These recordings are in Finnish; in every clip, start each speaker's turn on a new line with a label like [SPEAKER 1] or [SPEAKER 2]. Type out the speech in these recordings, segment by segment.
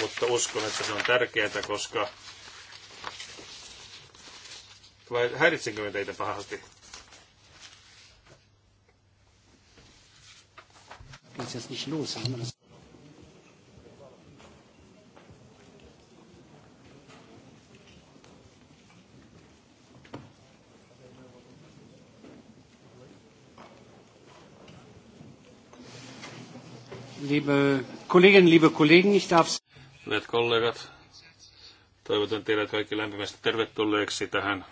[SPEAKER 1] mutta uskon, että se on tärkeää, koska... Vai häiritsinkö me teitä pahasti?
[SPEAKER 2] Liebe Kolleginnen, liebe Kollegen, ich darf
[SPEAKER 1] Hyvät kollegat, toivotan teidät kaikki lämpimästi tervetulleeksi tähän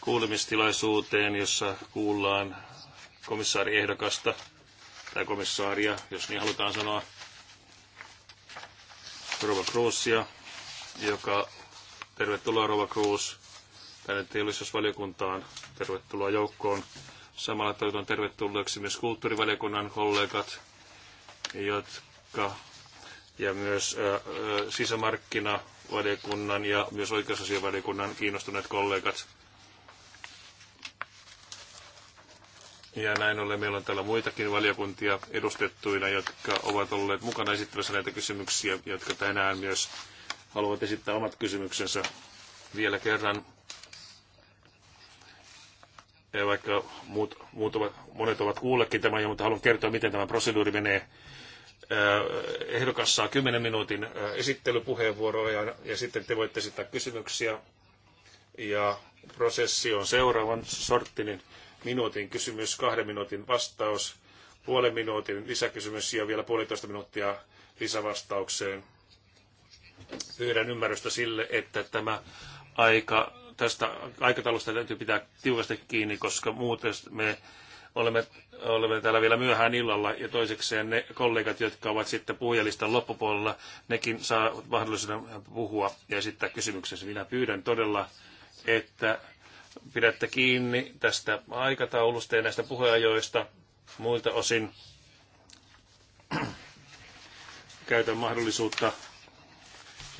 [SPEAKER 1] kuulemistilaisuuteen, jossa kuullaan komissaariehdokasta tai komissaaria, jos niin halutaan sanoa, Rova Cruzia, joka tervetuloa Rova Cruz tänne teollisuusvaliokuntaan, tervetuloa joukkoon. Samalla toivotan tervetulleeksi myös kulttuurivaliokunnan kollegat, politiikkaa ja myös sisämarkkinavaliokunnan ja myös oikeusasiavaliokunnan kiinnostuneet kollegat. Ja näin ollen meillä on täällä muitakin valiokuntia edustettuina, jotka ovat olleet mukana esittämässä näitä kysymyksiä, jotka tänään myös haluavat esittää omat kysymyksensä vielä kerran. Ja vaikka muut, muut ovat, monet ovat kuullekin tämän jo, mutta haluan kertoa, miten tämä proseduuri menee ehdokas saa 10 minuutin esittelypuheenvuoroa ja, ja sitten te voitte esittää kysymyksiä. Ja prosessi on seuraavan sorttinen minuutin kysymys, kahden minuutin vastaus, puolen minuutin lisäkysymys ja vielä puolitoista minuuttia lisävastaukseen. Pyydän ymmärrystä sille, että tämä aika, tästä aikataulusta täytyy pitää tiukasti kiinni, koska muuten me olemme, olemme täällä vielä myöhään illalla ja toisekseen ne kollegat, jotka ovat sitten puhujalistan loppupuolella, nekin saa mahdollisuuden puhua ja esittää kysymyksensä. Minä pyydän todella, että pidätte kiinni tästä aikataulusta ja näistä puheajoista muilta osin. Käytän mahdollisuutta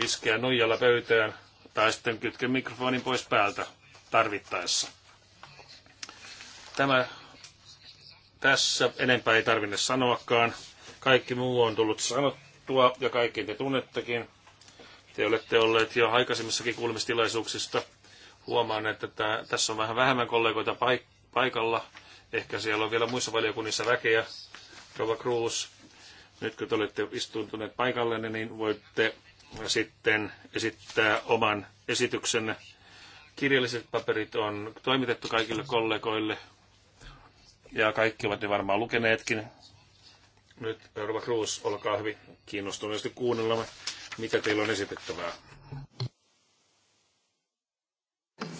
[SPEAKER 1] iskeä nuijalla pöytään tai sitten kytken mikrofonin pois päältä tarvittaessa. Tämä tässä. Enempää ei tarvinne sanoakaan. Kaikki muu on tullut sanottua ja kaikki te tunnettekin. Te olette olleet jo aikaisemmissakin kuulemistilaisuuksista. Huomaan, että tää, tässä on vähän vähemmän kollegoita paik- paikalla. Ehkä siellä on vielä muissa valiokunnissa väkeä. Rova Cruz, nyt kun te olette istuntuneet paikallenne, niin voitte sitten esittää oman esityksenne. Kirjalliset paperit on toimitettu kaikille kollegoille ja kaikki ovat ne varmaan lukeneetkin. Nyt Euroopan Cruz, olkaa hyvin kiinnostuneesti kuunnella, mitä teillä on esitettävää.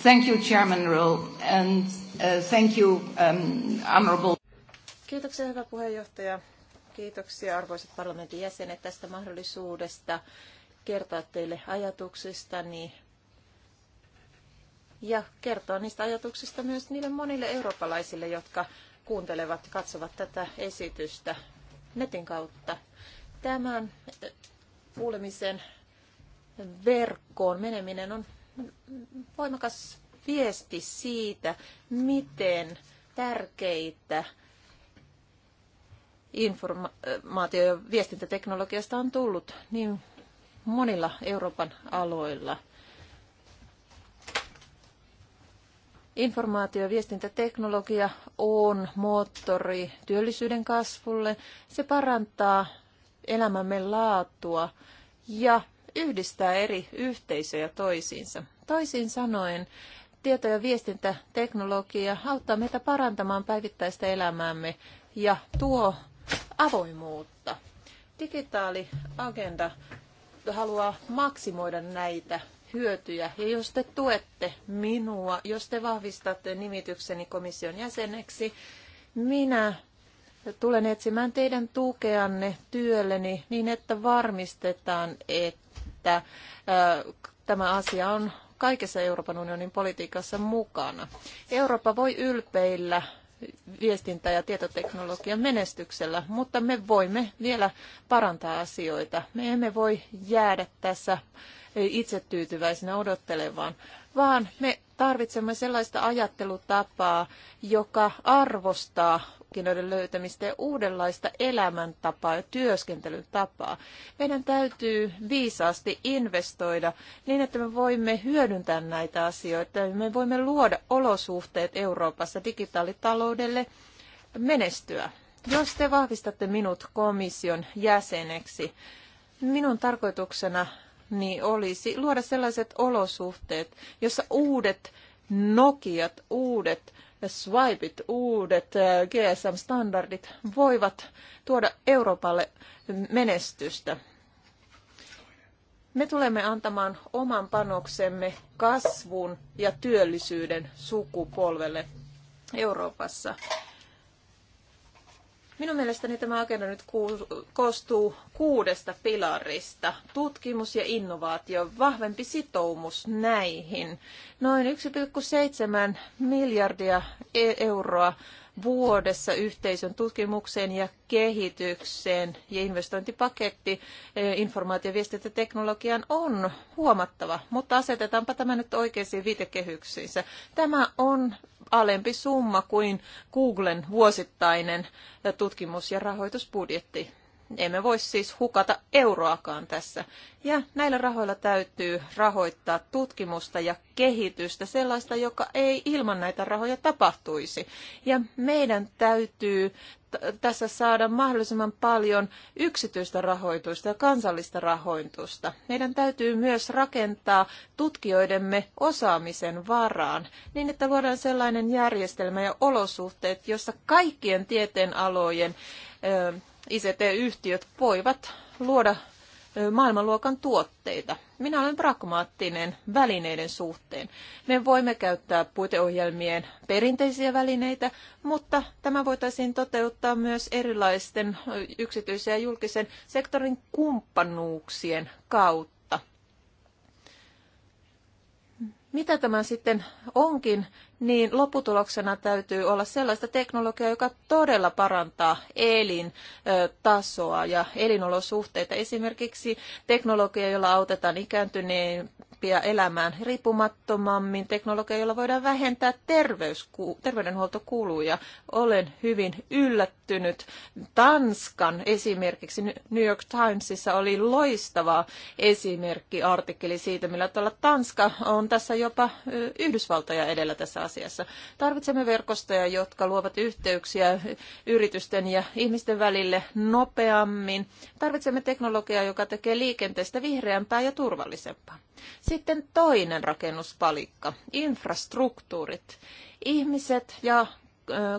[SPEAKER 3] Thank you, Chairman Rule, and uh, thank you, um, Honorable.
[SPEAKER 4] Kiitoksia, hyvä puheenjohtaja. Kiitoksia arvoisat parlamentin jäsenet tästä mahdollisuudesta kertoa teille ajatuksistani ja kertoa niistä ajatuksista myös niille monille eurooppalaisille, jotka kuuntelevat, katsovat tätä esitystä netin kautta. Tämän kuulemisen verkkoon meneminen on voimakas viesti siitä, miten tärkeitä informaatio- ja viestintäteknologiasta on tullut niin monilla Euroopan aloilla. Informaatio- ja viestintäteknologia on moottori työllisyyden kasvulle. Se parantaa elämämme laatua ja yhdistää eri yhteisöjä toisiinsa. Toisin sanoen, tieto- ja viestintäteknologia auttaa meitä parantamaan päivittäistä elämäämme ja tuo avoimuutta. Digitaali agenda haluaa maksimoida näitä hyötyjä. Ja jos te tuette minua, jos te vahvistatte nimitykseni komission jäseneksi, minä tulen etsimään teidän tukeanne työlleni niin, että varmistetaan, että tämä asia on kaikessa Euroopan unionin politiikassa mukana. Eurooppa voi ylpeillä viestintä- ja tietoteknologian menestyksellä, mutta me voimme vielä parantaa asioita. Me emme voi jäädä tässä itsetyytyväisenä odottelevan, vaan me tarvitsemme sellaista ajattelutapaa, joka arvostaa markkinoiden löytämistä ja uudenlaista elämäntapaa ja työskentelyn tapaa. Meidän täytyy viisaasti investoida niin, että me voimme hyödyntää näitä asioita. Me voimme luoda olosuhteet Euroopassa digitaalitaloudelle menestyä. Jos te vahvistatte minut komission jäseneksi, minun tarkoituksena niin olisi luoda sellaiset olosuhteet, jossa uudet Nokiat, uudet swipeit, uudet äh, GSM-standardit voivat tuoda Euroopalle menestystä. Me tulemme antamaan oman panoksemme kasvun ja työllisyyden sukupolvelle Euroopassa. Minun mielestäni tämä agenda nyt koostuu kuudesta pilarista. Tutkimus ja innovaatio, vahvempi sitoumus näihin. Noin 1,7 miljardia e- euroa vuodessa yhteisön tutkimukseen ja kehitykseen ja investointipaketti e, informaatio- ja on huomattava, mutta asetetaanpa tämä nyt oikeisiin viitekehyksiinsä. Tämä on alempi summa kuin Googlen vuosittainen tutkimus- ja rahoitusbudjetti. Emme voi siis hukata euroakaan tässä. Ja näillä rahoilla täytyy rahoittaa tutkimusta ja kehitystä, sellaista, joka ei ilman näitä rahoja tapahtuisi. Ja meidän täytyy tässä saada mahdollisimman paljon yksityistä rahoitusta ja kansallista rahoitusta. Meidän täytyy myös rakentaa tutkijoidemme osaamisen varaan niin, että luodaan sellainen järjestelmä ja olosuhteet, jossa kaikkien tieteenalojen ICT-yhtiöt voivat luoda maailmanluokan tuotteita. Minä olen pragmaattinen välineiden suhteen. Me voimme käyttää puiteohjelmien perinteisiä välineitä, mutta tämä voitaisiin toteuttaa myös erilaisten yksityisen ja julkisen sektorin kumppanuuksien kautta Mitä tämä sitten onkin, niin lopputuloksena täytyy olla sellaista teknologiaa, joka todella parantaa elintasoa ja elinolosuhteita. Esimerkiksi teknologia, jolla autetaan ikääntyneen oppia elämään riippumattomammin teknologiaa, jolla voidaan vähentää terveysku- terveydenhuoltokuluja. Olen hyvin yllättynyt. Tanskan esimerkiksi New York Timesissa oli loistava esimerkki artikkeli siitä, millä tuolla Tanska on tässä jopa Yhdysvaltoja edellä tässä asiassa. Tarvitsemme verkostoja, jotka luovat yhteyksiä yritysten ja ihmisten välille nopeammin. Tarvitsemme teknologiaa, joka tekee liikenteestä vihreämpää ja turvallisempaa. Sitten toinen rakennuspalikka, infrastruktuurit. Ihmiset ja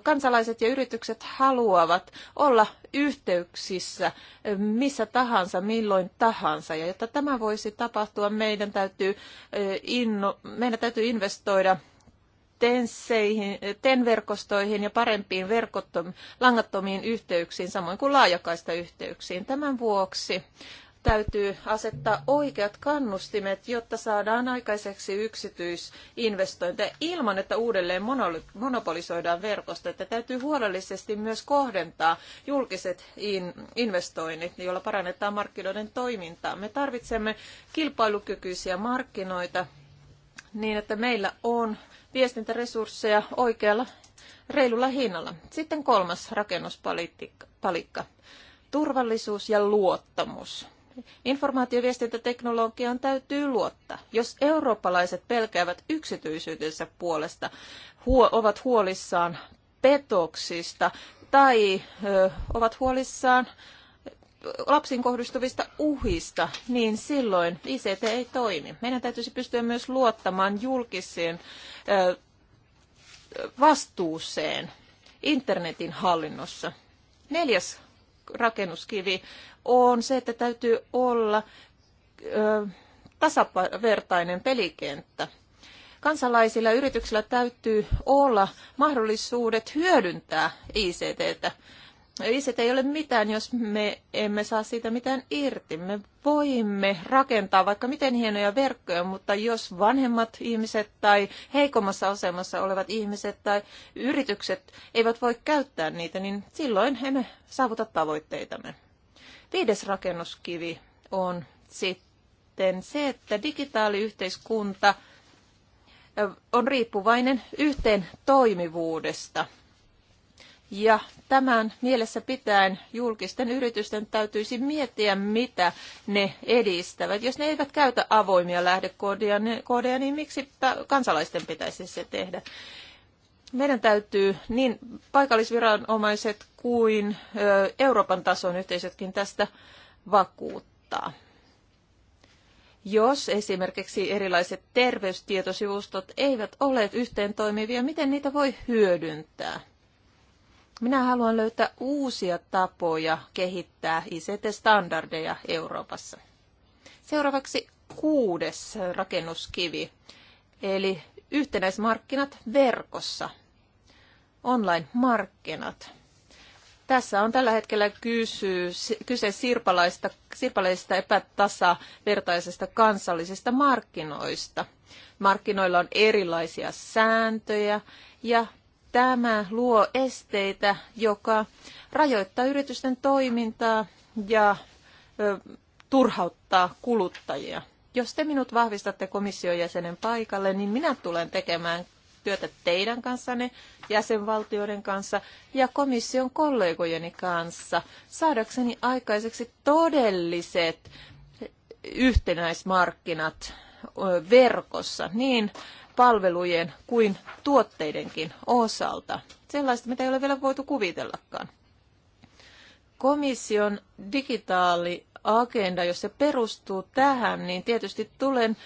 [SPEAKER 4] kansalaiset ja yritykset haluavat olla yhteyksissä missä tahansa, milloin tahansa. Ja jotta tämä voisi tapahtua, meidän täytyy, inno, meidän täytyy investoida tenseihin, TEN-verkostoihin ja parempiin verkottom, langattomiin yhteyksiin, samoin kuin laajakaista yhteyksiin. Tämän vuoksi täytyy asettaa oikeat kannustimet, jotta saadaan aikaiseksi yksityisinvestointeja ilman, että uudelleen monopolisoidaan verkosto. Että täytyy huolellisesti myös kohdentaa julkiset investoinnit, joilla parannetaan markkinoiden toimintaa. Me tarvitsemme kilpailukykyisiä markkinoita niin, että meillä on viestintäresursseja oikealla reilulla hinnalla. Sitten kolmas rakennuspalikka. Turvallisuus ja luottamus informaatioviestintäteknologiaan täytyy luottaa. Jos eurooppalaiset pelkäävät yksityisyytensä puolesta, huo, ovat huolissaan petoksista tai ö, ovat huolissaan lapsiin kohdistuvista uhista, niin silloin ICT ei toimi. Meidän täytyisi pystyä myös luottamaan julkiseen ö, vastuuseen internetin hallinnossa. Neljäs rakennuskivi on se, että täytyy olla ö, tasavertainen pelikenttä. Kansalaisilla ja yrityksillä täytyy olla mahdollisuudet hyödyntää ICTtä ICT ei ole mitään, jos me emme saa siitä mitään irti. Me voimme rakentaa vaikka miten hienoja verkkoja, mutta jos vanhemmat ihmiset tai heikommassa asemassa olevat ihmiset tai yritykset eivät voi käyttää niitä, niin silloin emme saavuta tavoitteitamme. Viides rakennuskivi on sitten se, että digitaaliyhteiskunta on riippuvainen yhteen toimivuudesta – ja tämän mielessä pitäen julkisten yritysten täytyisi miettiä, mitä ne edistävät. Jos ne eivät käytä avoimia lähdekoodeja, niin miksi kansalaisten pitäisi se tehdä? Meidän täytyy niin paikallisviranomaiset kuin Euroopan tason yhteisötkin tästä vakuuttaa. Jos esimerkiksi erilaiset terveystietosivustot eivät ole yhteen toimivia, miten niitä voi hyödyntää? Minä haluan löytää uusia tapoja kehittää ICT-standardeja Euroopassa. Seuraavaksi kuudes rakennuskivi, eli yhtenäismarkkinat verkossa, online-markkinat. Tässä on tällä hetkellä kysy, kyse sirpalaista, sirpaleista epätasavertaisista kansallisista markkinoista. Markkinoilla on erilaisia sääntöjä ja tämä luo esteitä, joka rajoittaa yritysten toimintaa ja ö, turhauttaa kuluttajia. Jos te minut vahvistatte komission jäsenen paikalle, niin minä tulen tekemään työtä teidän kanssanne, jäsenvaltioiden kanssa ja komission kollegojeni kanssa saadakseni aikaiseksi todelliset yhtenäismarkkinat verkossa niin palvelujen kuin tuotteidenkin osalta. Sellaista, mitä ei ole vielä voitu kuvitellakaan. Komission digitaaliagenda, jos se perustuu tähän, niin tietysti tulen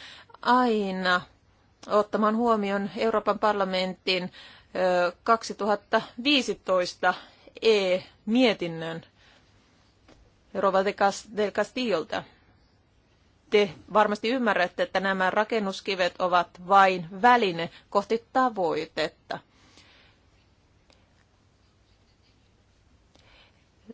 [SPEAKER 4] aina ottamaan huomioon Euroopan parlamentin 2015 e-mietinnön Rova Castillolta te varmasti ymmärrätte, että nämä rakennuskivet ovat vain väline kohti tavoitetta.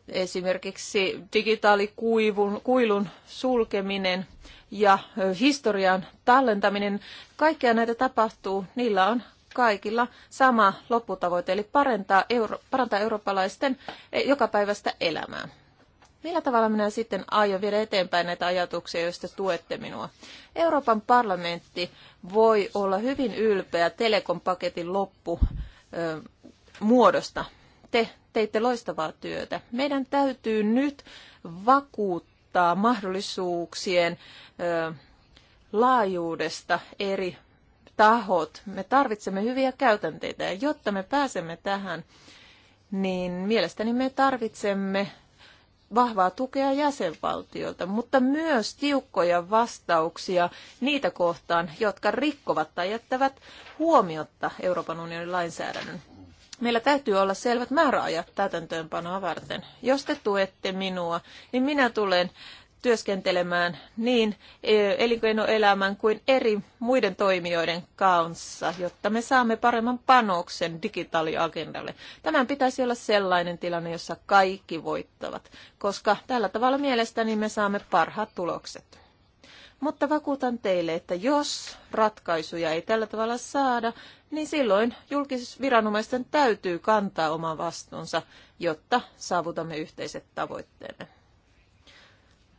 [SPEAKER 4] Esimerkiksi digitaalikuilun kuilun sulkeminen ja historian tallentaminen, kaikkea näitä tapahtuu, niillä on kaikilla sama lopputavoite, eli parantaa, euro, parantaa eurooppalaisten e, jokapäiväistä elämää. Millä tavalla minä sitten aion viedä eteenpäin näitä ajatuksia, joista tuette minua? Euroopan parlamentti voi olla hyvin ylpeä telekompaketin loppu ö, muodosta. Te teitte loistavaa työtä. Meidän täytyy nyt vakuuttaa mahdollisuuksien ö, laajuudesta eri tahot. Me tarvitsemme hyviä käytänteitä ja jotta me pääsemme tähän, niin mielestäni me tarvitsemme vahvaa tukea jäsenvaltiolta, mutta myös tiukkoja vastauksia niitä kohtaan, jotka rikkovat tai jättävät huomiotta Euroopan unionin lainsäädännön. Meillä täytyy olla selvät määräajat täytäntöönpanoa varten. Jos te tuette minua, niin minä tulen työskentelemään niin e, elinkeinoelämän kuin eri muiden toimijoiden kanssa, jotta me saamme paremman panoksen digitaaliagendalle. Tämän pitäisi olla sellainen tilanne, jossa kaikki voittavat, koska tällä tavalla mielestäni me saamme parhaat tulokset. Mutta vakuutan teille, että jos ratkaisuja ei tällä tavalla saada, niin silloin julkisviranomaisten täytyy kantaa oma vastuunsa, jotta saavutamme yhteiset tavoitteemme.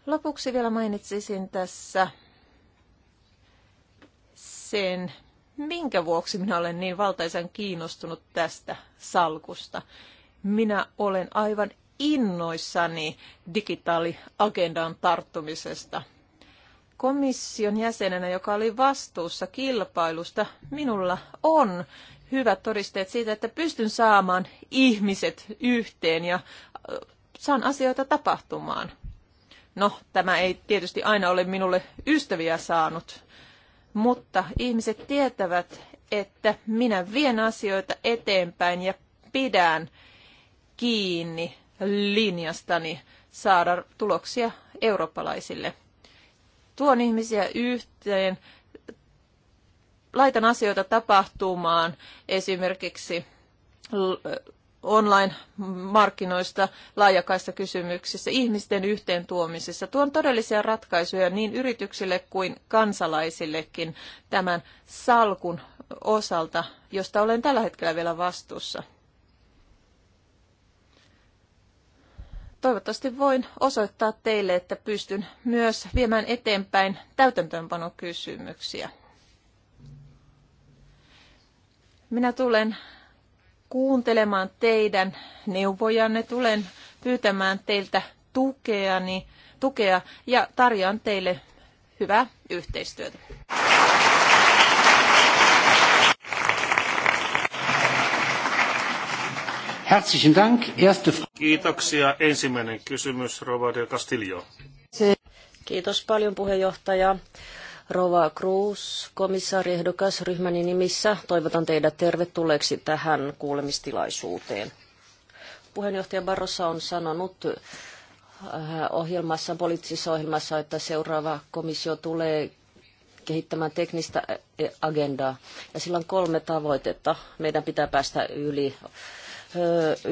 [SPEAKER 4] Lopuksi vielä mainitsisin tässä sen, minkä vuoksi minä olen niin valtaisen kiinnostunut tästä salkusta. Minä olen aivan innoissani digitaaliagendan tarttumisesta. Komission jäsenenä, joka oli vastuussa kilpailusta, minulla on hyvät todisteet siitä, että pystyn saamaan ihmiset yhteen ja saan asioita tapahtumaan. No, tämä ei tietysti aina ole minulle ystäviä saanut, mutta ihmiset tietävät, että minä vien asioita eteenpäin ja pidän kiinni linjastani saada tuloksia eurooppalaisille. Tuon ihmisiä yhteen, laitan asioita tapahtumaan esimerkiksi online-markkinoista, laajakaista kysymyksissä, ihmisten yhteen tuomisessa. Tuon todellisia ratkaisuja niin yrityksille kuin kansalaisillekin tämän salkun osalta, josta olen tällä hetkellä vielä vastuussa. Toivottavasti voin osoittaa teille, että pystyn myös viemään eteenpäin täytäntöönpanokysymyksiä. Minä tulen kuuntelemaan teidän neuvojanne, tulen pyytämään teiltä tukeani, tukea ja tarjoan teille hyvää yhteistyötä.
[SPEAKER 2] Herzlichen Dank. Erste
[SPEAKER 1] Kiitoksia. Ensimmäinen kysymys, Rovadio Castillo.
[SPEAKER 5] Kiitos paljon puheenjohtaja. Rova Cruz, komissaariehdokas ryhmäni nimissä. Toivotan teidät tervetulleeksi tähän kuulemistilaisuuteen. Puheenjohtaja Barroso on sanonut äh, ohjelmassa, poliittisessa ohjelmassa, että seuraava komissio tulee kehittämään teknistä äh, agendaa. Ja sillä on kolme tavoitetta. Meidän pitää päästä yli äh,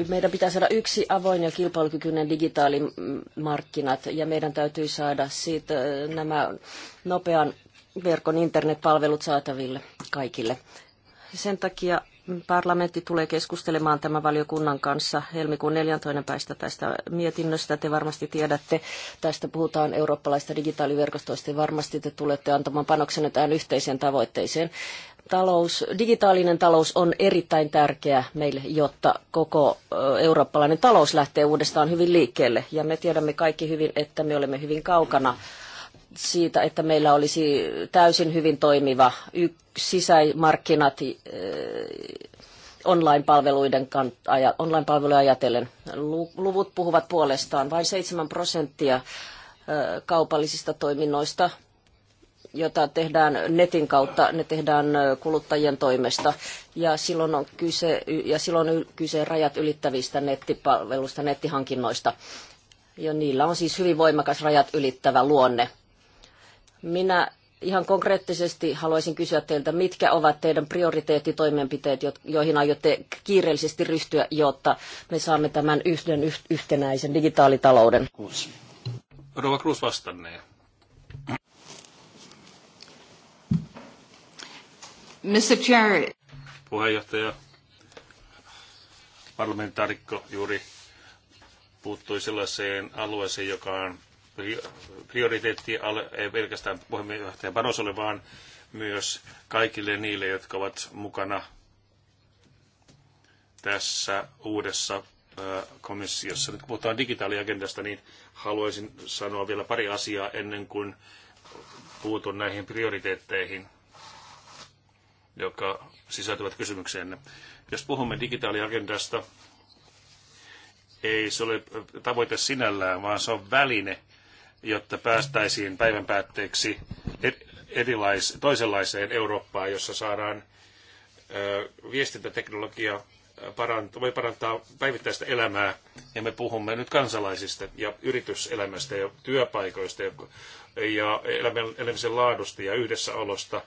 [SPEAKER 5] meidän pitää saada yksi avoin ja kilpailukykyinen digitaalimarkkinat ja meidän täytyy saada siitä nämä nopean verkon internetpalvelut saataville kaikille. Sen takia parlamentti tulee keskustelemaan tämän valiokunnan kanssa helmikuun 14. päistä tästä mietinnöstä. Te varmasti tiedätte, tästä puhutaan eurooppalaista digitaaliverkostoista ja varmasti te tulette antamaan panoksenne tähän yhteiseen tavoitteeseen. Talous, digitaalinen talous on erittäin tärkeä meille, jotta koko eurooppalainen talous lähtee uudestaan hyvin liikkeelle. Ja me tiedämme kaikki hyvin, että me olemme hyvin kaukana siitä, että meillä olisi täysin hyvin toimiva sisämarkkinat eh, online-palveluiden online-palveluja ajatellen. Luvut puhuvat puolestaan. Vain 7 prosenttia eh, kaupallisista toiminnoista, jota tehdään netin kautta, ne tehdään eh, kuluttajien toimesta. Ja silloin on kyse, ja silloin on kyse rajat ylittävistä nettipalveluista, nettihankinnoista. Ja niillä on siis hyvin voimakas rajat ylittävä luonne. Minä ihan konkreettisesti haluaisin kysyä teiltä, mitkä ovat teidän prioriteettitoimenpiteet, joihin aiotte kiireellisesti ryhtyä, jotta me saamme tämän yhden yhtenäisen digitaalitalouden?
[SPEAKER 1] Rova Cruz vastannee.
[SPEAKER 3] Mr. Chair.
[SPEAKER 1] Puheenjohtaja, parlamentaarikko juuri puuttui sellaiseen alueeseen, joka on prioriteetti ei pelkästään puheenjohtajan Barrosolle, vaan myös kaikille niille, jotka ovat mukana tässä uudessa komissiossa. Nyt kun puhutaan digitaaliagendasta, niin haluaisin sanoa vielä pari asiaa ennen kuin puutun näihin prioriteetteihin, jotka sisältyvät kysymykseenne. Jos puhumme digitaaliagendasta, ei se ole tavoite sinällään, vaan se on väline, jotta päästäisiin päivän päätteeksi erilais, toisenlaiseen Eurooppaan, jossa saadaan ö, viestintäteknologia parant, voi parantaa päivittäistä elämää. Ja me puhumme nyt kansalaisista ja yrityselämästä ja työpaikoista ja, ja elämisen laadusta ja yhdessäolosta.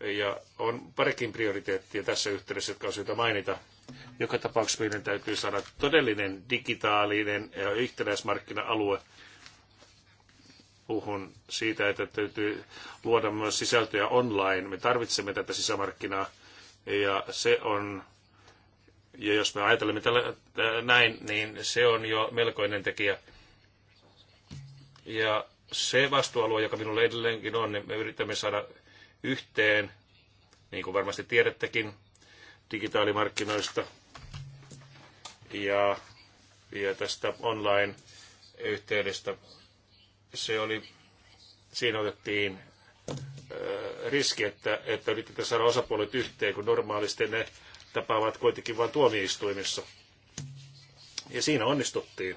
[SPEAKER 1] Ja on parikin prioriteettia tässä yhteydessä, jotka on syytä mainita. Joka tapauksessa meidän täytyy saada todellinen digitaalinen ja yhtenäismarkkina-alue, puhun siitä, että täytyy luoda myös sisältöjä online. Me tarvitsemme tätä sisämarkkinaa ja se on, ja jos me ajattelemme tällä, näin, niin se on jo melkoinen tekijä. Ja se vastuualue, joka minulle edelleenkin on, niin me yritämme saada yhteen, niin kuin varmasti tiedättekin, digitaalimarkkinoista ja, ja tästä online-yhteydestä se oli, siinä otettiin riski, että, että yritetään saada osapuolet yhteen, kun normaalisti ne tapaavat kuitenkin vain tuomioistuimissa. Ja siinä onnistuttiin.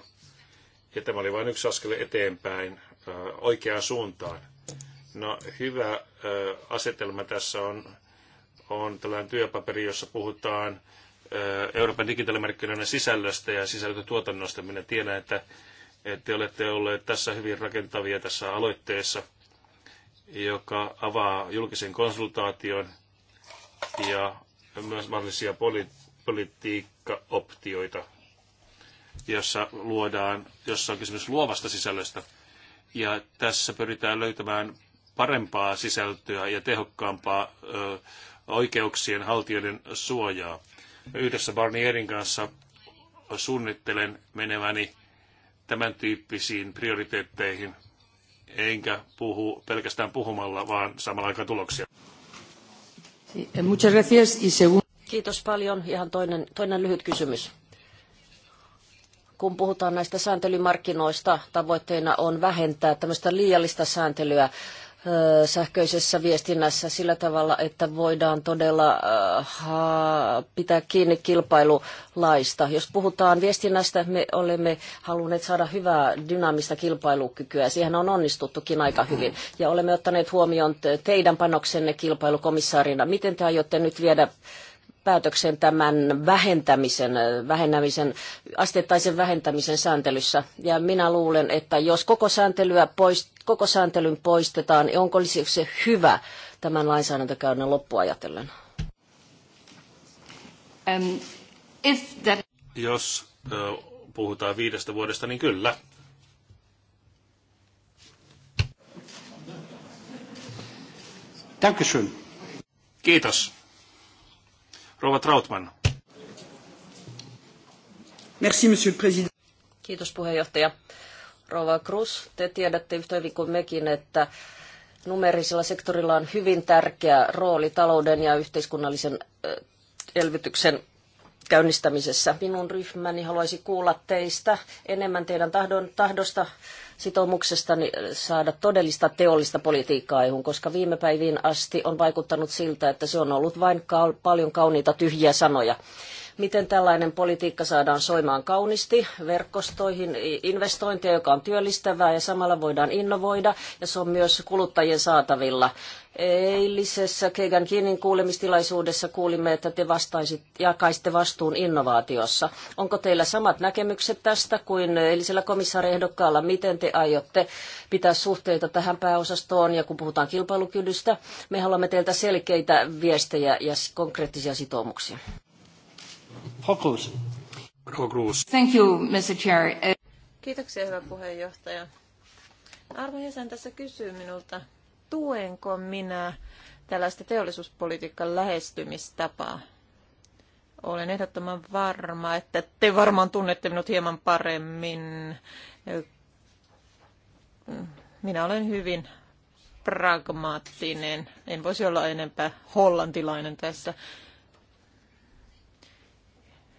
[SPEAKER 1] Ja tämä oli vain yksi askel eteenpäin oikeaan suuntaan. No hyvä asetelma tässä on, on tällainen työpaperi, jossa puhutaan Euroopan digitaalimarkkinoiden sisällöstä ja sisältötuotannosta. Minä tiedän, että että olette olleet tässä hyvin rakentavia tässä aloitteessa, joka avaa julkisen konsultaation ja myös mahdollisia poli- politiikkaoptioita, jossa luodaan, jossa on kysymys luovasta sisällöstä. Ja tässä pyritään löytämään parempaa sisältöä ja tehokkaampaa ö, oikeuksien haltijoiden suojaa. Yhdessä Barnierin kanssa suunnittelen meneväni tämän tyyppisiin prioriteetteihin, enkä puhu pelkästään puhumalla, vaan samalla aikaan tuloksia.
[SPEAKER 5] Eh, Kiitos paljon. Ihan toinen, toinen lyhyt kysymys. Kun puhutaan näistä sääntelymarkkinoista, tavoitteena on vähentää tämmöistä liiallista sääntelyä sähköisessä viestinnässä sillä tavalla, että voidaan todella pitää kiinni kilpailulaista. Jos puhutaan viestinnästä, me olemme halunneet saada hyvää dynaamista kilpailukykyä. Siihen on onnistuttukin aika hyvin. Ja olemme ottaneet huomioon teidän panoksenne kilpailukomissaarina. Miten te aiotte nyt viedä päätöksen tämän vähentämisen, vähennämisen asteittaisen vähentämisen sääntelyssä. Ja minä luulen, että jos koko, sääntelyä poist, koko sääntelyn poistetaan, niin onko olisi se hyvä tämän lainsäädäntökäynnän loppuajatellen?
[SPEAKER 3] Um, that...
[SPEAKER 1] Jos puhutaan viidestä vuodesta, niin kyllä. Dankeschön. Kiitos. Rouva Trautman.
[SPEAKER 3] Merci, monsieur le président.
[SPEAKER 5] Kiitos puheenjohtaja. Rouva Cruz, te tiedätte yhtä hyvin kuin mekin, että numerisella sektorilla on hyvin tärkeä rooli talouden ja yhteiskunnallisen elvytyksen käynnistämisessä. Minun ryhmäni haluaisi kuulla teistä enemmän teidän tahdon, tahdosta sitoumuksesta saada todellista teollista politiikkaa aihun, koska viime päiviin asti on vaikuttanut siltä, että se on ollut vain paljon kauniita tyhjiä sanoja miten tällainen politiikka saadaan soimaan kauniisti verkostoihin investointeja, joka on työllistävää ja samalla voidaan innovoida ja se on myös kuluttajien saatavilla. Eilisessä Kegan Kinin kuulemistilaisuudessa kuulimme, että te vastaisit, jakaisitte vastuun innovaatiossa. Onko teillä samat näkemykset tästä kuin eilisellä komissaariehdokkaalla? Miten te aiotte pitää suhteita tähän pääosastoon ja kun puhutaan kilpailukyvystä? Me haluamme teiltä selkeitä viestejä ja konkreettisia sitoumuksia. Thank you, Mr. Chair.
[SPEAKER 4] Kiitoksia, hyvä puheenjohtaja. Arvon jäsen tässä kysyy minulta, tuenko minä tällaista teollisuuspolitiikan lähestymistapaa? Olen ehdottoman varma, että te varmaan tunnette minut hieman paremmin. Minä olen hyvin pragmaattinen. En voisi olla enempää hollantilainen tässä.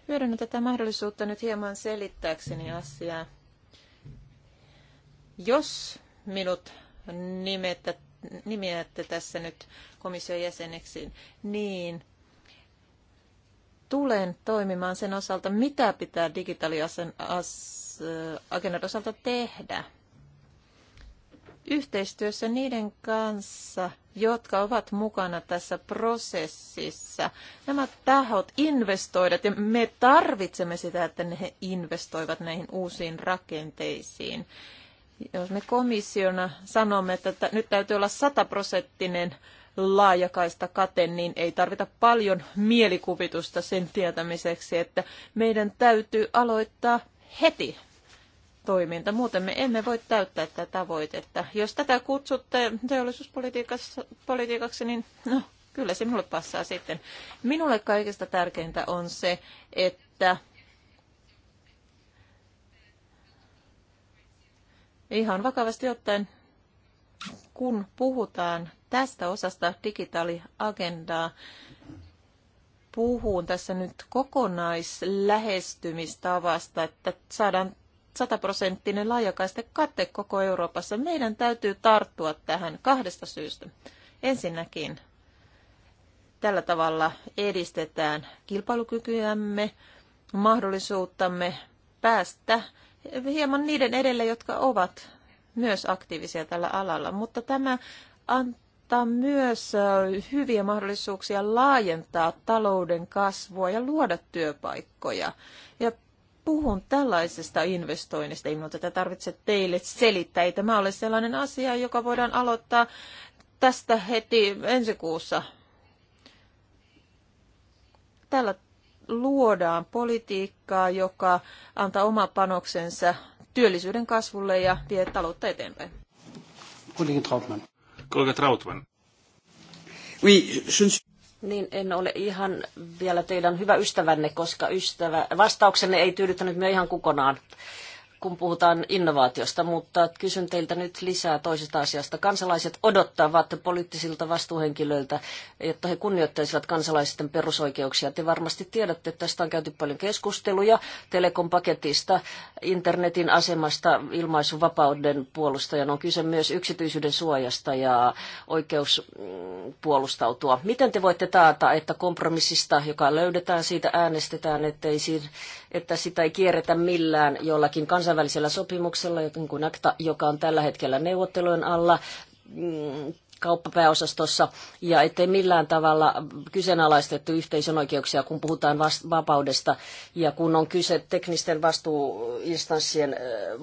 [SPEAKER 4] Hyödynnän tätä mahdollisuutta nyt hieman selittääkseni asiaa. Jos minut nimetä, nimeätte tässä nyt komission jäseneksi, niin tulen toimimaan sen osalta, mitä pitää agendan osalta tehdä – yhteistyössä niiden kanssa, jotka ovat mukana tässä prosessissa. Nämä tahot investoivat ja me tarvitsemme sitä, että ne investoivat näihin uusiin rakenteisiin. Jos me komissiona sanomme, että nyt täytyy olla sataprosenttinen laajakaista kate, niin ei tarvita paljon mielikuvitusta sen tietämiseksi, että meidän täytyy aloittaa heti toiminta. Muuten me emme voi täyttää tätä tavoitetta. Jos tätä kutsutte teollisuuspolitiikaksi, niin no, kyllä se minulle passaa sitten. Minulle kaikista tärkeintä on se, että ihan vakavasti ottaen, kun puhutaan tästä osasta digitaaliagendaa, puhun tässä nyt kokonaislähestymistavasta, että saadaan sataprosenttinen laajakaiste kate koko Euroopassa. Meidän täytyy tarttua tähän kahdesta syystä. Ensinnäkin tällä tavalla edistetään kilpailukykyämme, mahdollisuuttamme päästä hieman niiden edelle, jotka ovat myös aktiivisia tällä alalla. Mutta tämä antaa myös hyviä mahdollisuuksia laajentaa talouden kasvua ja luoda työpaikkoja. Ja puhun tällaisesta investoinnista. Ei minun tätä tarvitse teille selittää. Ei tämä ole sellainen asia, joka voidaan aloittaa tästä heti ensi kuussa. Tällä luodaan politiikkaa, joka antaa oma panoksensa työllisyyden kasvulle ja vie taloutta
[SPEAKER 5] eteenpäin.
[SPEAKER 1] Kollega Trautman. Kollega Trautman. Oui, je
[SPEAKER 5] niin en ole ihan vielä teidän hyvä ystävänne, koska ystävä, vastauksenne ei tyydyttänyt minua ihan kokonaan kun puhutaan innovaatiosta, mutta kysyn teiltä nyt lisää toisesta asiasta. Kansalaiset odottavat poliittisilta vastuuhenkilöiltä, että he kunnioittaisivat kansalaisten perusoikeuksia. Te varmasti tiedätte, että tästä on käyty paljon keskusteluja telekompaketista, internetin asemasta, ilmaisuvapauden puolustajan on kyse myös yksityisyyden suojasta ja oikeus mm, puolustautua. Miten te voitte taata, että kompromissista, joka löydetään, siitä äänestetään, ettei, siinä että sitä ei kierretä millään jollakin kansainvälisellä sopimuksella, joten niin kuin ACTA, joka on tällä hetkellä neuvottelujen alla, mm, kauppapääosastossa ja ettei millään tavalla kyseenalaistettu yhteisön oikeuksia, kun puhutaan vapaudesta ja kun on kyse teknisten vastuuinstanssien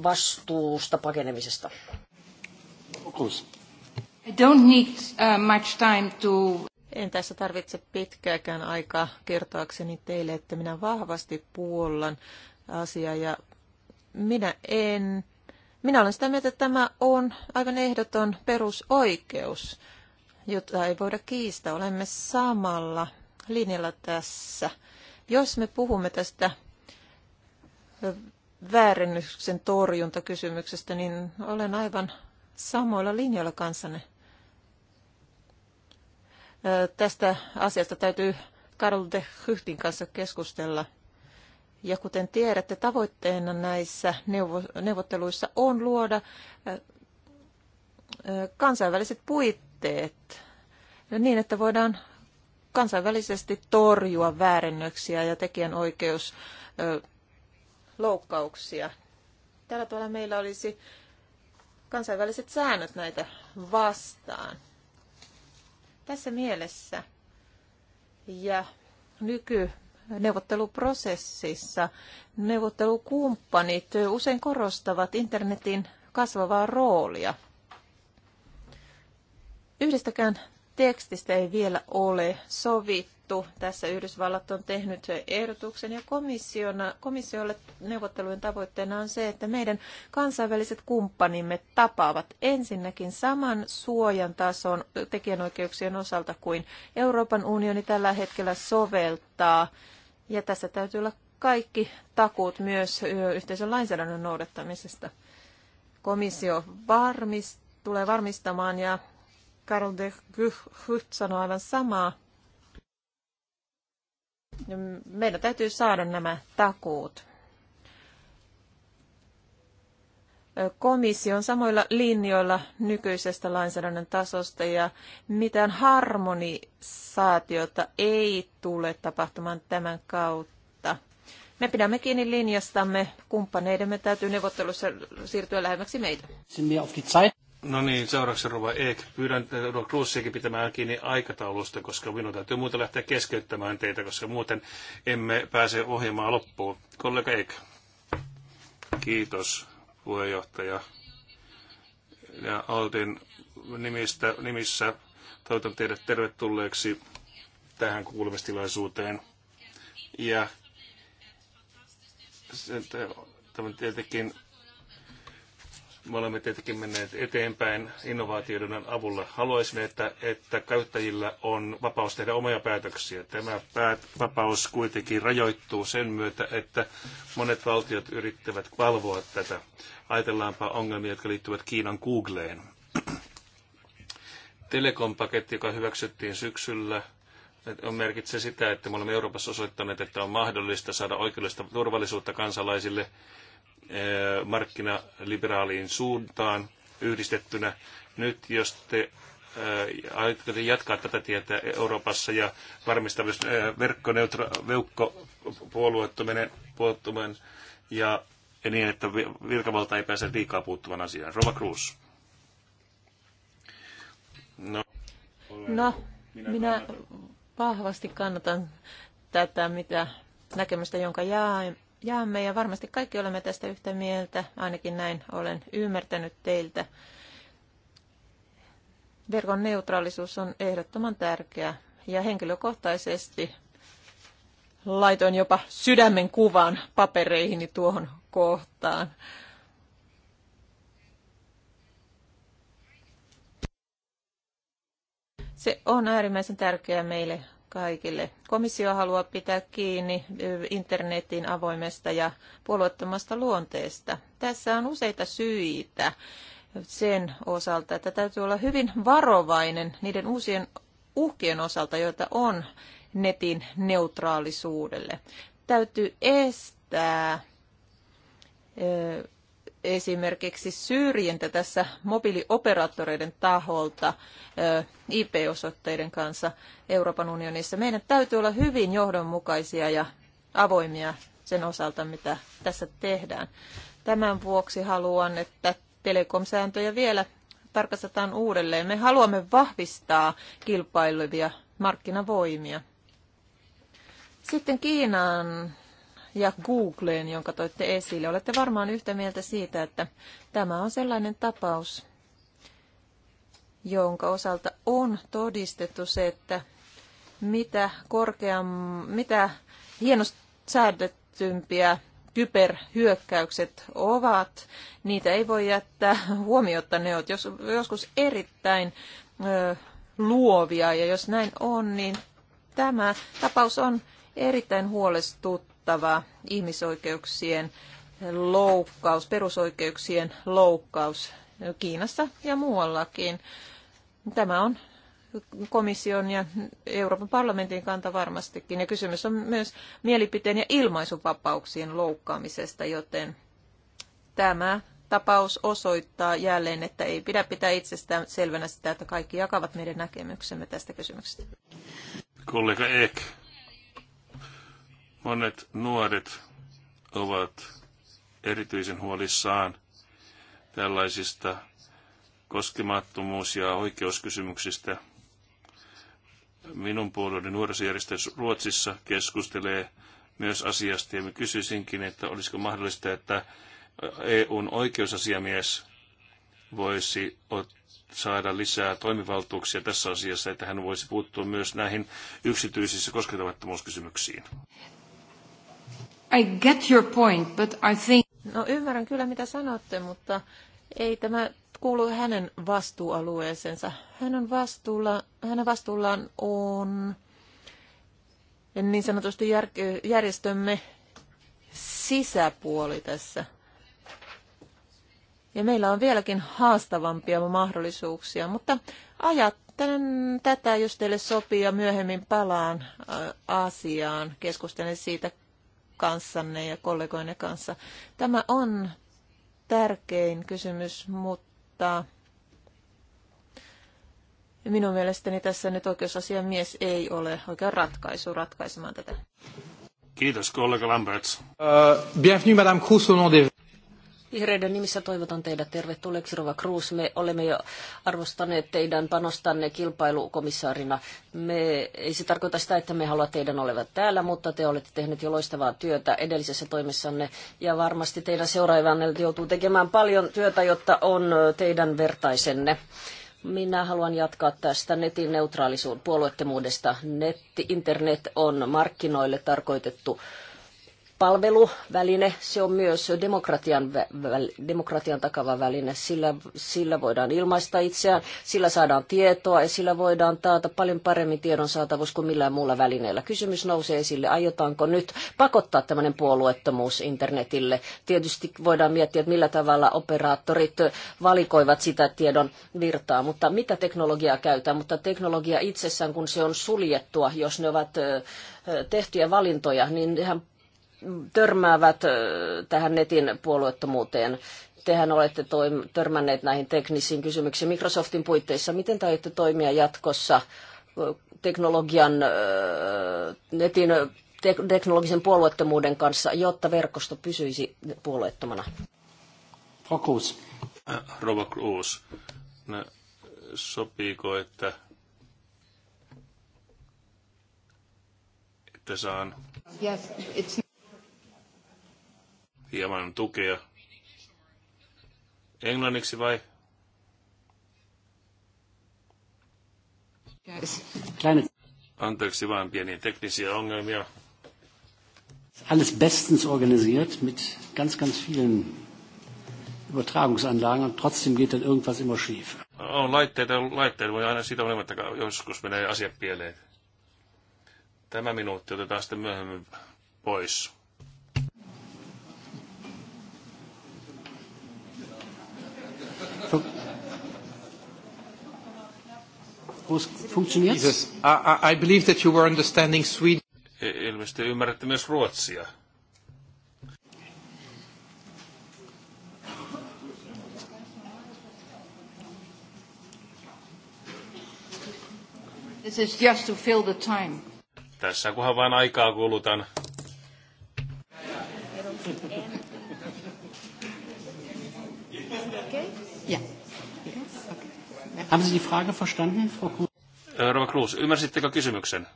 [SPEAKER 5] vastuusta pakenemisesta.
[SPEAKER 4] I don't need uh, much time to... En tässä tarvitse pitkääkään aikaa kertoakseni teille, että minä vahvasti puollan asiaa ja minä en. Minä olen sitä mieltä, että tämä on aivan ehdoton perusoikeus, jota ei voida kiistää. Olemme samalla linjalla tässä. Jos me puhumme tästä väärennyksen torjuntakysymyksestä, niin olen aivan samoilla linjoilla kanssanne. Tästä asiasta täytyy Karl de Hyhtin kanssa keskustella. Ja kuten tiedätte, tavoitteena näissä neuvotteluissa on luoda kansainväliset puitteet no niin, että voidaan kansainvälisesti torjua väärennöksiä ja tekijänoikeusloukkauksia. Tällä tavalla meillä olisi kansainväliset säännöt näitä vastaan. Tässä mielessä ja nyky neuvotteluprosessissa neuvottelukumppanit usein korostavat internetin kasvavaa roolia. Yhdestäkään tekstistä ei vielä ole sovittu sovittu. tässä Yhdysvallat on tehnyt ehdotuksen ja komissiolle neuvottelujen tavoitteena on se, että meidän kansainväliset kumppanimme tapaavat ensinnäkin saman suojan tason tekijänoikeuksien osalta kuin Euroopan unioni tällä hetkellä soveltaa. Ja tässä täytyy olla kaikki takuut myös yhteisön lainsäädännön noudattamisesta. Komissio varmist, tulee varmistamaan ja Karl de Gucht sanoi aivan samaa meidän täytyy saada nämä takuut. Komissio on samoilla linjoilla nykyisestä lainsäädännön tasosta ja mitään harmonisaatiota ei tule tapahtumaan tämän kautta. Me pidämme kiinni linjastamme, kumppaneidemme täytyy neuvottelussa siirtyä lähemmäksi meitä.
[SPEAKER 1] No niin, seuraavaksi Rova Eek. Pyydän Rova Klussiakin pitämään kiinni aikataulusta, koska minun täytyy muuten lähteä keskeyttämään teitä, koska muuten emme pääse ohjelmaan loppuun. Kollega Eek. Kiitos, puheenjohtaja. Ja Altin nimistä, nimissä toivotan teidät tervetulleeksi tähän kuulemistilaisuuteen. Ja tämä tietenkin me olemme tietenkin menneet eteenpäin innovaatioiden avulla. Haluaisimme, että, että käyttäjillä on vapaus tehdä omia päätöksiä. Tämä päät, vapaus kuitenkin rajoittuu sen myötä, että monet valtiot yrittävät valvoa tätä. Ajatellaanpa ongelmia, jotka liittyvät Kiinan Googleen. Telekom-paketti, joka hyväksyttiin syksyllä, merkitsee sitä, että me olemme Euroopassa osoittaneet, että on mahdollista saada oikeudellista turvallisuutta kansalaisille – Eh, markkinaliberaaliin suuntaan yhdistettynä. Nyt jos te eh, aiotte jatkaa tätä tietä Euroopassa ja varmistaa myös eh, verkkopuolueettominen ja niin, että virkavalta ei pääse liikaa puuttuvan asiaan. Rova Cruz. No,
[SPEAKER 4] no minä, minä vahvasti kannatan tätä mitä näkemystä, jonka jaan, jaamme ja varmasti kaikki olemme tästä yhtä mieltä, ainakin näin olen ymmärtänyt teiltä. Verkon neutraalisuus on ehdottoman tärkeä ja henkilökohtaisesti laitoin jopa sydämen kuvan papereihini tuohon kohtaan. Se on äärimmäisen tärkeää meille kaikille. Komissio haluaa pitää kiinni internetin avoimesta ja puolueettomasta luonteesta. Tässä on useita syitä sen osalta, että täytyy olla hyvin varovainen niiden uusien uhkien osalta, joita on netin neutraalisuudelle. Täytyy estää esimerkiksi syrjintä tässä mobiilioperaattoreiden taholta IP-osoitteiden kanssa Euroopan unionissa. Meidän täytyy olla hyvin johdonmukaisia ja avoimia sen osalta, mitä tässä tehdään. Tämän vuoksi haluan, että telekom-sääntöjä vielä tarkastetaan uudelleen. Me haluamme vahvistaa kilpailevia markkinavoimia. Sitten Kiinan ja Googleen, jonka toitte esille. Olette varmaan yhtä mieltä siitä, että tämä on sellainen tapaus, jonka osalta on todistettu se, että mitä, korkeam, mitä hienosti säädettympiä kyberhyökkäykset ovat, niitä ei voi jättää huomiota. Ne ovat jos, joskus erittäin ö, luovia ja jos näin on, niin tämä tapaus on erittäin huolestuttava huolestuttava ihmisoikeuksien loukkaus, perusoikeuksien loukkaus Kiinassa ja muuallakin. Tämä on komission ja Euroopan parlamentin kanta varmastikin. Ja kysymys on myös mielipiteen ja ilmaisuvapauksien loukkaamisesta, joten tämä tapaus osoittaa jälleen, että ei pidä pitää itsestään selvänä sitä, että kaikki jakavat meidän näkemyksemme tästä kysymyksestä.
[SPEAKER 1] Kollega Ek. Monet nuoret ovat erityisen huolissaan tällaisista koskemattomuus- ja oikeuskysymyksistä. Minun puolueeni nuorisojärjestö Ruotsissa keskustelee myös asiasta ja me kysyisinkin, että olisiko mahdollista, että EUn oikeusasiamies voisi saada lisää toimivaltuuksia tässä asiassa, että hän voisi puuttua myös näihin yksityisissä koskettavattomuuskysymyksiin.
[SPEAKER 4] I get your point, but I think... No ymmärrän kyllä mitä sanotte, mutta ei tämä kuulu hänen vastuualueeseensa. Hänen, vastuulla, hänen vastuullaan on niin sanotusti jär, järjestömme sisäpuoli tässä. Ja meillä on vieläkin haastavampia mahdollisuuksia, mutta ajattelen tätä, jos teille sopii ja myöhemmin palaan asiaan. Keskustelen siitä kanssanne ja kollegoinne kanssa. Tämä on tärkein kysymys, mutta minun mielestäni tässä nyt oikeusasiamies ei
[SPEAKER 5] ole oikea ratkaisu ratkaisemaan tätä.
[SPEAKER 1] Kiitos kollega Lamberts. Uh,
[SPEAKER 3] bienvenue Madame Kruse au nom des...
[SPEAKER 5] Vihreiden nimissä toivotan teidät tervetulleeksi, Rova Cruz. Me olemme jo arvostaneet teidän panostanne kilpailukomissaarina. Me, ei se tarkoita sitä, että me haluamme teidän olevan täällä, mutta te olette tehneet jo loistavaa työtä edellisessä toimessanne ja varmasti teidän seuraavanne joutuu tekemään paljon työtä, jotta on teidän vertaisenne. Minä haluan jatkaa tästä netin neutraalisuuden puolueettomuudesta. Netti, internet on markkinoille tarkoitettu palveluväline, se on myös demokratian, demokratian takava väline. Sillä, sillä voidaan ilmaista itseään, sillä saadaan tietoa ja sillä voidaan taata paljon paremmin tiedon saatavuus kuin millään muulla välineellä. Kysymys nousee esille, aiotaanko nyt pakottaa tämmöinen puolueettomuus internetille. Tietysti voidaan miettiä, että millä tavalla operaattorit valikoivat sitä tiedon virtaa, mutta mitä teknologiaa käytetään, mutta teknologia itsessään, kun se on suljettua, jos ne ovat tehtyjä valintoja, niin ihan törmäävät tähän netin puolueettomuuteen. Tehän olette toim- törmänneet näihin teknisiin kysymyksiin Microsoftin puitteissa. Miten te aiotte toimia jatkossa teknologian, netin teknologisen puolueettomuuden kanssa, jotta verkosto pysyisi puolueettomana? Fokus.
[SPEAKER 1] Äh, Rova Cruz. No, sopiiko, että, että saan?
[SPEAKER 3] Yes, it's
[SPEAKER 1] hieman tukea. Englanniksi vai? Anteeksi vain pieniä teknisiä ongelmia.
[SPEAKER 2] Alles bestens organisiert mit ganz, ganz vielen Übertragungsanlagen und trotzdem geht dann irgendwas immer schief.
[SPEAKER 1] On laitteita, laitteita voi aina siitä olematta, joskus menee asiat pieleen. Tämä minuutti otetaan sitten myöhemmin pois.
[SPEAKER 2] Funktioniert?
[SPEAKER 1] I, I believe that you were understanding Sweden. E, ilmeisesti ymmärrätte myös ruotsia.
[SPEAKER 3] This is just to fill the time.
[SPEAKER 1] Tässä kunhan vain aikaa kulutan.
[SPEAKER 2] Haben Sie die Frage verstanden, Frau Kruse?
[SPEAKER 1] Äh, Rova Cruz, ymmärsittekö kysymyksen?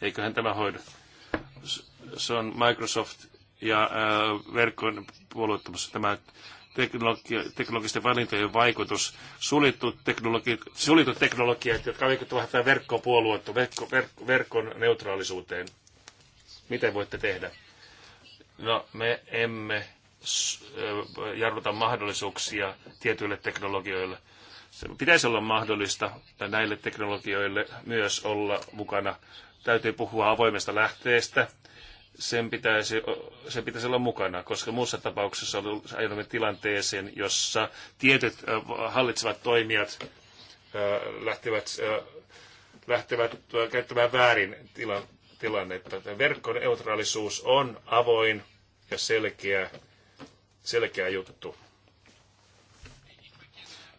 [SPEAKER 1] Eiköhän tämä hoida. Se on Microsoft ja äh, verkon puolueettomassa tämä teknologi- teknologisten valintojen vaikutus, suljettu teknologi- suljetut teknologiat, jotka vaikuttavat tähän verkkoon puolueettu, verkko, verkko, verkon neutraalisuuteen. Miten voitte tehdä? No, me emme jarruta mahdollisuuksia tietyille teknologioille. Se pitäisi olla mahdollista näille teknologioille myös olla mukana. Täytyy puhua avoimesta lähteestä. Sen pitäisi, sen pitäisi olla mukana, koska muussa tapauksessa ajamme tilanteeseen, jossa tietyt hallitsevat toimijat lähtevät, lähtevät käyttämään väärin tilannetta. Verkkoneutraalisuus on avoin ja selkeä selkeä juttu.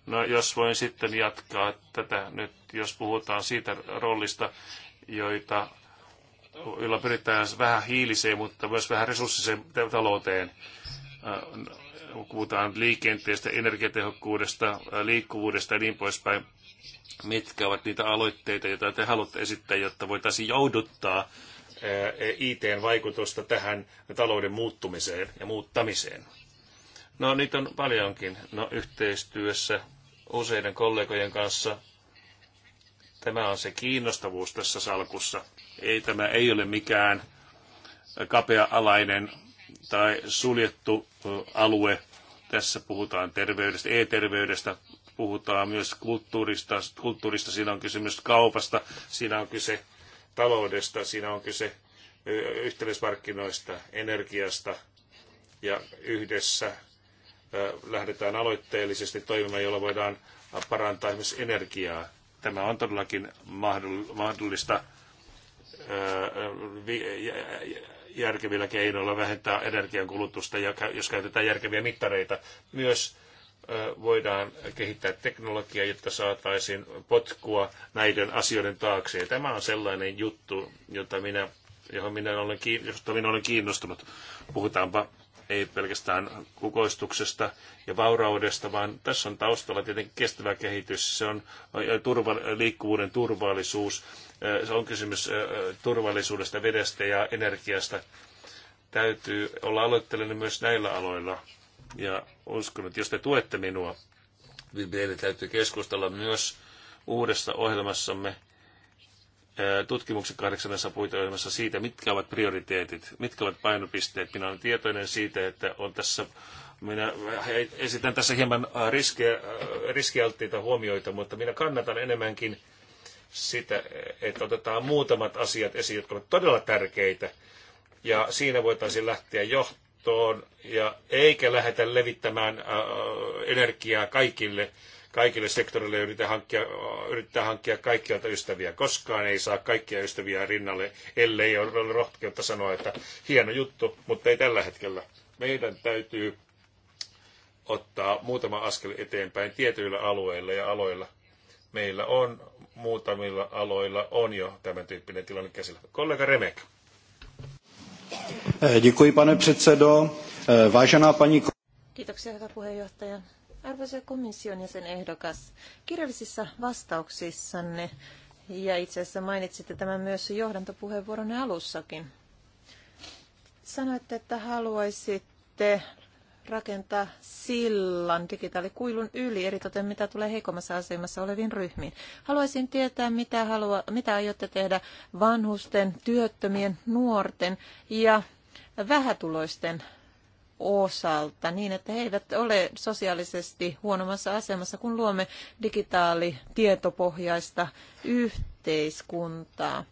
[SPEAKER 1] No jos voin sitten jatkaa tätä nyt, jos puhutaan siitä roolista, joita, joilla pyritään vähän hiiliseen, mutta myös vähän resurssiseen talouteen. Äh, puhutaan liikenteestä, energiatehokkuudesta, äh, liikkuvuudesta ja niin poispäin. Mitkä ovat niitä aloitteita, joita te haluatte esittää, jotta voitaisiin jouduttaa äh, e ITn vaikutusta tähän talouden muuttumiseen ja muuttamiseen? No niitä on paljonkin. No yhteistyössä useiden kollegojen kanssa. Tämä on se kiinnostavuus tässä salkussa. Ei tämä ei ole mikään kapea-alainen tai suljettu alue. Tässä puhutaan terveydestä, e-terveydestä, puhutaan myös kulttuurista, kulttuurista, siinä on kysymys kaupasta, siinä on kyse taloudesta, siinä on kyse yhteismarkkinoista, energiasta ja yhdessä lähdetään aloitteellisesti toimimaan, jolla voidaan parantaa esimerkiksi energiaa. Tämä on todellakin mahdollista järkevillä keinoilla vähentää energian kulutusta ja jos käytetään järkeviä mittareita. Myös voidaan kehittää teknologiaa, jotta saataisiin potkua näiden asioiden taakse. Ja tämä on sellainen juttu, jota minä, johon minä olen, josta minä olen kiinnostunut. Puhutaanpa ei pelkästään kukoistuksesta ja vauraudesta, vaan tässä on taustalla tietenkin kestävä kehitys, se on turva, liikkuvuuden turvallisuus, se on kysymys turvallisuudesta, vedestä ja energiasta. Täytyy olla aloitteellinen myös näillä aloilla. Ja uskon, että jos te tuette minua, niin meidän täytyy keskustella myös uudessa ohjelmassamme tutkimuksen kahdeksannessa puiteohjelmassa siitä, mitkä ovat prioriteetit, mitkä ovat painopisteet. Minä olen tietoinen siitä, että on tässä, minä esitän tässä hieman riskiä, riskialttiita huomioita, mutta minä kannatan enemmänkin sitä, että otetaan muutamat asiat esiin, jotka ovat todella tärkeitä. Ja siinä voitaisiin lähteä johtoon, ja eikä lähdetä levittämään energiaa kaikille, kaikille sektoreille yritetään hankkia, yrittää hankkia kaikkialta ystäviä. Koskaan ei saa kaikkia ystäviä rinnalle, ellei ole rohkeutta sanoa, että hieno juttu, mutta ei tällä hetkellä. Meidän täytyy ottaa muutama askel eteenpäin tietyillä alueilla ja aloilla. Meillä on muutamilla aloilla on jo tämän tyyppinen tilanne käsillä. Kollega Remek.
[SPEAKER 2] Eh, děkuji, pane eh,
[SPEAKER 4] Kiitoksia, hyvä puheenjohtaja. Arvoisa komission jäsen ehdokas, kirjallisissa vastauksissanne ja itse asiassa mainitsitte tämän myös johdantopuheenvuoronne alussakin. Sanoitte, että haluaisitte rakentaa sillan digitaalikuilun yli, eritoten mitä tulee heikommassa asemassa oleviin ryhmiin. Haluaisin tietää, mitä, halua, mitä aiotte tehdä vanhusten, työttömien, nuorten ja vähätuloisten osalta niin, että he eivät ole sosiaalisesti huonommassa asemassa, kun luomme digitaalitietopohjaista yhteiskuntaa.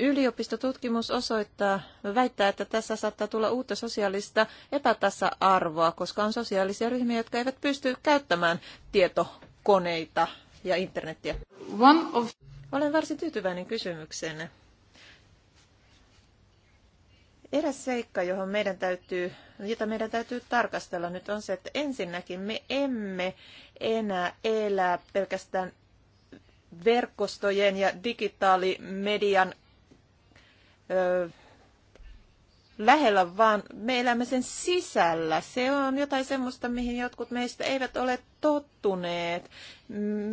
[SPEAKER 4] Yliopistotutkimus osoittaa, väittää, että tässä saattaa tulla uutta sosiaalista epätasa-arvoa, koska on sosiaalisia ryhmiä, jotka eivät pysty käyttämään tietokoneita ja One Of... Olen varsin tyytyväinen kysymykseenne. Eräs seikka, johon meidän täytyy, jota meidän täytyy tarkastella nyt on se, että ensinnäkin me emme enää elää pelkästään verkostojen ja digitaalimedian ö, lähellä, vaan me elämme sen sisällä. Se on jotain semmoista, mihin jotkut meistä eivät ole tottuneet,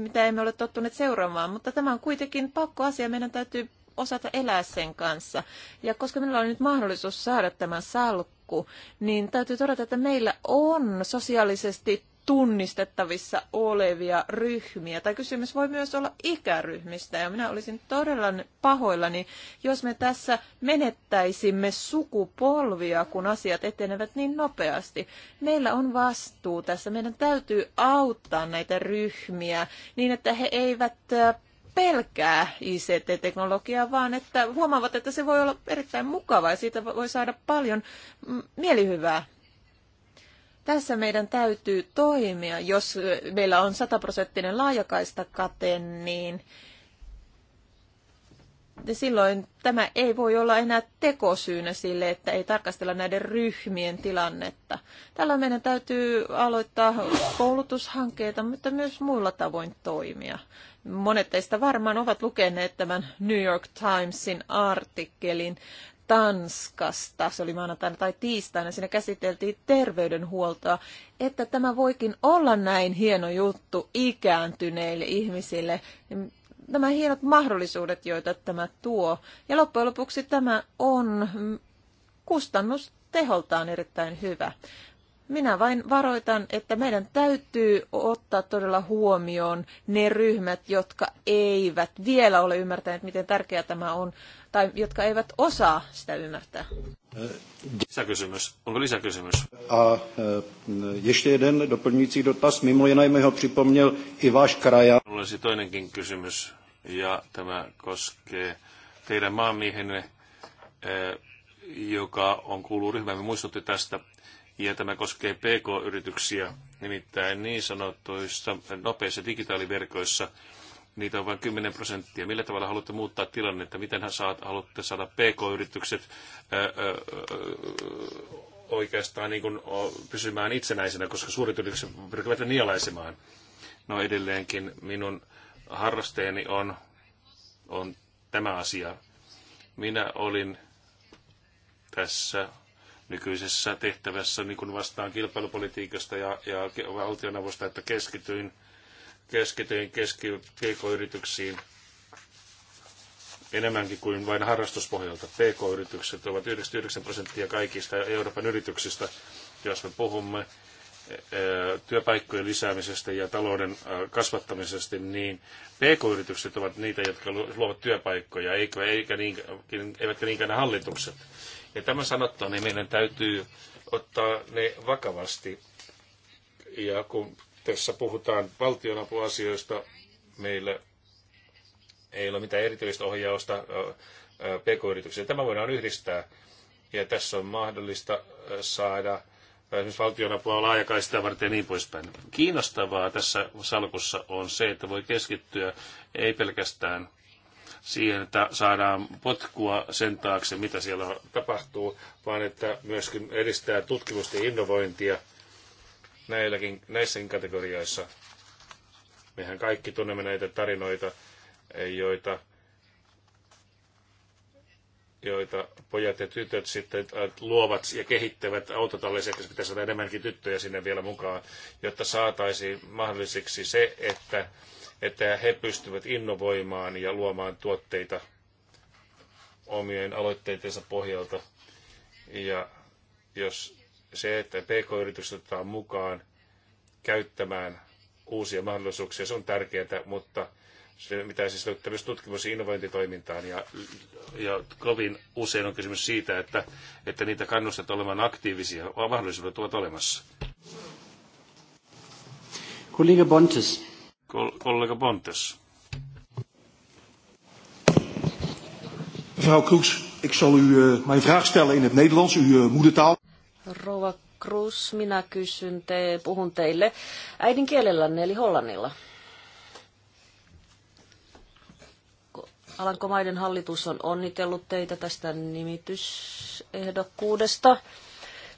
[SPEAKER 4] mitä emme ole tottuneet seuraamaan, mutta tämä on kuitenkin pakko asia. Meidän täytyy osata elää sen kanssa. Ja koska minulla on nyt mahdollisuus saada tämä salkku, niin täytyy todeta, että meillä on sosiaalisesti tunnistettavissa olevia ryhmiä. Tai kysymys voi myös olla ikäryhmistä. Ja minä olisin todella pahoillani, jos me tässä menettäisimme sukupolvia, kun asiat etenevät niin nopeasti. Meillä on vastuu tässä. Meidän täytyy auttaa näitä ryhmiä niin, että he eivät äh, pelkää ICT-teknologiaa, vaan että huomaavat, että se voi olla erittäin mukavaa ja siitä voi saada paljon mielihyvää. Tässä meidän täytyy toimia. Jos meillä on sataprosenttinen laajakaista kate, niin silloin tämä ei voi olla enää tekosyynä sille, että ei tarkastella näiden ryhmien tilannetta. Tällä meidän täytyy aloittaa koulutushankkeita, mutta myös muilla tavoin toimia. Monet teistä varmaan ovat lukeneet tämän New York Timesin artikkelin Tanskasta, se oli maanantaina tai tiistaina, siinä käsiteltiin terveydenhuoltoa, että tämä voikin olla näin hieno juttu ikääntyneille ihmisille, nämä hienot mahdollisuudet, joita tämä tuo. Ja loppujen lopuksi tämä on kustannusteholtaan erittäin hyvä. Minä vain varoitan, että meidän täytyy ottaa todella huomioon ne ryhmät, jotka eivät vielä ole ymmärtäneet, miten tärkeää tämä on, tai jotka eivät osaa sitä ymmärtää.
[SPEAKER 1] Lisäkysymys. Onko lisäkysymys?
[SPEAKER 2] A e, ještě jeden
[SPEAKER 5] doplňující dotaz. Mimo jiné mi ho připomněl i váš kraja.
[SPEAKER 1] olisi toinenkin kysymys, ja tämä koskee teidän maamiehenne, e, joka on kuuluu ryhmämme, muistutti tästä ja tämä koskee PK-yrityksiä, nimittäin niin sanotuissa nopeissa digitaaliverkoissa, niitä on vain 10 prosenttia. Millä tavalla haluatte muuttaa tilannetta? Miten saat, haluatte saada PK-yritykset oikeastaan niin kuin, pysymään itsenäisenä, koska suuret yritykset pyrkivät nielaisemaan? No edelleenkin minun harrasteeni on, on tämä asia. Minä olin tässä nykyisessä tehtävässä niin kun vastaan kilpailupolitiikasta ja, ja valtionavusta, että keskityin, keskityin keski, pk-yrityksiin enemmänkin kuin vain harrastuspohjalta. PK-yritykset ovat 99 prosenttia kaikista Euroopan yrityksistä, jos me puhumme e, e, työpaikkojen lisäämisestä ja talouden e, kasvattamisesta, niin PK-yritykset ovat niitä, jotka luovat työpaikkoja, eikä, eikä niinkään, eivätkä niinkään hallitukset. Ja tämä sanottua, niin meidän täytyy ottaa ne vakavasti. Ja kun tässä puhutaan valtionapuasioista, meillä ei ole mitään erityistä ohjausta pk-yrityksiä. Tämä voidaan yhdistää. Ja tässä on mahdollista saada esimerkiksi valtionapua laajakaistaa varten ja niin poispäin. Kiinnostavaa tässä salkussa on se, että voi keskittyä ei pelkästään siihen, että saadaan potkua sen taakse, mitä siellä tapahtuu, vaan että myöskin edistää tutkimusta ja innovointia näilläkin, näissäkin kategorioissa. Mehän kaikki tunnemme näitä tarinoita, joita joita pojat ja tytöt sitten äh, luovat ja kehittävät että pitäisi saada enemmänkin tyttöjä sinne vielä mukaan, jotta saataisiin mahdolliseksi se, että että he pystyvät innovoimaan ja luomaan tuotteita omien aloitteidensa pohjalta. Ja jos se, että PK-yritys otetaan mukaan käyttämään uusia mahdollisuuksia, se on tärkeää, mutta se, mitä siis löytää myös tutkimus- ja innovointitoimintaan. Ja, ja kovin usein on kysymys siitä, että, että niitä kannustat olemaan aktiivisia. Mahdollisuudet ovat olemassa.
[SPEAKER 2] Kollega Bontes
[SPEAKER 1] kollega Bontes.
[SPEAKER 2] Mevrouw Kroes, ik zal u uh, mijn vraag stellen in het Nederlands, uw uh, moedertaal.
[SPEAKER 5] Rova Kroes, minä kysyn te, puhun teille äidinkielellänne eli hollannilla. Alankomaiden hallitus on onnitellut teitä tästä nimitysehdokkuudesta.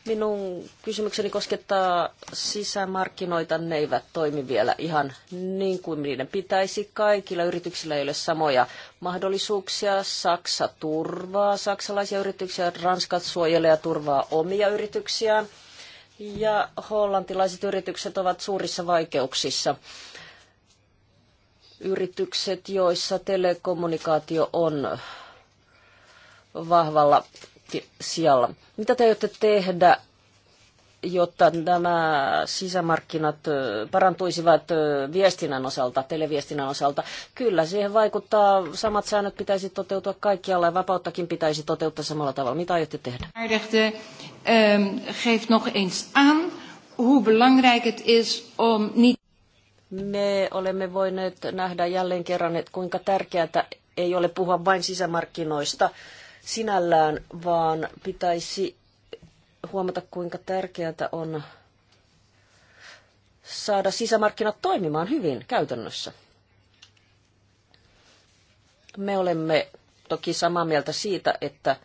[SPEAKER 5] Minun kysymykseni koskettaa sisämarkkinoita. Ne eivät toimi vielä ihan niin kuin niiden pitäisi. Kaikilla yrityksillä ei ole samoja mahdollisuuksia. Saksa turvaa saksalaisia yrityksiä, Ranskat suojelee ja turvaa omia yrityksiään. Ja hollantilaiset yritykset ovat suurissa vaikeuksissa yritykset, joissa telekommunikaatio on vahvalla siellä. Mitä te aiotte tehdä, jotta nämä sisämarkkinat parantuisivat viestinnän osalta, televiestinnän osalta? Kyllä, siihen vaikuttaa. Samat säännöt pitäisi toteutua kaikkialla ja vapauttakin pitäisi toteuttaa samalla tavalla. Mitä aiotte tehdä?
[SPEAKER 3] Ehm, geef nog eens aan hoe belangrijk het is
[SPEAKER 5] om niet me olemme voineet nähdä jälleen kerran, että kuinka tärkeää ei ole puhua vain sisämarkkinoista, sinällään, vaan pitäisi huomata, kuinka tärkeää on saada sisämarkkinat toimimaan hyvin käytännössä. Me olemme toki samaa mieltä siitä, että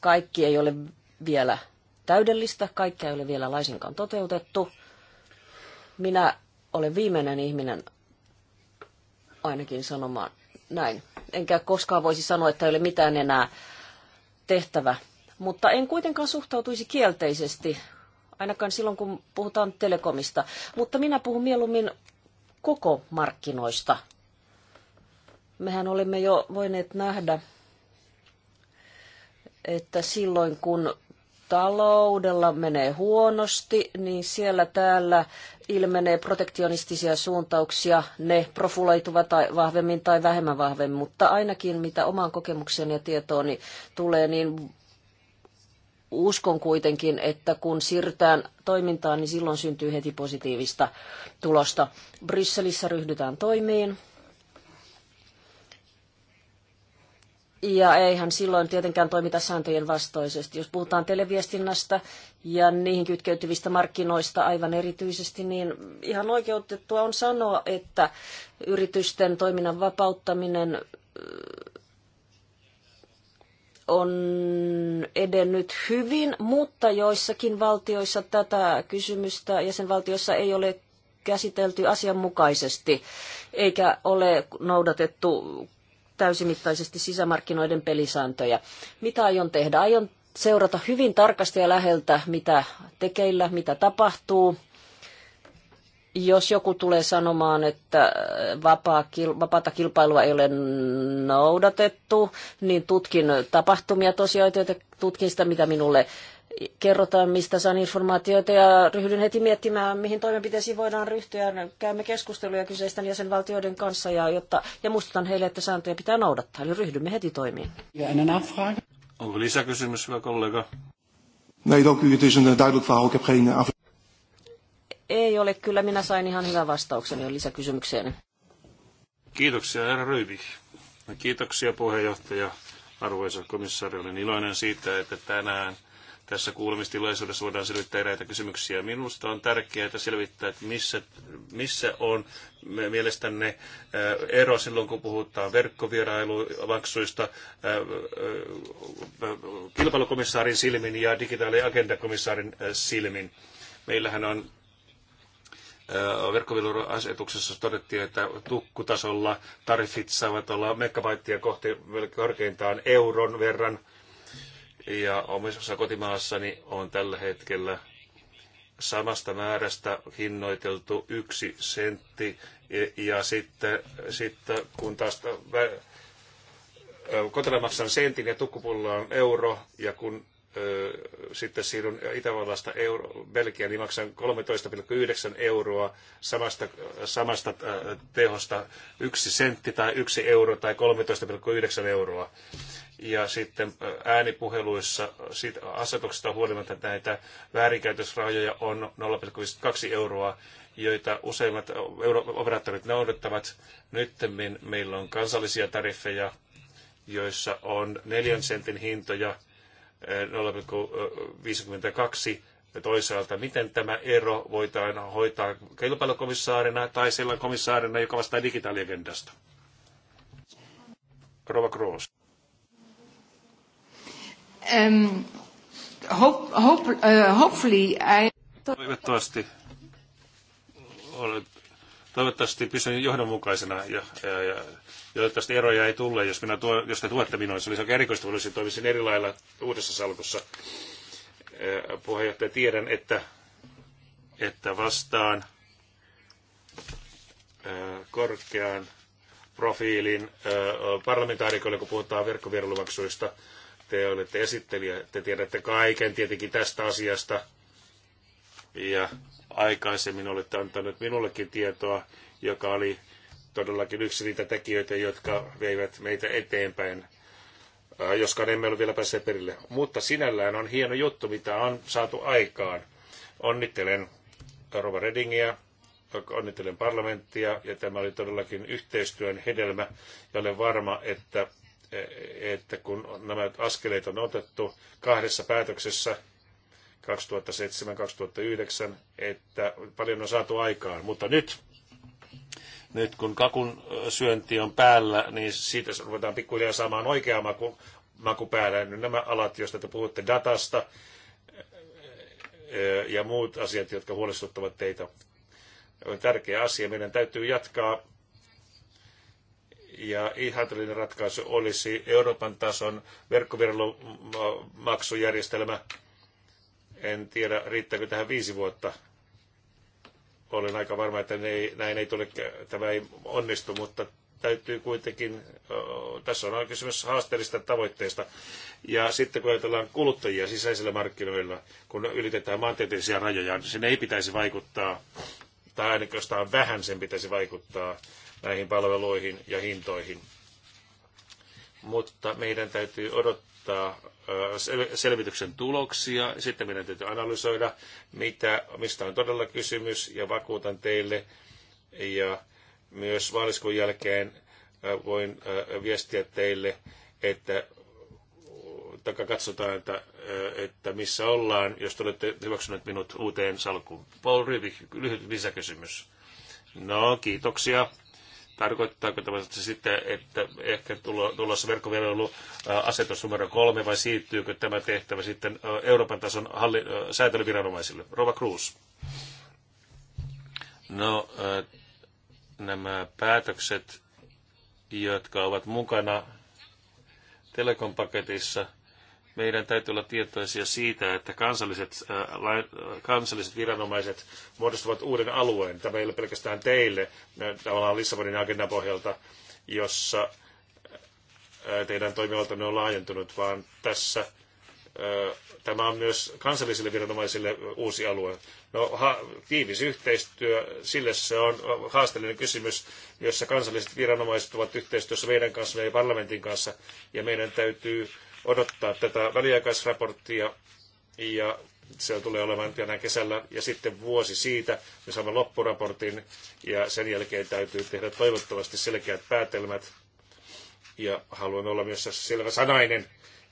[SPEAKER 5] kaikki ei ole vielä täydellistä, kaikkea ei ole vielä laisinkaan toteutettu. Minä olen viimeinen ihminen ainakin sanomaan, näin. Enkä koskaan voisi sanoa, että ei ole mitään enää tehtävä. Mutta en kuitenkaan suhtautuisi kielteisesti, ainakaan silloin kun puhutaan telekomista. Mutta minä puhun mieluummin koko markkinoista. Mehän olemme jo voineet nähdä, että silloin kun taloudella menee huonosti, niin siellä täällä ilmenee protektionistisia suuntauksia. Ne profuloituvat tai vahvemmin tai vähemmän vahvemmin, mutta ainakin mitä omaan kokemukseen ja tietooni tulee, niin uskon kuitenkin, että kun siirrytään toimintaan, niin silloin syntyy heti positiivista tulosta. Brysselissä ryhdytään toimiin Ja eihän silloin tietenkään toimita sääntöjen vastoisesti. Jos puhutaan televiestinnästä ja niihin kytkeytyvistä markkinoista aivan erityisesti, niin ihan oikeutettua on sanoa, että yritysten toiminnan vapauttaminen äh, on edennyt hyvin, mutta joissakin valtioissa tätä kysymystä jäsenvaltioissa ei ole käsitelty asianmukaisesti, eikä ole noudatettu täysimittaisesti sisämarkkinoiden pelisääntöjä. Mitä aion tehdä? Aion seurata hyvin tarkasti ja läheltä, mitä tekeillä, mitä tapahtuu. Jos joku tulee sanomaan, että vapaa, vapaata kilpailua ei ole noudatettu, niin tutkin tapahtumia tosiaan, tutkin sitä, mitä minulle kerrotaan, mistä saan informaatioita ja ryhdyn heti miettimään, mihin toimenpiteisiin voidaan ryhtyä. Käymme keskusteluja kyseisten jäsenvaltioiden kanssa ja, jotta, ja muistutan heille, että sääntöjä pitää noudattaa. Eli ryhdymme heti toimiin.
[SPEAKER 1] Onko lisäkysymys, hyvä kollega? Nee, dank u. Het is een eh, duidelijk verhaal. Ik heb geen eh,
[SPEAKER 5] Ei ole, kyllä minä sain ihan hyvän vastauksen jo lisäkysymykseen.
[SPEAKER 1] Kiitoksia, herra Ryyvi. Kiitoksia, puheenjohtaja. Arvoisa komissaari, olen iloinen siitä, että tänään – tässä kuulemistilaisuudessa voidaan selvittää eräitä kysymyksiä. Minusta on tärkeää selvittää, että missä, missä on mielestänne äh, ero silloin, kun puhutaan verkkovierailumaksuista äh, äh, kilpailukomissaarin silmin ja digitaaliagendakomissaarin silmin. Meillähän on verkkoviluasetuksessa todettiin, että tukkutasolla tariffit saavat olla megabaittia kohti korkeintaan euron verran – ja omistuksessa kotimaassani on tällä hetkellä samasta määrästä hinnoiteltu yksi sentti. Ja, sitten, sitten kun taas kotona maksan sentin ja tukkupulla on euro, ja kun sitten siirryn Itävallasta euro, Belgiaan, niin maksan 13,9 euroa samasta, samasta tehosta yksi sentti tai yksi euro tai 13,9 euroa ja sitten äänipuheluissa siitä asetuksesta huolimatta näitä väärinkäytösrajoja on 0,52 euroa, joita useimmat operaattorit noudattavat. Nyt meillä on kansallisia tariffeja, joissa on neljän sentin hintoja 0,52 ja toisaalta, miten tämä ero voidaan hoitaa kilpailukomissaarina tai sellainen komissaarina, joka vastaa digitaaliagendasta? Rova Kroos.
[SPEAKER 3] Um, hope, hope, uh, hopefully I...
[SPEAKER 1] Toivottavasti, toivottavasti pysyn johdonmukaisena ja, ja, ja toivottavasti eroja ei tule. Jos, minä tuo, jos te tuette minua, se olisi aika erikoista, olisin toimisin eri lailla uudessa salkussa. Eh, puheenjohtaja, tiedän, että, että vastaan eh, korkean profiilin eh, parlamentaarikolle, kun puhutaan verkkovierailumaksuista, te olette esittelijä, te tiedätte kaiken tietenkin tästä asiasta. Ja aikaisemmin olette antanut minullekin tietoa, joka oli todellakin yksi niitä tekijöitä, jotka veivät meitä eteenpäin joskaan emme ole vielä päässeet perille. Mutta sinällään on hieno juttu, mitä on saatu aikaan. Onnittelen Rova Redingia, onnittelen parlamenttia, ja tämä oli todellakin yhteistyön hedelmä, ja olen varma, että E, että kun nämä askeleet on otettu kahdessa päätöksessä 2007-2009, että paljon on saatu aikaan. Mutta nyt, nyt kun kakun syönti on päällä, niin siitä ruvetaan pikkuhiljaa saamaan oikea maku, maku päällä. Nyt nämä alat, joista te puhutte datasta e, ja muut asiat, jotka huolestuttavat teitä, on tärkeä asia. Meidän täytyy jatkaa ja ihanteellinen ratkaisu olisi Euroopan tason verkkoviralomaksujärjestelmä. En tiedä, riittääkö tähän viisi vuotta. Olen aika varma, että ne näin ei tule, tämä ei onnistu, mutta täytyy kuitenkin, tässä on kysymys haasteellisista tavoitteista. Ja sitten kun ajatellaan kuluttajia sisäisillä markkinoilla, kun ylitetään maantieteellisiä rajoja, niin sen ei pitäisi vaikuttaa, tai ainakin jostain vähän sen pitäisi vaikuttaa näihin palveluihin ja hintoihin. Mutta meidän täytyy odottaa selvityksen tuloksia, sitten meidän täytyy analysoida, mitä, mistä on todella kysymys, ja vakuutan teille, ja myös maaliskuun jälkeen voin viestiä teille, että taka katsotaan, että, että missä ollaan, jos te olette hyväksyneet minut uuteen salkuun. Paul Rybik, lyhyt lisäkysymys. No, kiitoksia. Tarkoittaako tämä se että ehkä tulossa äh, asetus numero kolme vai siirtyykö tämä tehtävä sitten äh, Euroopan tason halli, äh, säätelyviranomaisille? Rova Cruz. No, nämä päätökset, jotka ovat mukana telekompaketissa – meidän täytyy olla tietoisia siitä, että kansalliset, kansalliset viranomaiset muodostavat uuden alueen. Tämä ei ole pelkästään teille tavallaan Lissabonin agendan pohjalta, jossa teidän toimivaltanne on laajentunut, vaan tässä tämä on myös kansallisille viranomaisille uusi alue. No, ha, tiivis yhteistyö, sille se on haasteellinen kysymys, jossa kansalliset viranomaiset ovat yhteistyössä meidän kanssa ja parlamentin kanssa, ja meidän täytyy odottaa tätä väliaikaisraporttia ja se tulee olemaan tänä kesällä ja sitten vuosi siitä me saamme loppuraportin ja sen jälkeen täytyy tehdä toivottavasti selkeät päätelmät ja haluan olla myös selvä sanainen,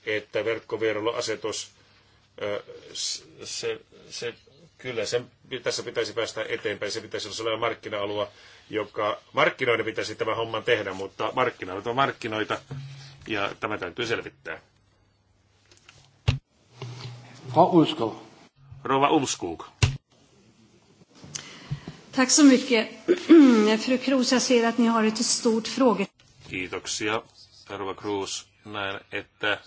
[SPEAKER 1] että verkkovierailuasetus, se, se, kyllä sen, tässä pitäisi päästä eteenpäin, se pitäisi olla sellainen markkina-alue, joka markkinoiden pitäisi tämän homman tehdä, mutta markkinoita on markkinoita ja tämä täytyy selvittää. Frau Ulskog. Rova Ulskog.
[SPEAKER 4] Tack så mycket. Fru Kroos, jag ser att ni har ett stort fråge.
[SPEAKER 1] Kiitoksia, Rova Kroos. Näen, että,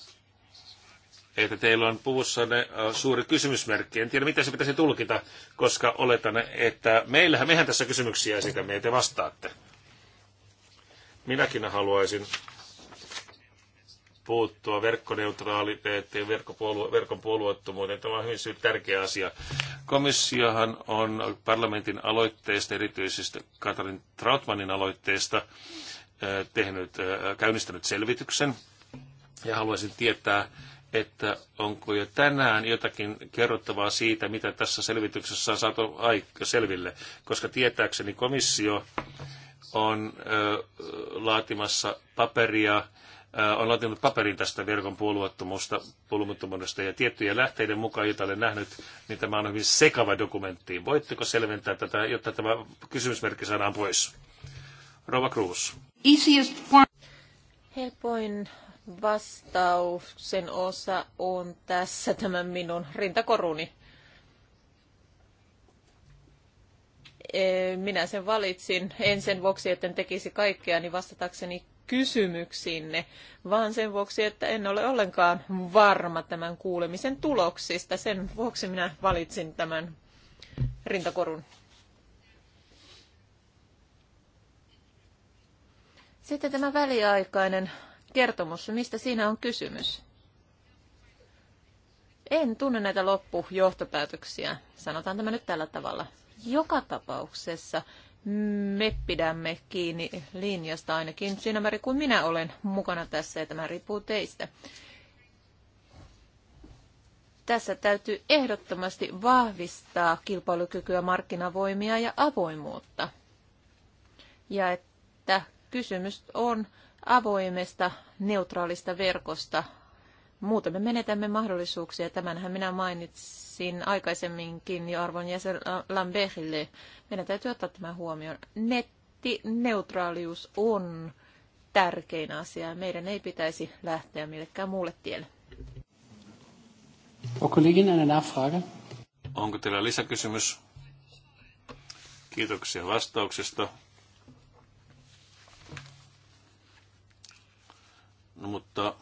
[SPEAKER 1] että teillä on puussanne äh, suuri kysymysmerkki. En tiedä, miten se pitäisi tulkita, koska oletan, että meillähän, mehän tässä kysymyksiä esitämme ja te vastaatte. Minäkin haluaisin puuttua verkkoneutraaliteen, verkon puolueettomuuteen. Tämä on hyvin tärkeä asia. Komissiohan on parlamentin aloitteesta, erityisesti Katarin Trautmanin aloitteesta, tehnyt, käynnistänyt selvityksen. Ja haluaisin tietää, että onko jo tänään jotakin kerrottavaa siitä, mitä tässä selvityksessä on saatu aika selville, koska tietääkseni komissio on laatimassa paperia, on laatinut paperin tästä verkon puolueettomuudesta ja tiettyjen lähteiden mukaan, joita olen nähnyt, niin tämä on hyvin sekava dokumentti. Voitteko selventää tätä, jotta tämä kysymysmerkki saadaan pois? Rova Cruz.
[SPEAKER 4] Helpoin vastauksen osa on tässä tämä minun rintakoruni. Minä sen valitsin en sen vuoksi, etten tekisi kaikkea, niin vastatakseni Kysymyksiinne, vaan sen vuoksi, että en ole ollenkaan varma tämän kuulemisen tuloksista. Sen vuoksi minä valitsin tämän rintakorun. Sitten tämä väliaikainen kertomus, mistä siinä on kysymys? En tunne näitä loppujohtopäätöksiä, sanotaan tämä nyt tällä tavalla. Joka tapauksessa me pidämme kiinni linjasta ainakin siinä määrin kuin minä olen mukana tässä ja tämä riippuu teistä. Tässä täytyy ehdottomasti vahvistaa kilpailukykyä, markkinavoimia ja avoimuutta. Ja että kysymys on avoimesta, neutraalista verkosta Muuten me menetämme mahdollisuuksia. Tämänhän minä mainitsin aikaisemminkin jo arvon jäsen Lambertille. Meidän täytyy ottaa tämä huomioon. Nettineutraalius on tärkein asia. Meidän ei pitäisi lähteä millekään muulle tielle.
[SPEAKER 1] Onko teillä lisäkysymys? Kiitoksia vastauksesta. No, mutta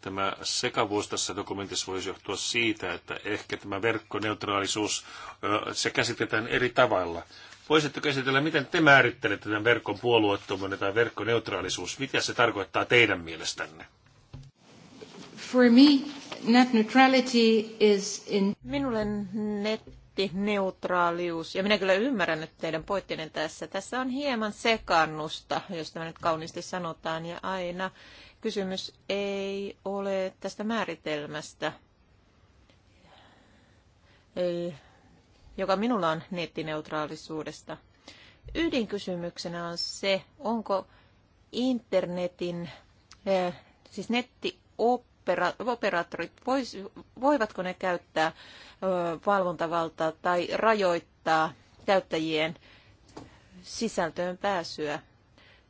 [SPEAKER 1] Tämä sekavuus tässä dokumentissa voisi johtua siitä, että ehkä tämä verkkoneutraalisuus, se käsitetään eri tavalla. Voisitteko käsitellä, miten te määrittelette tämän verkon puolueettomuuden tai verkkoneutraalisuus? Mitä se tarkoittaa teidän mielestänne?
[SPEAKER 4] For me, net neutrality is in... Minulle nettineutraalius, ja minä kyllä ymmärrän nyt teidän poittinen tässä. Tässä on hieman sekannusta, jos tämä nyt kauniisti sanotaan, ja aina Kysymys ei ole tästä määritelmästä, joka minulla on nettineutraalisuudesta. Ydinkysymyksenä on se, onko internetin, eh, siis nettioperaattorit, voivatko ne käyttää eh, valvontavaltaa tai rajoittaa käyttäjien sisältöön pääsyä.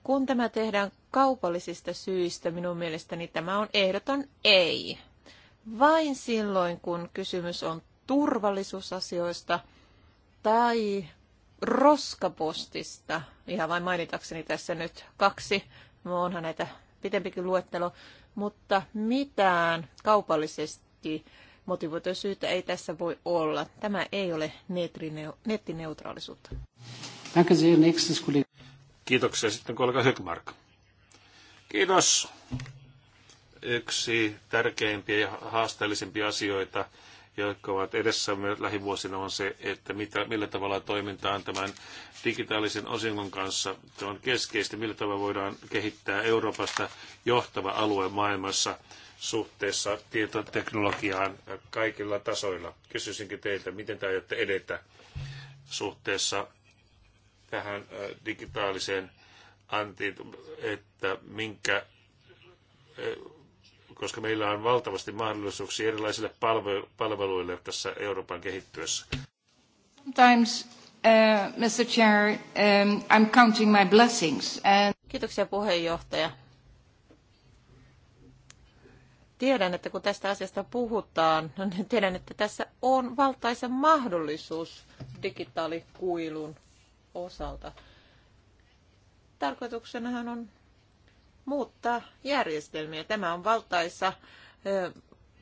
[SPEAKER 4] Kun tämä tehdään kaupallisista syistä minun mielestäni tämä on ehdoton ei. Vain silloin, kun kysymys on turvallisuusasioista tai roskapostista, ihan vain mainitakseni tässä nyt kaksi, no, onhan näitä pitempikin luettelo, mutta mitään kaupallisesti motivoitua syytä ei tässä voi olla. Tämä ei ole nettineutraalisuutta.
[SPEAKER 1] Kiitoksia sitten kollega Högmark. Kiitos. Yksi tärkeimpiä ja haasteellisimpia asioita, jotka ovat edessämme lähivuosina, on se, että mitä, millä tavalla toimintaan tämän digitaalisen osingon kanssa. Se on keskeistä, millä tavalla voidaan kehittää Euroopasta johtava alue maailmassa suhteessa tietoteknologiaan kaikilla tasoilla. Kysyisinkin teiltä, miten te aiotte edetä suhteessa tähän digitaaliseen Antti, että minkä, eh, koska meillä on valtavasti mahdollisuuksia erilaisille palveluille tässä Euroopan kehittyessä.
[SPEAKER 3] Sometimes, uh, eh, Mr. Chair, um, I'm counting my blessings. And... Kiitoksia puheenjohtaja.
[SPEAKER 4] Tiedän, että kun tästä asiasta puhutaan, no niin tiedän, että tässä on valtaisa mahdollisuus digitaalikuilun osalta tarkoituksenahan on muuttaa järjestelmiä. Tämä on valtaisa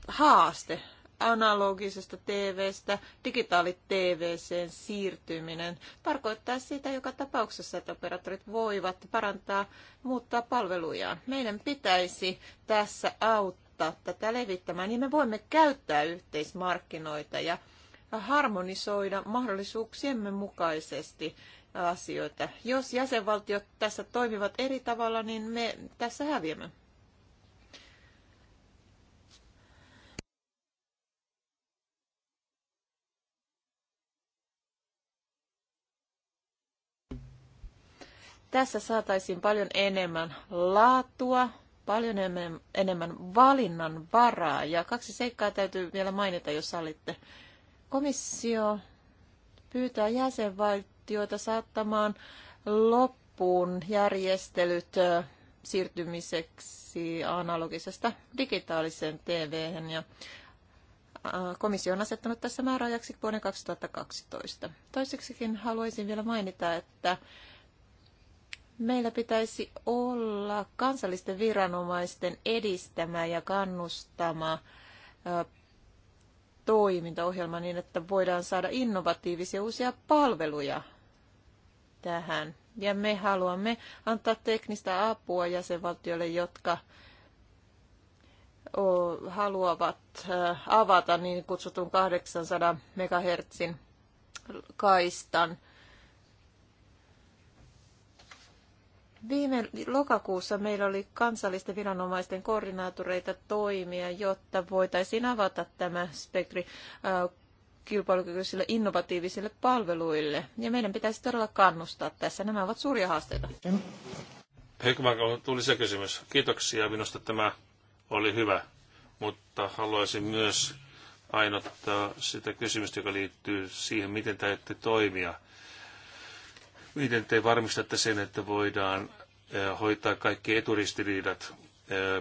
[SPEAKER 4] haaste analogisesta TV-stä digitaali-TV:seen siirtyminen tarkoittaa sitä joka tapauksessa, että operaattorit voivat parantaa, muuttaa palvelujaan. Meidän pitäisi tässä auttaa tätä levittämään, niin me voimme käyttää yhteismarkkinoita ja harmonisoida mahdollisuuksiemme mukaisesti asioita. Jos jäsenvaltiot tässä toimivat eri tavalla, niin me tässä häviämme. Tässä saataisiin paljon enemmän laatua, paljon enemmän valinnan varaa. Ja kaksi seikkaa täytyy vielä mainita, jos sallitte. Komissio pyytää jäsenvaltiot jäsenvaltioita saattamaan loppuun järjestelyt siirtymiseksi analogisesta digitaaliseen tv ja komissio on asettanut tässä määräajaksi vuoden 2012. Toiseksikin haluaisin vielä mainita, että meillä pitäisi olla kansallisten viranomaisten edistämä ja kannustama toimintaohjelma niin, että voidaan saada innovatiivisia uusia palveluja tähän. Ja me haluamme antaa teknistä apua jäsenvaltioille, jotka haluavat avata niin kutsutun 800 megahertsin kaistan. Viime lokakuussa meillä oli kansallisten viranomaisten koordinaatoreita toimia, jotta voitaisiin avata tämä spektri kilpailukykyisille innovatiivisille palveluille. Ja meidän pitäisi todella kannustaa tässä. Nämä ovat suuria haasteita.
[SPEAKER 1] Heikman, tuli se kysymys. Kiitoksia. Minusta tämä oli hyvä, mutta haluaisin myös painottaa sitä kysymystä, joka liittyy siihen, miten täytyy ette toimia. Miten te varmistatte sen, että voidaan hoitaa kaikki eturistiriidat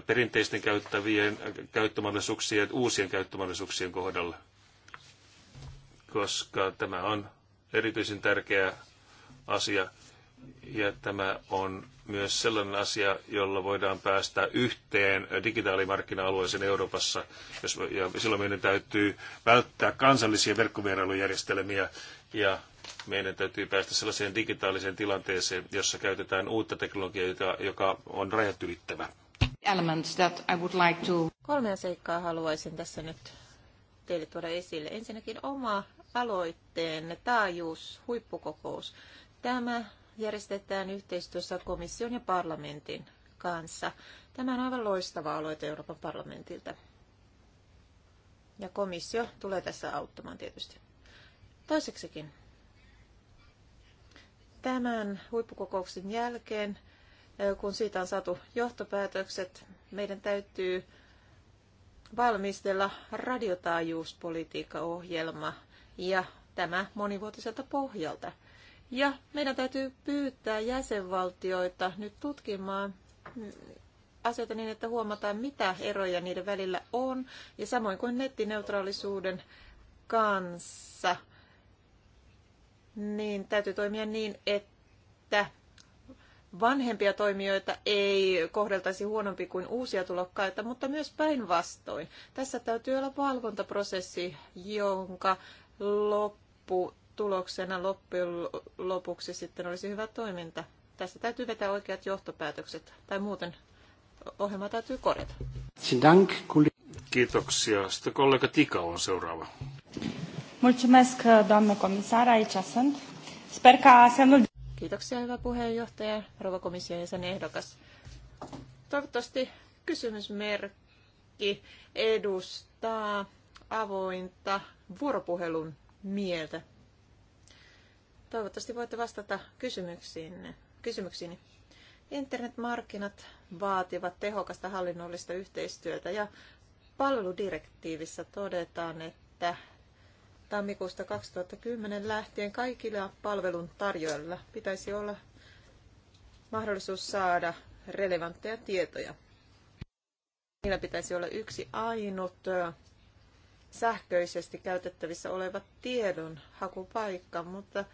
[SPEAKER 1] perinteisten käyttävien käyttömahdollisuuksien uusien käyttömahdollisuuksien kohdalla? koska tämä on erityisen tärkeä asia ja tämä on myös sellainen asia, jolla voidaan päästä yhteen digitaalimarkkina-alueeseen Euroopassa. Jos, ja silloin meidän täytyy välttää kansallisia verkkovierailujärjestelmiä ja meidän täytyy päästä sellaiseen digitaaliseen tilanteeseen, jossa käytetään uutta teknologiaa, joka, joka on rajat ylittävä.
[SPEAKER 4] Like to... Kolmea seikkaa haluaisin tässä nyt teille tuoda esille. Ensinnäkin oma aloitteen taajuus huippukokous. Tämä järjestetään yhteistyössä komission ja parlamentin kanssa. Tämä on aivan loistava aloite Euroopan parlamentilta. Ja komissio tulee tässä auttamaan tietysti. Toiseksikin. Tämän huippukokouksen jälkeen, kun siitä on saatu johtopäätökset, meidän täytyy valmistella radiotaajuuspolitiikkaohjelma ohjelma ja tämä monivuotiselta pohjalta. Ja meidän täytyy pyytää jäsenvaltioita nyt tutkimaan asioita niin, että huomataan, mitä eroja niiden välillä on, ja samoin kuin nettineutraalisuuden kanssa, niin täytyy toimia niin, että vanhempia toimijoita ei kohdeltaisi huonompi kuin uusia tulokkaita, mutta myös päinvastoin. Tässä täytyy olla valvontaprosessi, jonka lopputuloksena loppujen lopuksi sitten olisi hyvä toiminta. Tästä täytyy vetää oikeat johtopäätökset, tai muuten ohjelma täytyy korjata.
[SPEAKER 1] Kiitoksia. Sitten kollega Tika on seuraava.
[SPEAKER 3] Mulțumesc, doamnă comisar,
[SPEAKER 4] aici sunt. Sper ca semnul... Kiitoksia, hyvä puheenjohtaja, rouva komission jäsen ehdokas. Toivottavasti kysymysmerkki edustaa avointa vuoropuhelun mieltä. Toivottavasti voitte vastata kysymyksiinne. kysymyksiini. Internetmarkkinat vaativat tehokasta hallinnollista yhteistyötä ja palveludirektiivissä todetaan, että tammikuusta 2010 lähtien kaikilla palvelun tarjoajilla pitäisi olla mahdollisuus saada relevantteja tietoja. Niillä pitäisi olla yksi ainut sähköisesti käytettävissä oleva tiedon hakupaikka, mutta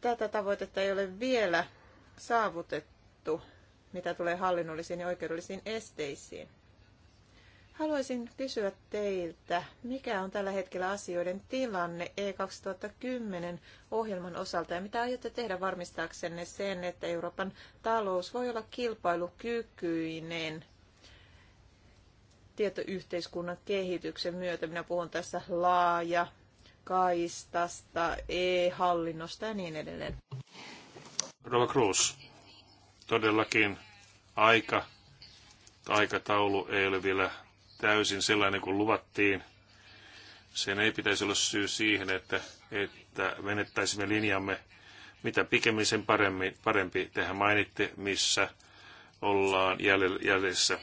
[SPEAKER 4] tätä tavoitetta ei ole vielä saavutettu, mitä tulee hallinnollisiin ja oikeudellisiin esteisiin. Haluaisin kysyä teiltä, mikä on tällä hetkellä asioiden tilanne E2010 ohjelman osalta ja mitä aiotte tehdä varmistaaksenne sen, että Euroopan talous voi olla kilpailukykyinen tietoyhteiskunnan kehityksen myötä. Minä puhun tässä laaja kaistasta, e-hallinnosta ja niin edelleen.
[SPEAKER 1] Rova Cruz, todellakin aika, aikataulu ei ole vielä täysin sellainen kuin luvattiin. Sen ei pitäisi olla syy siihen, että, että menettäisimme linjamme mitä pikemmin sen parempi. parempi. Tehän mainitte, missä ollaan jäljessä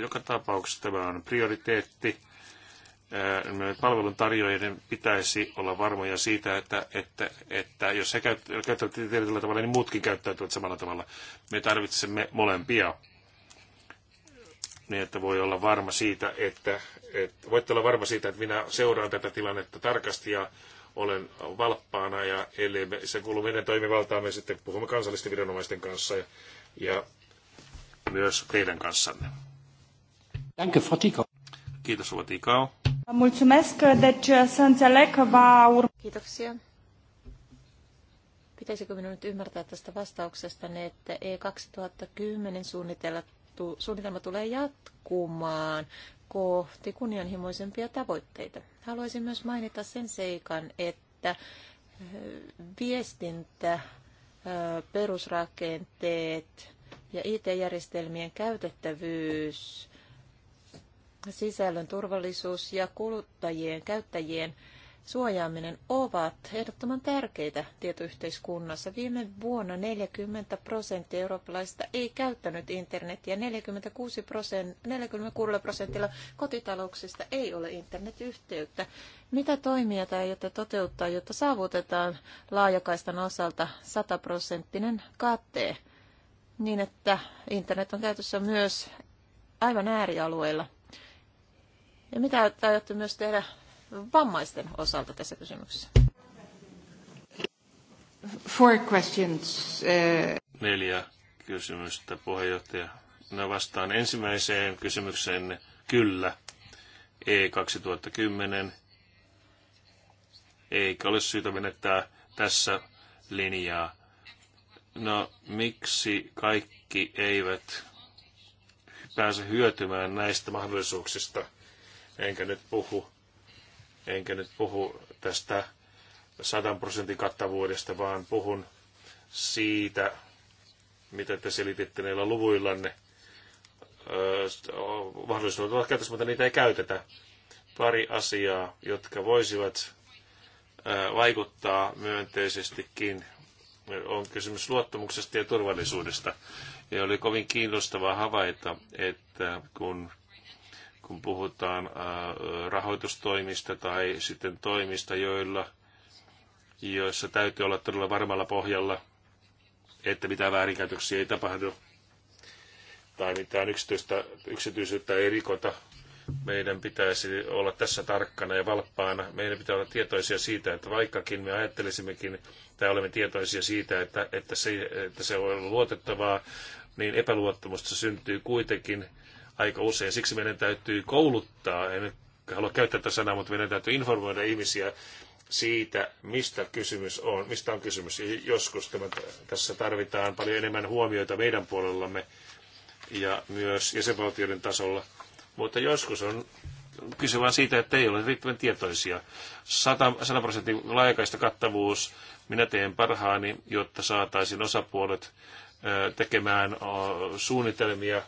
[SPEAKER 1] joka tapauksessa tämä on prioriteetti. Palveluntarjoajien pitäisi olla varmoja siitä, että, että, että jos he käyttävät tietyllä tavalla, niin muutkin käyttäytyvät samalla tavalla. Me tarvitsemme molempia niin että voi olla varma siitä, että, että voitte olla varma siitä, että minä seuraan tätä tilannetta tarkasti ja olen valppaana ja eli me, se kuuluu meidän toimivaltaan, me sitten puhumme kansallisten viranomaisten kanssa ja, ja myös teidän kanssanne. Danke, Frau Tikau. Kiitos, Frau Tikau.
[SPEAKER 5] Mulțumesc, deci uh, să înțeleg că va urma.
[SPEAKER 4] Kiitoksia. Pitäisikö minun nyt ymmärtää tästä vastauksesta, että E2010 suunnitelma tulee jatkumaan kohti kunnianhimoisempia tavoitteita. Haluaisin myös mainita sen seikan, että eh, viestintä, eh, perusrakenteet ja IT-järjestelmien käytettävyys sisällön turvallisuus ja kuluttajien, käyttäjien suojaaminen ovat ehdottoman tärkeitä tietoyhteiskunnassa. Viime vuonna 40 prosenttia eurooppalaisista ei käyttänyt internetiä, 46 prosent, 46 prosentilla kotitalouksista ei ole internetyhteyttä. Mitä toimia tai aiotte toteuttaa, jotta saavutetaan laajakaistan osalta 100 prosenttinen kate, niin että internet on käytössä myös aivan äärialueilla? Ja mitä aiotte myös tehdä vammaisten osalta tässä kysymyksessä?
[SPEAKER 1] Four
[SPEAKER 3] questions. Uh,
[SPEAKER 1] Neljä kysymystä, puheenjohtaja. Minä no, vastaan ensimmäiseen kysymykseen kyllä. E 2010. Eikä ole syytä menettää tässä linjaa. No, miksi kaikki eivät pääse hyötymään näistä mahdollisuuksista – enkä nyt puhu, enkä nyt puhu tästä 100 prosentin kattavuudesta, vaan puhun siitä, mitä te selititte näillä luvuillanne. mahdollisuudet ovat käytössä, mutta niitä ei käytetä. Pari asiaa, jotka voisivat vaikuttaa myönteisestikin. On kysymys luottamuksesta ja turvallisuudesta. Ja oli kovin kiinnostavaa havaita, että kun kun puhutaan rahoitustoimista tai sitten toimista, joilla, joissa täytyy olla todella varmalla pohjalla, että mitään väärinkäytöksiä ei tapahdu tai mitään yksityistä, yksityisyyttä ei rikota. Meidän pitäisi olla tässä tarkkana ja valppaana. Meidän pitää olla tietoisia siitä, että vaikkakin me ajattelisimmekin tai olemme tietoisia siitä, että, että, se, että se on luotettavaa, niin epäluottamusta syntyy kuitenkin aika usein. Siksi meidän täytyy kouluttaa, en halua käyttää tätä sanaa, mutta meidän täytyy informoida ihmisiä siitä, mistä kysymys on, mistä on kysymys. Joskus tämä, tässä tarvitaan paljon enemmän huomioita meidän puolellamme ja myös jäsenvaltioiden tasolla, mutta joskus on kyse vain siitä, että ei ole riittävän tietoisia. 100 prosentin laajakaista kattavuus, minä teen parhaani, jotta saataisiin osapuolet tekemään suunnitelmia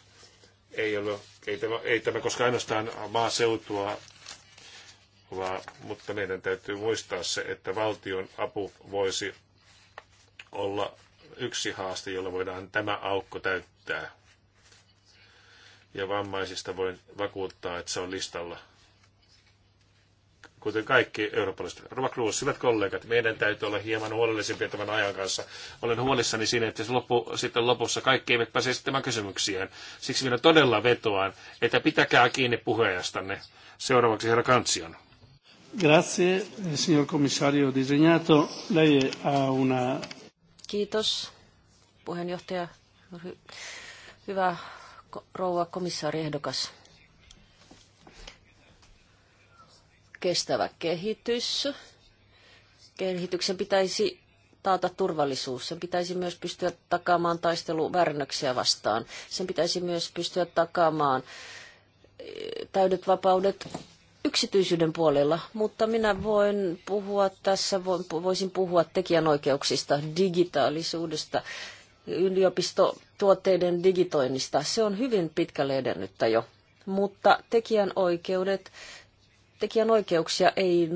[SPEAKER 1] ei, ole, ei, tämä, ei tämä koska ainoastaan maaseutua, vaan, mutta meidän täytyy muistaa se, että valtion apu voisi olla yksi haaste, jolla voidaan tämä aukko täyttää. Ja vammaisista voin vakuuttaa, että se on listalla kuten kaikki eurooppalaiset. Rova Cruz, hyvät kollegat, meidän täytyy olla hieman huolellisempia tämän ajan kanssa. Olen huolissani siinä, että loppu, sitten lopussa kaikki eivät pääse esittämään kysymyksiään. Siksi minä todella vetoan, että pitäkää kiinni puheenjohtajanne. Seuraavaksi herra Kansion.
[SPEAKER 2] Grazie, signor commissario designato. Lei ha una...
[SPEAKER 5] Kiitos, puheenjohtaja. Hyvä rouva komissaari ehdokas kestävä kehitys. Kehityksen pitäisi taata turvallisuus. Sen pitäisi myös pystyä takaamaan taisteluvärnöksiä vastaan. Sen pitäisi myös pystyä takaamaan eh, täydet vapaudet yksityisyyden puolella, mutta minä voin puhua tässä, voisin puhua tekijänoikeuksista, digitaalisuudesta, yliopistotuotteiden digitoinnista. Se on hyvin pitkälle edennyttä jo, mutta tekijänoikeudet tekijänoikeuksia ei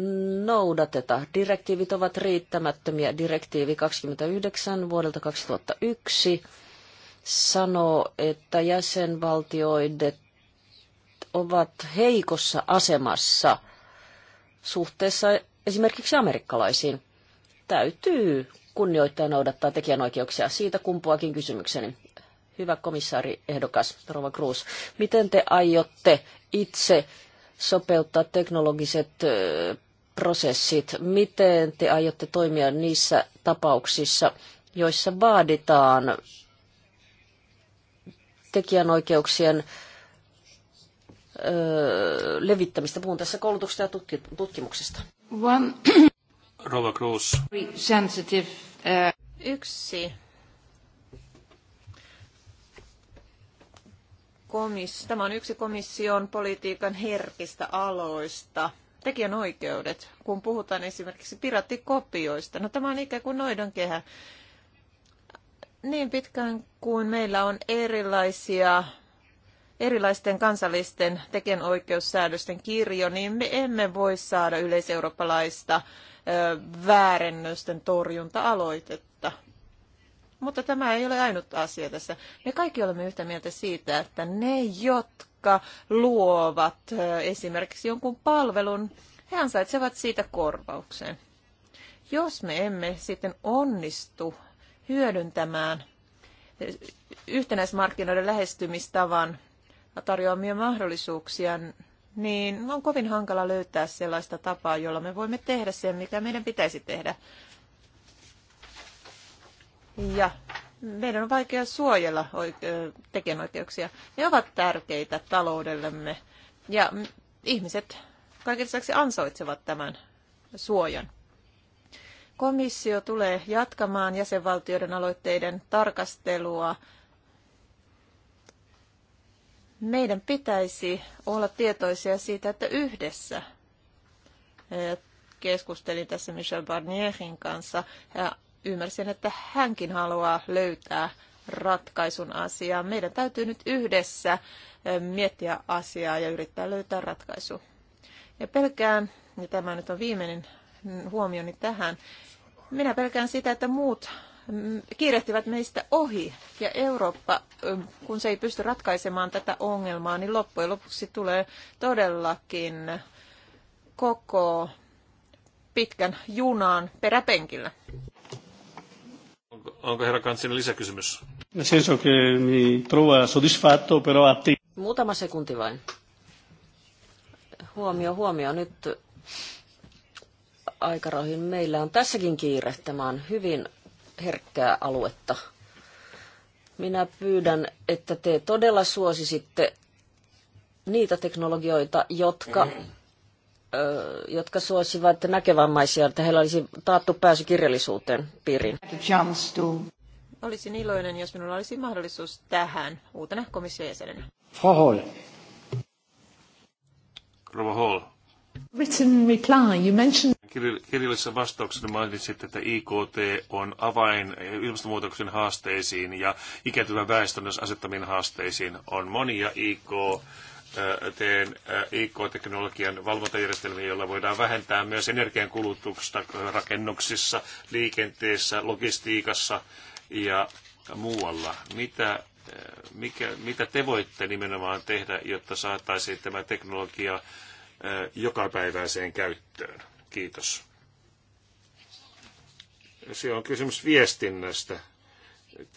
[SPEAKER 5] noudateta. Direktiivit ovat riittämättömiä. Direktiivi 29 vuodelta 2001 sanoo, että jäsenvaltioidet ovat heikossa asemassa suhteessa esimerkiksi amerikkalaisiin. Täytyy kunnioittaa ja noudattaa tekijänoikeuksia. Siitä kumpuakin kysymykseni. Hyvä komissaari ehdokas Rova Cruz, miten te aiotte itse sopeuttaa teknologiset prosessit. Miten te aiotte toimia niissä tapauksissa, joissa vaaditaan tekijänoikeuksien levittämistä? Puhun tässä koulutuksesta ja tutkimuksesta. One.
[SPEAKER 1] Rova Cruz.
[SPEAKER 4] Yksi tämä on yksi komission politiikan herkistä aloista. Tekijänoikeudet, kun puhutaan esimerkiksi pirattikopioista. No tämä on ikään kuin kehä Niin pitkään kuin meillä on erilaisia erilaisten kansallisten tekijänoikeussäädösten kirjo, niin me emme voi saada yleiseurooppalaista väärennösten torjunta-aloitetta mutta tämä ei ole ainut asia tässä. Me kaikki olemme yhtä mieltä siitä, että ne, jotka luovat esimerkiksi jonkun palvelun, he ansaitsevat siitä korvauksen. Jos me emme sitten onnistu hyödyntämään yhtenäismarkkinoiden lähestymistavan tarjoamia mahdollisuuksia, niin on kovin hankala löytää sellaista tapaa, jolla me voimme tehdä sen, mikä meidän pitäisi tehdä ja meidän on vaikea suojella tekijänoikeuksia. Ne ovat tärkeitä taloudellemme ja ihmiset kaiken lisäksi ansaitsevat tämän suojan. Komissio tulee jatkamaan jäsenvaltioiden aloitteiden tarkastelua. Meidän pitäisi olla tietoisia siitä, että yhdessä eh, keskustelin tässä Michel Barnierin kanssa ymmärsin, että hänkin haluaa löytää ratkaisun asiaa. Meidän täytyy nyt yhdessä miettiä asiaa ja yrittää löytää ratkaisu. Ja pelkään, ja tämä nyt on viimeinen huomioni tähän, minä pelkään sitä, että muut kiirehtivät meistä ohi. Ja Eurooppa, kun se ei pysty ratkaisemaan tätä ongelmaa, niin loppujen lopuksi tulee todellakin koko pitkän junan
[SPEAKER 5] peräpenkillä
[SPEAKER 1] onko herra Kantsinen lisäkysymys? Senso che
[SPEAKER 2] mi trova eh, soddisfatto, però atti...
[SPEAKER 5] Muutama sekunti vain. Huomio, huomio. Nyt aikarahoihin meillä on tässäkin kiire. Tämä on hyvin herkkää aluetta. Minä pyydän, että te todella suosisitte niitä teknologioita, jotka jotka suosivat näkövammaisia, että heillä olisi taattu pääsy kirjallisuuteen piiriin.
[SPEAKER 4] Olisin iloinen, jos minulla olisi mahdollisuus tähän uutena komission jäsenenä.
[SPEAKER 5] Hall.
[SPEAKER 1] Rova Hall.
[SPEAKER 4] Written reply, you mentioned...
[SPEAKER 1] Kirjallisessa vastauksessa mainitsit, että IKT on avain ilmastonmuutoksen haasteisiin ja ikääntyvän väestön asettamiin haasteisiin. On monia IK teen IK-teknologian valvontajärjestelmiä, jolla voidaan vähentää myös energiankulutusta rakennuksissa, liikenteessä, logistiikassa ja muualla. Mitä, mikä, mitä te voitte nimenomaan tehdä, jotta saataisiin tämä teknologia jokapäiväiseen käyttöön? Kiitos. Se on kysymys viestinnästä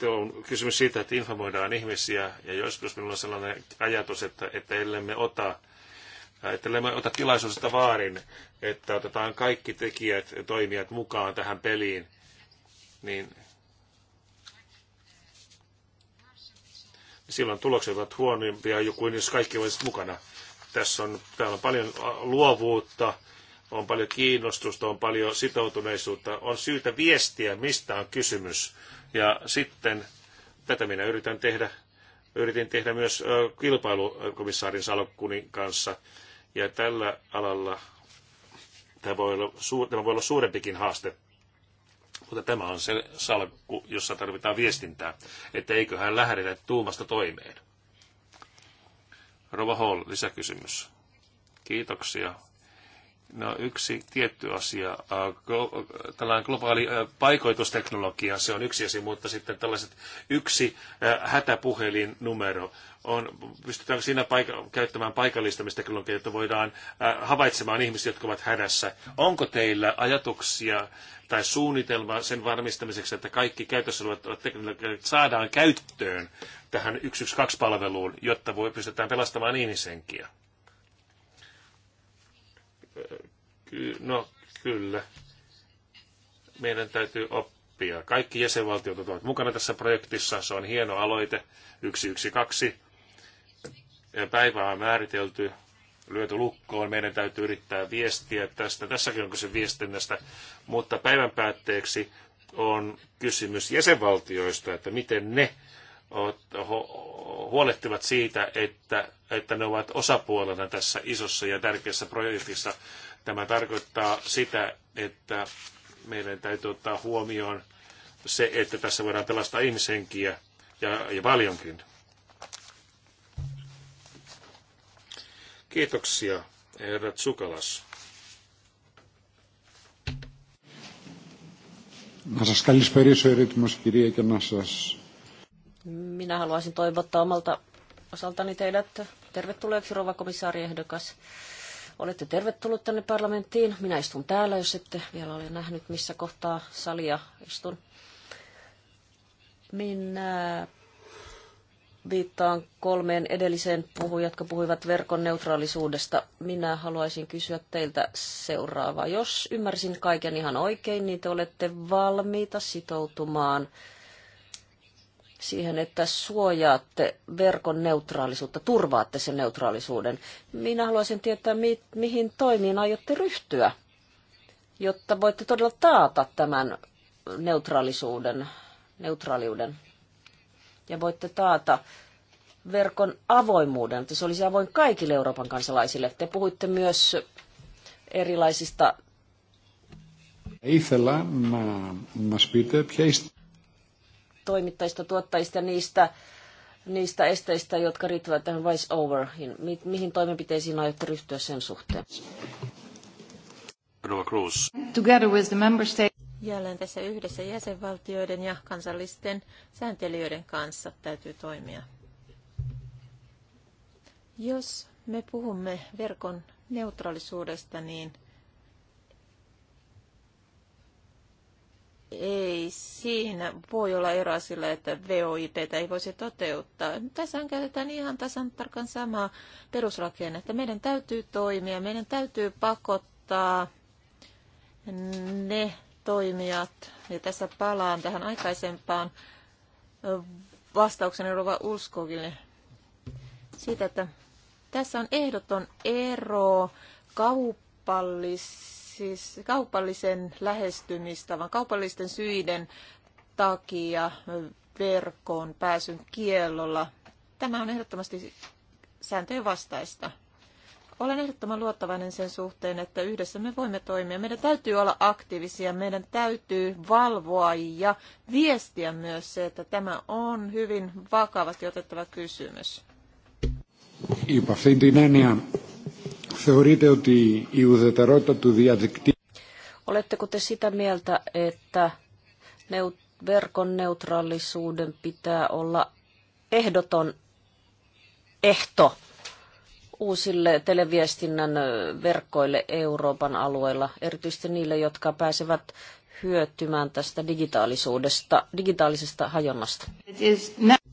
[SPEAKER 1] on kysymys siitä, että informoidaan ihmisiä, ja joskus minulla on sellainen ajatus, että, että ellemme ota että ellemme ota tilaisuudesta vaarin, että otetaan kaikki tekijät ja toimijat mukaan tähän peliin, niin silloin tulokset ovat huonompia kuin jos kaikki olisivat mukana. Tässä on, täällä on paljon luovuutta, on paljon kiinnostusta, on paljon sitoutuneisuutta, on syytä viestiä, mistä on kysymys ja sitten tätä minä yritän tehdä, yritin tehdä myös kilpailukomissaarin salokkunin kanssa. Ja tällä alalla tämä voi olla, tämä voi olla suurempikin haaste mutta tämä on se salkku, jossa tarvitaan viestintää, että eiköhän lähdetä tuumasta toimeen. Rova Hall, lisäkysymys. Kiitoksia. No yksi tietty asia, äh, äh, tällainen globaali äh, paikoitusteknologia, se on yksi asia, mutta sitten tällaiset yksi hätäpuhelinnumero, on, pystytäänkö siinä paik- käyttämään paikallistamisteknologiaa, jotta voidaan havaitsemaan ihmisiä, jotka ovat hädässä. Onko teillä ajatuksia tai suunnitelma sen varmistamiseksi, että kaikki käytössä olevat teknologiat saadaan käyttöön tähän 112-palveluun, jotta voi pystytään pelastamaan ihmisenkiä? no kyllä, meidän täytyy oppia. Kaikki jäsenvaltiot ovat mukana tässä projektissa, se on hieno aloite, 112. Päivä on määritelty, lyöty lukkoon, meidän täytyy yrittää viestiä tästä. Tässäkin on kyse viestinnästä, mutta päivän päätteeksi on kysymys jäsenvaltioista, että miten ne huolehtivat siitä, että, että ne ovat osapuolena tässä isossa ja tärkeässä projektissa. Tämä tarkoittaa sitä, että meidän täytyy ottaa huomioon se, että tässä voidaan pelastaa ihmishenkiä ja, ja paljonkin. Kiitoksia, herra Tsukalas.
[SPEAKER 2] Να σας καλησπερίσω ερήτημος κυρία και να σας
[SPEAKER 5] minä haluaisin toivottaa omalta osaltani teidät tervetulleeksi, rouva komissaari ehdokas. Olette tervetullut tänne parlamenttiin. Minä istun täällä, jos ette vielä ole nähnyt, missä kohtaa salia istun. Minä viittaan kolmeen edelliseen puhujat, jotka puhuivat verkon neutraalisuudesta. Minä haluaisin kysyä teiltä seuraavaa. Jos ymmärsin kaiken ihan oikein, niin te olette valmiita sitoutumaan siihen, että suojaatte verkon neutraalisuutta, turvaatte sen neutraalisuuden. Minä haluaisin tietää, mi- mihin toimiin aiotte ryhtyä, jotta voitte todella taata tämän neutraalisuuden, neutraaliuden. Ja voitte taata verkon avoimuuden, että se olisi avoin kaikille Euroopan kansalaisille. Te puhuitte myös erilaisista...
[SPEAKER 2] Ήθελα να μας πείτε ποια είστε
[SPEAKER 5] toimittajista, tuottajista ja niistä, niistä esteistä, jotka riittävät tähän vice over. Mihin toimenpiteisiin aiotte ryhtyä sen suhteen? Together with
[SPEAKER 3] the member state.
[SPEAKER 4] Jälleen tässä yhdessä jäsenvaltioiden ja kansallisten sääntelijöiden kanssa täytyy toimia. Jos me puhumme verkon neutraalisuudesta, niin – ei siinä voi olla eroa sillä, että VOIPtä ei voisi toteuttaa. Tässä käytetään ihan tasan tarkan samaa perusrakennetta. Meidän täytyy toimia, meidän täytyy pakottaa ne toimijat, ja tässä palaan tähän aikaisempaan vastauksen Rova Ulskoville siitä, että tässä on ehdoton ero kaupallis siis kaupallisen lähestymistavan, kaupallisten syiden takia verkkoon pääsyn kiellolla. Tämä on ehdottomasti sääntöjen vastaista. Olen ehdottoman luottavainen sen suhteen, että yhdessä me voimme toimia. Meidän täytyy olla aktiivisia, meidän täytyy valvoa ja viestiä myös se, että tämä on hyvin vakavasti
[SPEAKER 5] otettava kysymys.
[SPEAKER 2] Υπ' αυτήν την Θεωρείτε ότι η ουδετερότητα του διαδικτύου...
[SPEAKER 5] Oletteko te sitä mieltä, että verkon neutraalisuuden pitää olla ehdoton ehto uusille televiestinnän verkkoille Euroopan alueella, erityisesti niille, jotka pääsevät hyötymään tästä digitaalisuudesta, digitaalisesta hajonnasta?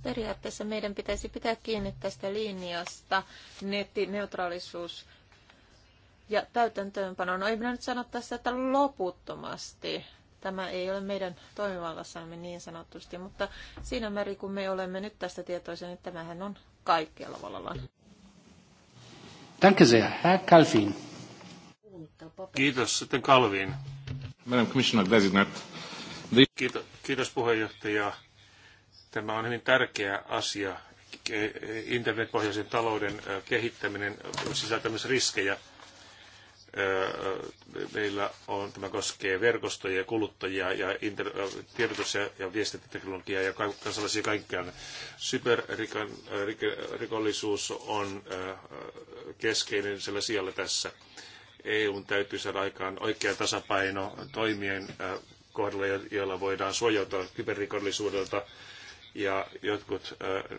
[SPEAKER 4] Periaatteessa meidän pitäisi pitää kiinni tästä linjasta. Nettineutraalisuus ja täytäntöönpano. No ei minä nyt sano tässä, että loputtomasti. Tämä ei ole meidän toimivallassamme niin sanotusti, mutta siinä määrin kun me olemme nyt tästä tietoisia, niin tämähän on kaikkialla vallallaan.
[SPEAKER 2] Danke sehr, Herr
[SPEAKER 1] Kiitos. Sitten Kalviin. Madam Commissioner Designate. Kiitos, kiitos puheenjohtaja. Tämä on hyvin tärkeä asia. Internetpohjaisen talouden kehittäminen sisältää myös riskejä meillä on, tämä koskee verkostoja, kuluttajia ja inter, tiedotus- ja viestintäteknologiaa ja kansalaisia kaikkiaan. Cyberrikollisuus on keskeinen sillä siellä tässä. EUn täytyy saada aikaan oikea tasapaino toimien kohdalla, joilla voidaan suojautua kyberrikollisuudelta. Ja jotkut,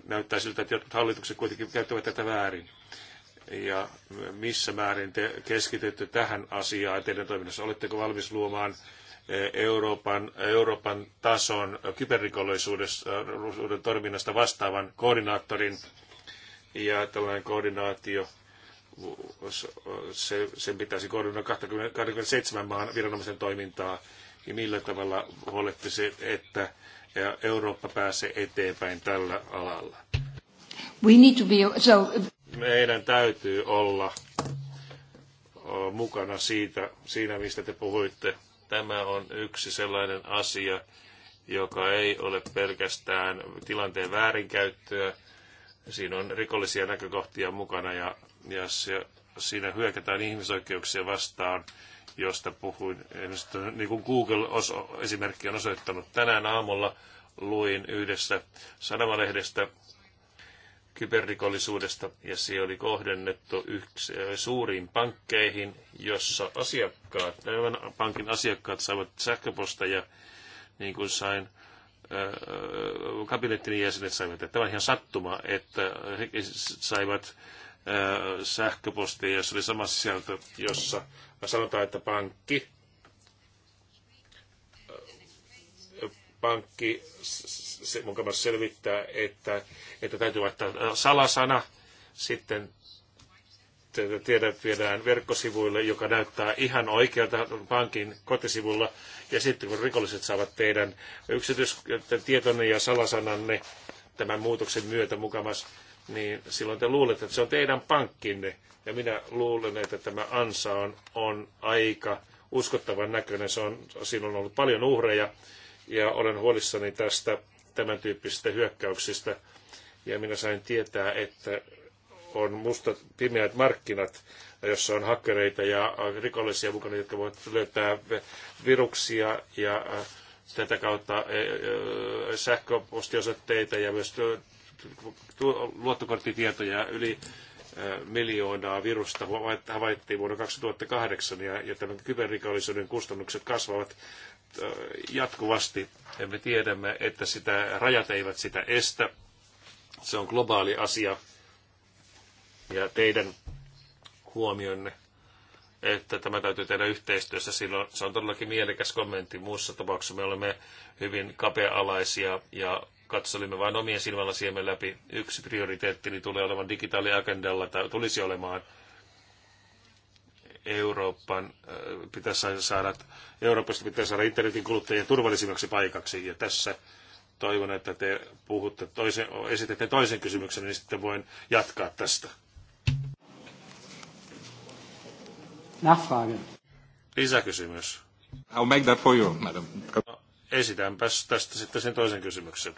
[SPEAKER 1] näyttää siltä, että jotkut hallitukset kuitenkin käyttävät tätä väärin ja missä määrin te keskitytte tähän asiaan teidän toiminnassa? Oletteko valmis luomaan eh, Euroopan, Euroopan tason kyberrikollisuuden eh, toiminnasta vastaavan koordinaattorin ja tällainen koordinaatio se, sen pitäisi koordinoida 27 maan viranomaisen toimintaa ja millä tavalla huolette se, että eh, Eurooppa pääsee eteenpäin tällä alalla.
[SPEAKER 3] We need to be, so
[SPEAKER 1] meidän täytyy olla mukana siitä, siinä, mistä te puhuitte. Tämä on yksi sellainen asia, joka ei ole pelkästään tilanteen väärinkäyttöä. Siinä on rikollisia näkökohtia mukana ja, ja se, siinä hyökätään ihmisoikeuksia vastaan, josta puhuin. Niin kuin Google-esimerkki on osoittanut, tänään aamulla luin yhdessä sanomalehdestä kyberrikollisuudesta ja se oli kohdennettu yksi, suuriin pankkeihin, jossa asiakkaat, tämän pankin asiakkaat saivat sähköposteja, niin kuin sain kabinettini jäsenet saivat. Tämä on ihan sattuma, että he saivat sähköpostia, jossa oli sama sieltä, jossa sanotaan, että pankki, pankki se, mukavasti selvittää, että, että täytyy laittaa äh, salasana, sitten tiedät viedään verkkosivuille, joka näyttää ihan oikealta pankin kotisivulla, ja sitten kun rikolliset saavat teidän yksityistietonne ja salasananne tämän muutoksen myötä mukamas, niin silloin te luulette, että se on teidän pankkinne. Ja minä luulen, että tämä ansa on, on aika uskottavan näköinen. Se on, siinä on ollut paljon uhreja ja olen huolissani tästä tämän tyyppisistä hyökkäyksistä. Ja minä sain tietää, että on mustat pimeät markkinat, jossa on hakkereita ja rikollisia mukana, jotka voivat löytää viruksia ja äh, tätä kautta äh, äh, sähköpostiosoitteita ja myös luottokorttitietoja yli miljoonaa virusta havaittiin vuonna 2008 ja, ja tämän kyberrikollisuuden kustannukset kasvavat jatkuvasti. Ja me tiedämme, että sitä, rajat eivät sitä estä. Se on globaali asia. Ja teidän huomionne, että tämä täytyy tehdä yhteistyössä silloin. Se on todellakin mielekäs kommentti. Muussa tapauksessa me olemme hyvin kapea-alaisia ja katsolimme vain omien silmällä siemen läpi. Yksi niin tulee olevan digitaaliagendalla, tai tulisi olemaan – Euroopan äh, pitäisi saada, Euroopasta pitäisi saada internetin kuluttajien turvallisimmaksi paikaksi. Ja tässä toivon, että te puhutte toisen, esitette toisen kysymyksen, niin sitten voin jatkaa tästä. Nachfrage. Lisäkysymys. I'll make that for you, madam. No, esitänpäs tästä sitten sen toisen kysymyksen.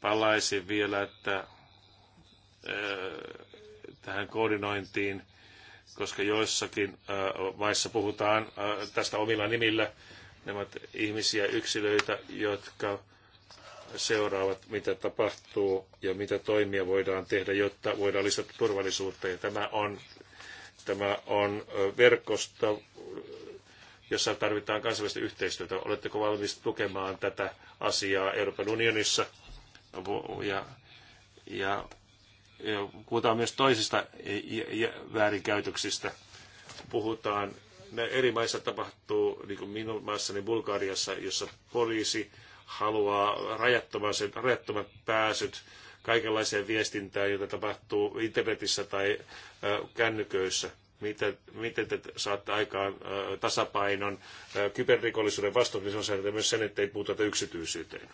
[SPEAKER 1] Palaisin vielä, että äh, tähän koordinointiin koska joissakin äh, maissa puhutaan äh, tästä omilla nimillä. Ne ovat ihmisiä, yksilöitä, jotka seuraavat, mitä tapahtuu ja mitä toimia voidaan tehdä, jotta voidaan lisätä turvallisuutta. Ja tämä on, tämä on verkosto, jossa tarvitaan kansainvälistä yhteistyötä. Oletteko valmis tukemaan tätä asiaa Euroopan unionissa? Ja, ja puhutaan myös toisista väärinkäytöksistä. Puhutaan, eri maissa tapahtuu, niin kuin minun maassani Bulgariassa, jossa poliisi haluaa rajattomat, rajattomat pääsyt kaikenlaiseen viestintään, jota tapahtuu internetissä tai kännyköissä. Miten, miten te saatte aikaan tasapainon kyberrikollisuuden vastuullisuuden niin myös sen, ettei puututa yksityisyyteen?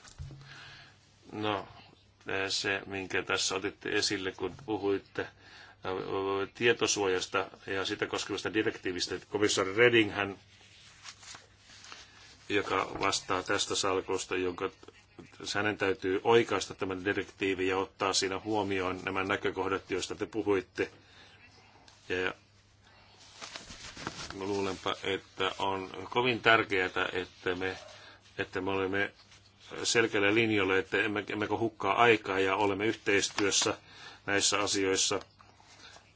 [SPEAKER 1] No, se, minkä tässä otitte esille, kun puhuitte tietosuojasta ja sitä koskevasta direktiivistä. Komissaari Reding, hän, joka vastaa tästä salkusta, jonka hänen täytyy oikaista tämän direktiivi ja ottaa siinä huomioon nämä näkökohdat, joista te puhuitte. Ja luulenpa, että on kovin tärkeää, että me, että me olemme selkeälle linjalle, että emmekö hukkaa aikaa ja olemme yhteistyössä näissä asioissa.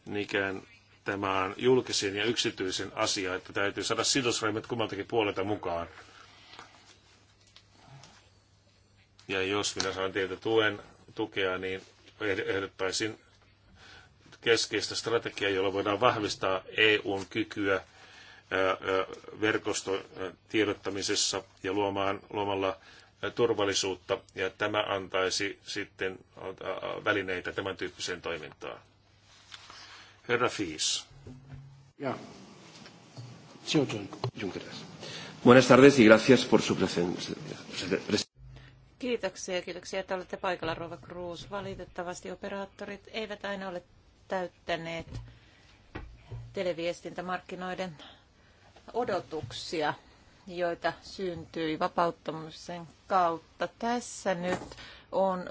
[SPEAKER 1] Niinkään tämä on julkisen ja yksityisen asia, että täytyy saada sidosryhmät kummaltakin puolelta mukaan. Ja jos minä saan teiltä tuen, tukea, niin ehdottaisin keskeistä strategiaa, jolla voidaan vahvistaa EUn kykyä verkostotiedottamisessa ja luomaan, luomalla turvallisuutta ja tämä antaisi sitten välineitä tämän tyyppiseen toimintaan. Herra Ja. Buenas tardes y gracias por su
[SPEAKER 4] Kiitoksia, kiitoksia, että olette paikalla, Rova Cruz. Valitettavasti operaattorit eivät aina ole täyttäneet televiestintämarkkinoiden odotuksia joita syntyi vapauttamisen kautta. Tässä nyt on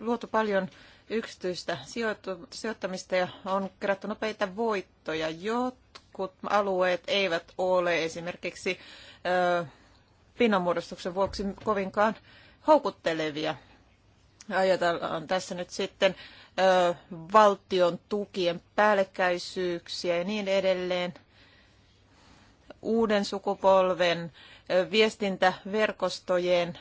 [SPEAKER 4] luotu paljon yksityistä sijoittamista ja on kerätty nopeita voittoja. Jotkut alueet eivät ole esimerkiksi ö, pinomuodostuksen vuoksi kovinkaan houkuttelevia. Ajatellaan tässä nyt sitten valtion tukien päällekkäisyyksiä ja niin edelleen uuden sukupolven viestintäverkostojen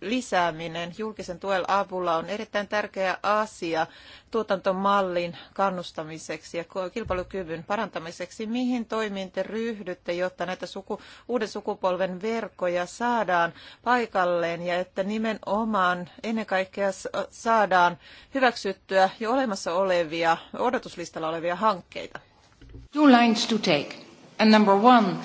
[SPEAKER 4] lisääminen julkisen tuen avulla on erittäin tärkeä asia tuotantomallin kannustamiseksi ja kilpailukyvyn parantamiseksi. Mihin toimiin te ryhdytte, jotta näitä suku, uuden sukupolven verkkoja saadaan paikalleen ja että nimenomaan ennen kaikkea saadaan hyväksyttyä jo olemassa olevia, odotuslistalla olevia hankkeita?
[SPEAKER 3] Two lines to take. And number one.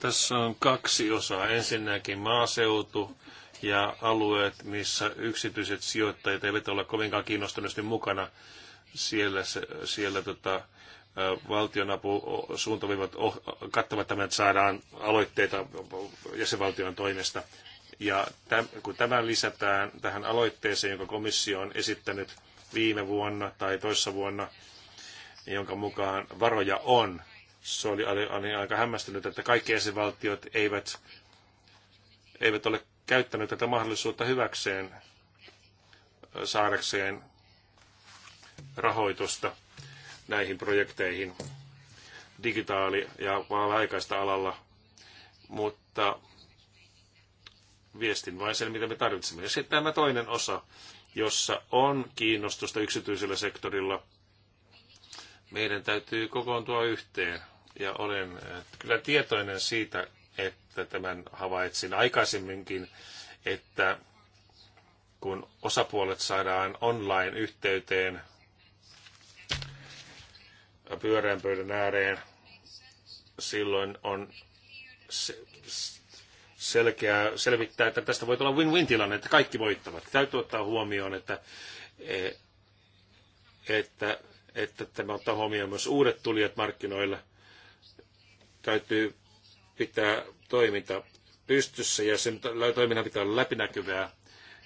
[SPEAKER 1] Tässä on kaksi osaa. Ensinnäkin maaseutu ja alueet, missä yksityiset sijoittajat eivät ole kovinkaan kiinnostuneesti mukana. Siellä, siellä tota, valtionapu oh, kattavat tämän, että saadaan aloitteita jäsenvaltion toimesta. Ja tämän, kun tämä lisätään tähän aloitteeseen, jonka komissio on esittänyt viime vuonna tai toissa vuonna, jonka mukaan varoja on, se oli, oli, oli aika hämmästynyt, että kaikki jäsenvaltiot eivät, eivät ole käyttäneet tätä mahdollisuutta hyväkseen saadakseen rahoitusta näihin projekteihin digitaali- ja aikaista alalla, mutta viestin vain sen, mitä me tarvitsemme. Ja sitten tämä toinen osa, jossa on kiinnostusta yksityisellä sektorilla – meidän täytyy kokoontua yhteen. Ja olen äh, kyllä tietoinen siitä, että tämän havaitsin aikaisemminkin, että kun osapuolet saadaan online-yhteyteen pyöreän pöydän ääreen, silloin on se, selkeää selvittää, että tästä voi olla win-win-tilanne, että kaikki voittavat. Täytyy ottaa huomioon, että, e, että että tämä ottaa huomioon myös uudet tulijat markkinoilla, Täytyy pitää toiminta pystyssä ja sen toiminnan pitää olla läpinäkyvää.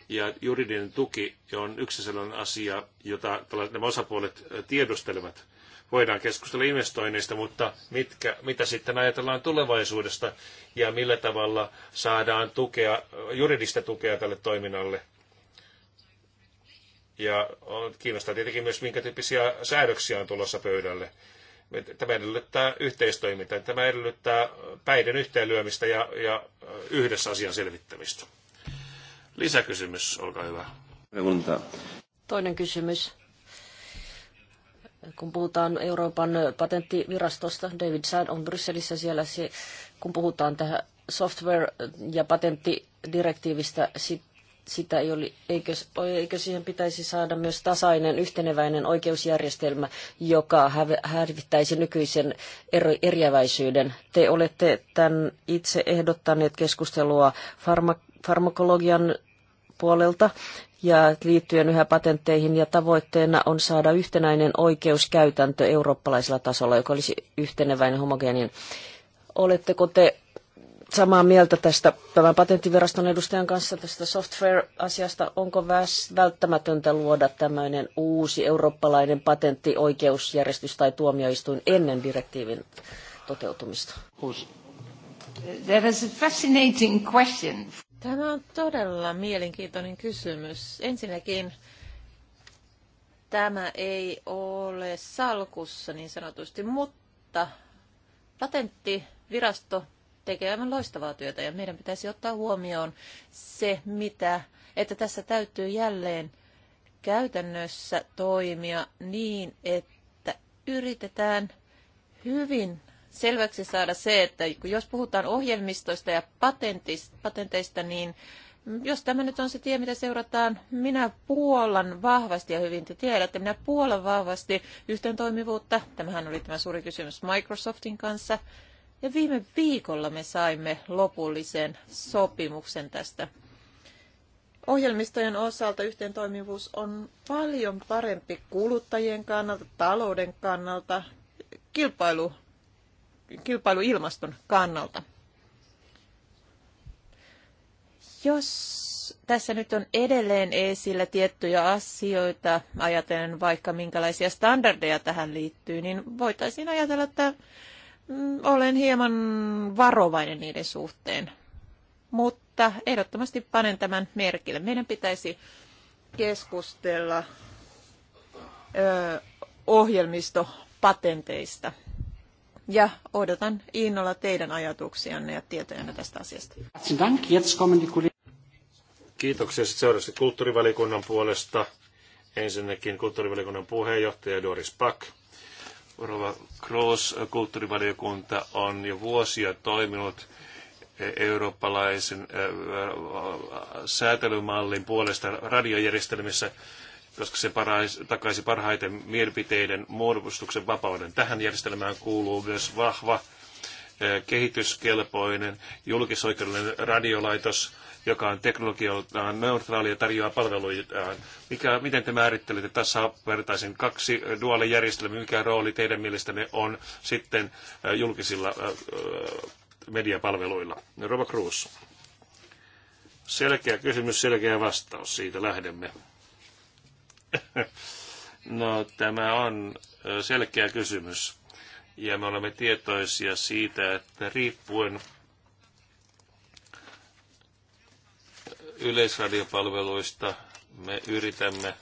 [SPEAKER 1] Ja juridinen tuki on yksi sellainen asia, jota nämä osapuolet tiedustelevat. Voidaan keskustella investoinneista, mutta mitkä, mitä sitten ajatellaan tulevaisuudesta ja millä tavalla saadaan tukea, juridista tukea tälle toiminnalle – ja kiinnostaa tietenkin myös, minkä tyyppisiä säädöksiä on tulossa pöydälle. Tämä edellyttää yhteistoimintaa, tämä edellyttää päiden yhteenlyömistä ja, ja yhdessä asian selvittämistä. Lisäkysymys, olkaa hyvä.
[SPEAKER 5] Toinen kysymys. Kun puhutaan Euroopan patenttivirastosta, David Sad on Brysselissä siellä, kun puhutaan tähän software- ja patenttidirektiivistä, sitten sitä ei oli, eikö, eikö siihen pitäisi saada myös tasainen, yhteneväinen oikeusjärjestelmä, joka hävittäisi nykyisen ero, eriäväisyyden. Te olette tämän itse ehdottaneet keskustelua farma, farmakologian puolelta ja liittyen yhä patentteihin ja tavoitteena on saada yhtenäinen oikeuskäytäntö eurooppalaisella tasolla, joka olisi yhteneväinen homogeeninen. Oletteko te samaa mieltä tästä tämän patenttiviraston edustajan kanssa tästä software-asiasta. Onko välttämätöntä luoda tämmöinen uusi eurooppalainen patenttioikeusjärjestys tai tuomioistuin ennen direktiivin toteutumista? That is a fascinating question.
[SPEAKER 4] Tämä on todella mielenkiintoinen kysymys. Ensinnäkin tämä ei ole salkussa niin sanotusti, mutta patentti virasto tekee aivan loistavaa työtä ja meidän pitäisi ottaa huomioon se, mitä, että tässä täytyy jälleen käytännössä toimia niin, että yritetään hyvin selväksi saada se, että jos puhutaan ohjelmistoista ja patenteista, niin jos tämä nyt on se tie, mitä seurataan, minä puolan vahvasti ja hyvin te tiedätte, minä puolan vahvasti yhteen toimivuutta. Tämähän oli tämä suuri kysymys Microsoftin kanssa. Ja viime viikolla me saimme lopullisen sopimuksen tästä. Ohjelmistojen osalta yhteentoimivuus on paljon parempi kuluttajien kannalta, talouden kannalta, kilpailu, kilpailuilmaston kannalta. Jos tässä nyt on edelleen esillä tiettyjä asioita, ajatellen vaikka minkälaisia standardeja tähän liittyy, niin voitaisiin ajatella, että Mm, olen hieman varovainen niiden suhteen. Mutta ehdottomasti panen tämän merkille. Meidän pitäisi keskustella ö, ohjelmistopatenteista. Ja odotan innolla teidän ajatuksianne ja tietojanne tästä asiasta.
[SPEAKER 1] Kiitoksia seuraavaksi kulttuurivaliokunnan puolesta. Ensinnäkin kulttuurivaliokunnan puheenjohtaja Doris Pak. Rova Kroos kulttuurivaliokunta on jo vuosia toiminut e, eurooppalaisen säätelymallin puolesta radiojärjestelmissä, koska se parais, takaisi parhaiten mielipiteiden muodostuksen vapauden. Tähän järjestelmään kuuluu myös vahva kehityskelpoinen julkisoikeudellinen radiolaitos, joka on teknologialtaan neutraali ja tarjoaa palvelujaan. Mikä, miten te määrittelette tasavertaisen kaksi duaalijärjestelmää? Mikä rooli teidän mielestänne on sitten julkisilla mediapalveluilla? Rova Cruz. Selkeä kysymys, selkeä vastaus. Siitä lähdemme. No, tämä on selkeä kysymys ja me olemme tietoisia siitä, että riippuen yleisradiopalveluista me yritämme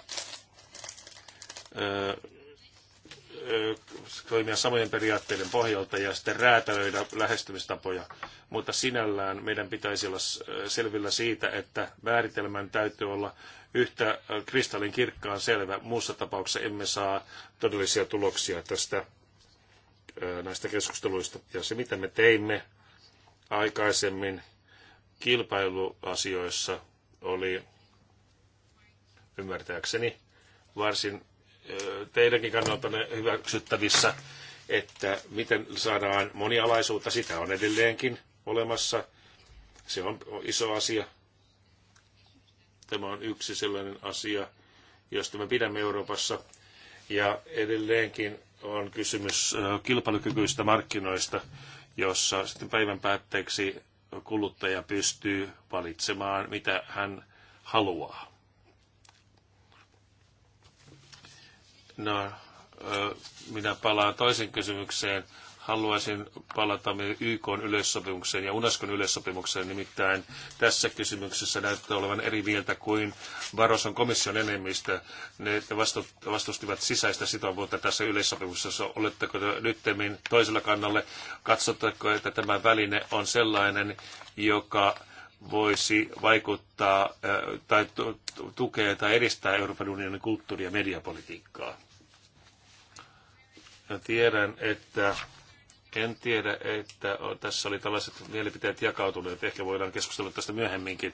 [SPEAKER 1] toimia samojen periaatteiden pohjalta ja sitten räätälöidä lähestymistapoja. Mutta sinällään meidän pitäisi olla selvillä siitä, että määritelmän täytyy olla yhtä kristallin kirkkaan selvä. Muussa tapauksessa emme saa todellisia tuloksia tästä näistä keskusteluista. Ja se, mitä me teimme aikaisemmin kilpailuasioissa, oli ymmärtääkseni varsin teidänkin kannalta hyväksyttävissä, että miten saadaan monialaisuutta, sitä on edelleenkin olemassa. Se on iso asia. Tämä on yksi sellainen asia, josta me pidämme Euroopassa. Ja edelleenkin on kysymys kilpailukykyistä markkinoista, jossa sitten päivän päätteeksi kuluttaja pystyy valitsemaan, mitä hän haluaa. No, minä palaan toisen kysymykseen haluaisin palata YK yleissopimukseen ja UNESCOn yleissopimukseen. Nimittäin tässä kysymyksessä näyttää olevan eri mieltä kuin Barroson komission enemmistö. Ne vastustivat sisäistä sitovuutta tässä yleissopimuksessa. Oletteko te nyt toisella kannalle? Katsotteko, että tämä väline on sellainen, joka voisi vaikuttaa äh, tai tukea tai edistää Euroopan unionin kulttuuri- ja mediapolitiikkaa? tiedän, että en tiedä, että tässä oli tällaiset mielipiteet jakautuneet. Ehkä voidaan keskustella tästä myöhemminkin.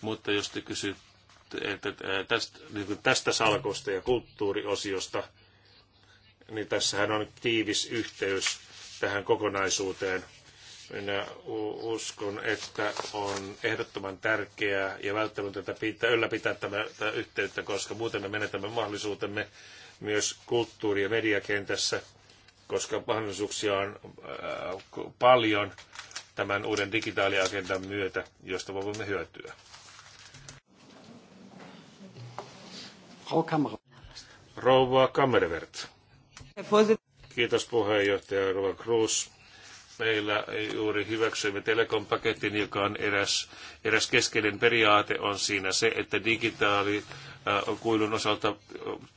[SPEAKER 1] Mutta jos te kysyt että tästä, niin tästä salkosta ja kulttuuriosiosta, niin tässähän on tiivis yhteys tähän kokonaisuuteen. Minä uskon, että on ehdottoman tärkeää ja välttämätöntä pitää, ylläpitää tämä, tämä yhteyttä, koska muuten me menetämme mahdollisuutemme myös kulttuuri- ja mediakentässä – koska mahdollisuuksia on äh, paljon tämän uuden digitaaliagendan myötä, josta voimme hyötyä. Rouva Kammervert. Kiitos puheenjohtaja Rouva Cruz. Meillä juuri hyväksyimme telekompaketin, joka on eräs, eräs keskeinen periaate, on siinä se, että digitaali äh, kuilun osalta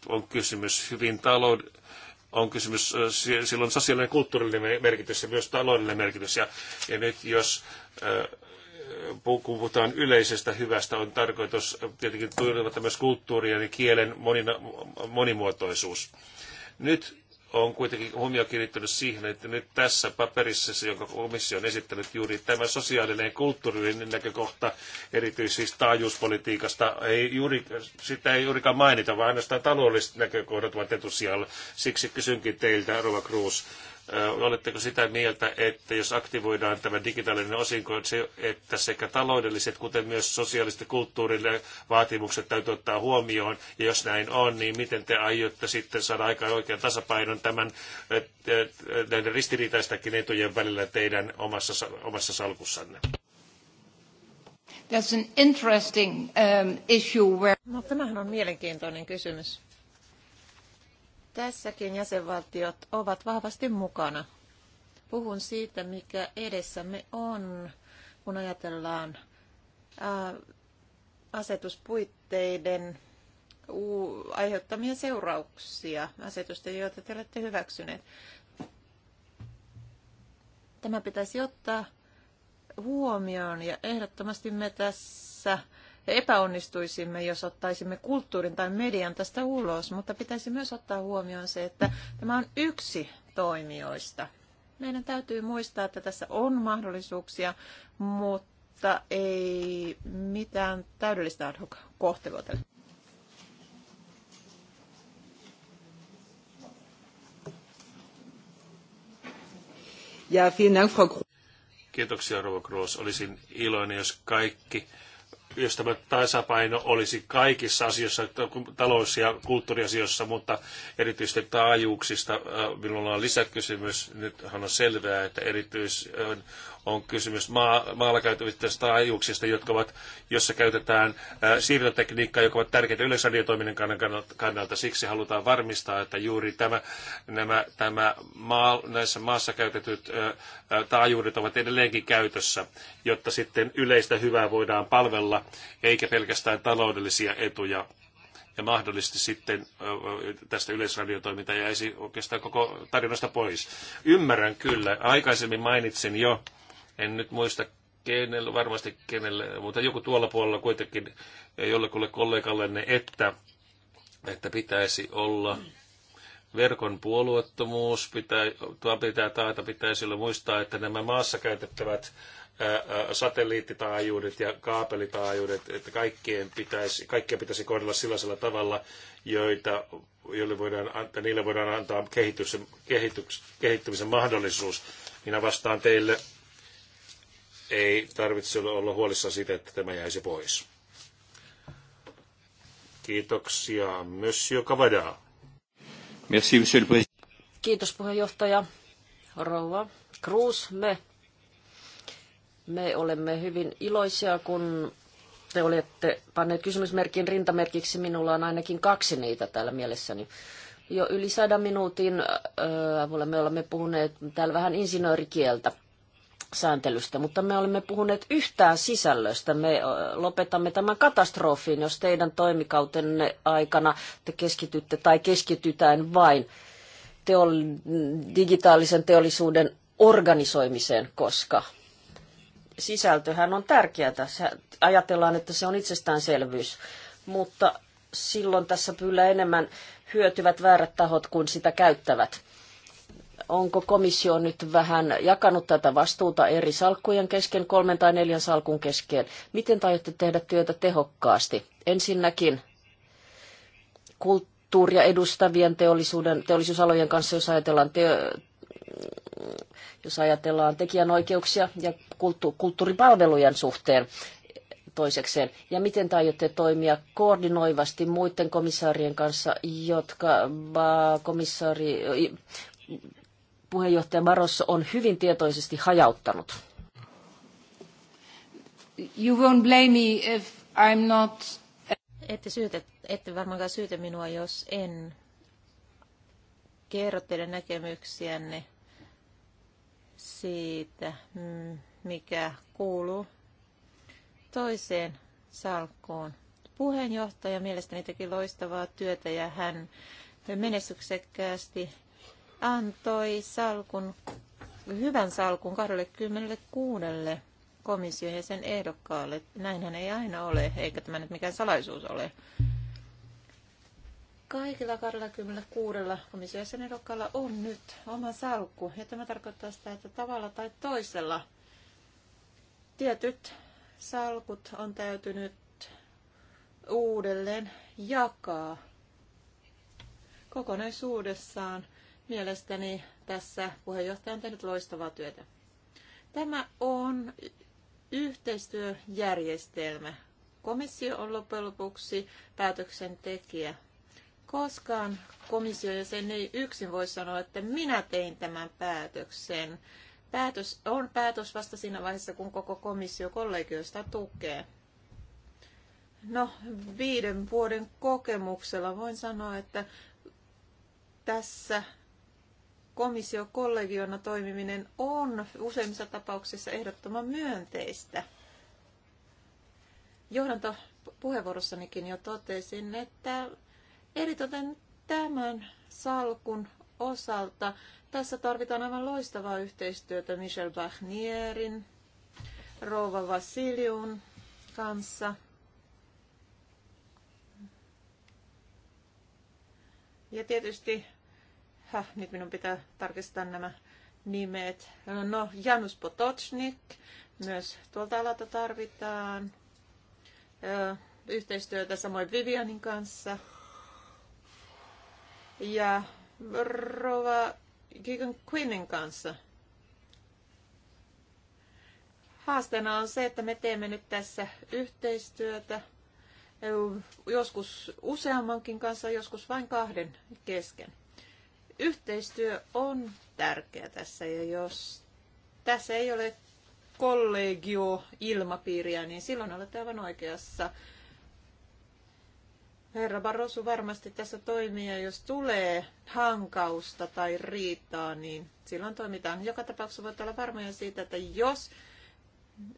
[SPEAKER 1] on kysymys hyvin talouden on kysymys, silloin sosiaalinen ja kulttuurillinen merkitys ja myös taloudellinen merkitys. Ja, ja nyt jos puhutaan yleisestä hyvästä, on tarkoitus tietenkin turvata myös kulttuuria ja niin kielen monina, monimuotoisuus. Nyt on kuitenkin huomio kiinnittynyt siihen, että nyt tässä paperissa, jonka komissio on esittänyt juuri tämä sosiaalinen ja kulttuurinen näkökohta erityisesti siis taajuuspolitiikasta, ei juuri, sitä ei juurikaan mainita, vaan ainoastaan taloudelliset näkökohdat ovat etusijalla. Siksi kysynkin teiltä, Rova Cruz, Oletteko sitä mieltä, että jos aktivoidaan tämä digitaalinen osinko, että sekä taloudelliset, kuten myös sosiaaliset ja kulttuurille vaatimukset täytyy ottaa huomioon, ja jos näin on, niin miten te aiotte sitten saada aikaan oikean tasapainon tämän näiden ristiriitaistakin etujen välillä teidän omassa, omassa salkussanne?
[SPEAKER 4] That's an interesting, um, issue where... No, tämähän on mielenkiintoinen kysymys. Tässäkin jäsenvaltiot ovat vahvasti mukana. Puhun siitä, mikä edessämme on, kun ajatellaan asetuspuitteiden aiheuttamia seurauksia asetusta, joita te olette hyväksyneet. Tämä pitäisi ottaa huomioon ja ehdottomasti me tässä epäonnistuisimme, jos ottaisimme kulttuurin tai median tästä ulos, mutta pitäisi myös ottaa huomioon se, että tämä on yksi toimijoista. Meidän täytyy muistaa, että tässä on mahdollisuuksia, mutta ei mitään täydellistä ad hoc kohtelua
[SPEAKER 1] Kiitoksia, Rova Kroos. Olisin iloinen, jos kaikki jos tämä tasapaino olisi kaikissa asioissa, talous- ja kulttuuriasioissa, mutta erityisesti taajuuksista äh, minulla on lisäkysymys. nyt on selvää, että erityis on kysymys maa, maalla käytettävistä taajuuksista, jotka ovat, jossa käytetään ää, siirtotekniikkaa, joka on tärkeitä yleisradiotoiminnan kannalta. Siksi halutaan varmistaa, että juuri tämä, nämä, tämä maa, näissä maassa käytetyt ää, taajuudet ovat edelleenkin käytössä, jotta sitten yleistä hyvää voidaan palvella, eikä pelkästään taloudellisia etuja ja mahdollisesti sitten tästä yleisradiotoiminta jäisi oikeastaan koko tarinasta pois. Ymmärrän kyllä. Aikaisemmin mainitsin jo en nyt muista kenelle varmasti kenelle, mutta joku tuolla puolella kuitenkin jollekulle kollegallenne, että, että pitäisi olla verkon puolueettomuus, pitää, pitää taata, pitäisi olla muistaa, että nämä maassa käytettävät satelliittitaajuudet ja kaapelitaajuudet, että kaikkien pitäisi, kaikkia pitäisi kohdella sellaisella tavalla, joita, joille voidaan, että niille voidaan antaa kehityksen, kehityksen, kehittymisen mahdollisuus. Minä vastaan teille ei tarvitse olla huolissaan siitä, että tämä jäisi pois. Kiitoksia, Monsieur Cavada.
[SPEAKER 5] Merci, Monsieur le Président. Kiitos puheenjohtaja Rouva Cruz. Me, me olemme hyvin iloisia, kun te olette panneet kysymysmerkin rintamerkiksi. Minulla on ainakin kaksi niitä täällä mielessäni. Jo yli sadan minuutin avulla me olemme puhuneet täällä vähän insinöörikieltä – sääntelystä, mutta me olemme puhuneet yhtään sisällöstä. Me lopetamme tämän katastrofiin, jos teidän toimikautenne aikana te keskitytte tai keskitytään vain teol- digitaalisen teollisuuden organisoimiseen, koska sisältöhän on tärkeää. Ajatellaan, että se on itsestäänselvyys, mutta silloin tässä kyllä enemmän hyötyvät väärät tahot kuin sitä käyttävät onko komissio nyt vähän jakanut tätä vastuuta eri salkkujen kesken, kolmen tai neljän salkun kesken? Miten tajutte tehdä työtä tehokkaasti? Ensinnäkin kulttuuria edustavien teollisuuden, teollisuusalojen kanssa, jos ajatellaan, jos ajatellaan tekijänoikeuksia ja kulttu, kulttuuripalvelujen suhteen toisekseen. Ja miten aiotte toimia koordinoivasti muiden komissaarien kanssa, jotka komissaari, puheenjohtaja Barroso on hyvin tietoisesti hajauttanut.
[SPEAKER 3] You won't blame me if I'm not...
[SPEAKER 4] Ette, syytä, ette varmaankaan syytä minua, jos en kerro teidän näkemyksiänne siitä, mm, mikä kuuluu toiseen salkkuun. Puheenjohtaja mielestäni teki loistavaa työtä ja hän menestyksekkäästi antoi salkun, hyvän salkun 26 komission ja sen ehdokkaalle. Näinhän ei aina ole, eikä tämä nyt mikään salaisuus ole. Kaikilla 26 komission ja sen ehdokkaalla on nyt oma salkku, ja tämä tarkoittaa sitä, että tavalla tai toisella tietyt salkut on täytynyt uudelleen jakaa kokonaisuudessaan Mielestäni tässä puheenjohtaja on tehnyt loistavaa työtä. Tämä on yhteistyöjärjestelmä. Komissio on loppujen lopuksi päätöksentekijä. Koskaan komissio ja sen ei yksin voi sanoa, että minä tein tämän päätöksen. Päätös on päätös vasta siinä vaiheessa, kun koko komissio kollegioista tukee. No, viiden vuoden kokemuksella voin sanoa, että tässä komissiokollegiona toimiminen on useimmissa tapauksissa ehdottoman myönteistä. Johdanto puheenvuorossanikin jo totesin, että eritoten tämän salkun osalta tässä tarvitaan aivan loistavaa yhteistyötä Michel Bachnierin, Rova Vasiliun kanssa. Ja tietysti Häh, nyt minun pitää tarkistaa nämä nimet. No, Janus Potocnik, myös tuolta alalta tarvitaan yhteistyötä samoin Vivianin kanssa. Ja Rova Gigan Quinnin kanssa. Haasteena on se, että me teemme nyt tässä yhteistyötä joskus useammankin kanssa, joskus vain kahden kesken. Yhteistyö on tärkeä tässä ja jos tässä ei ole kollegio-ilmapiiriä, niin silloin olette aivan oikeassa. Herra Barroso varmasti tässä toimii ja jos tulee hankausta tai riitaa, niin silloin toimitaan. Joka tapauksessa voit olla varmoja siitä, että jos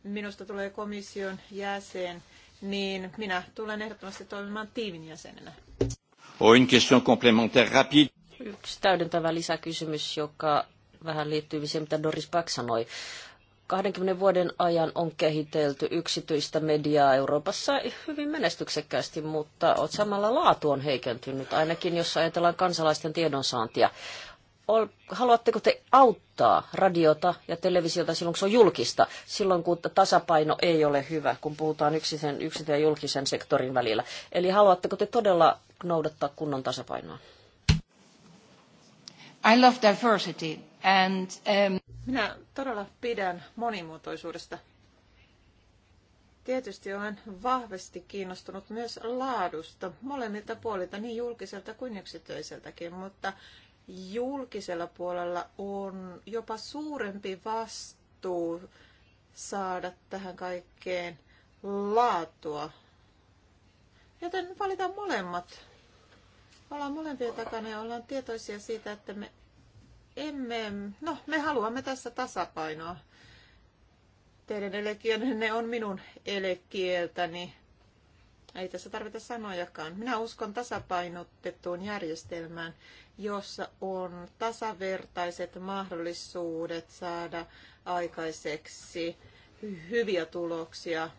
[SPEAKER 4] minusta tulee komission jäsen, niin minä tulen ehdottomasti toimimaan tiimin jäsenenä.
[SPEAKER 3] Oh, une question complémentaire rapide.
[SPEAKER 5] Yksi täydentävä lisäkysymys, joka vähän liittyy siihen, mitä Doris Back sanoi. 20 vuoden ajan on kehitelty yksityistä mediaa Euroopassa hyvin menestyksekkäästi, mutta samalla laatu on heikentynyt, ainakin jos ajatellaan kansalaisten tiedonsaantia. Haluatteko te auttaa radiota ja televisiota silloin, kun se on julkista, silloin kun tasapaino ei ole hyvä, kun puhutaan yksityisen, yksityisen ja julkisen sektorin välillä? Eli haluatteko te todella noudattaa kunnon tasapainoa?
[SPEAKER 4] I love diversity and, um... Minä todella pidän monimuotoisuudesta. Tietysti olen vahvasti kiinnostunut myös laadusta molemmilta puolilta, niin julkiselta kuin yksityiseltäkin, mutta julkisella puolella on jopa suurempi vastuu saada tähän kaikkeen laatua. Joten valitaan molemmat ollaan molempien takana ja ollaan tietoisia siitä, että me emme, no me haluamme tässä tasapainoa. Teidän elekielenne on minun elekieltäni. Ei tässä tarvita sanojakaan. Minä uskon tasapainotettuun järjestelmään, jossa on tasavertaiset mahdollisuudet saada aikaiseksi hyviä tuloksia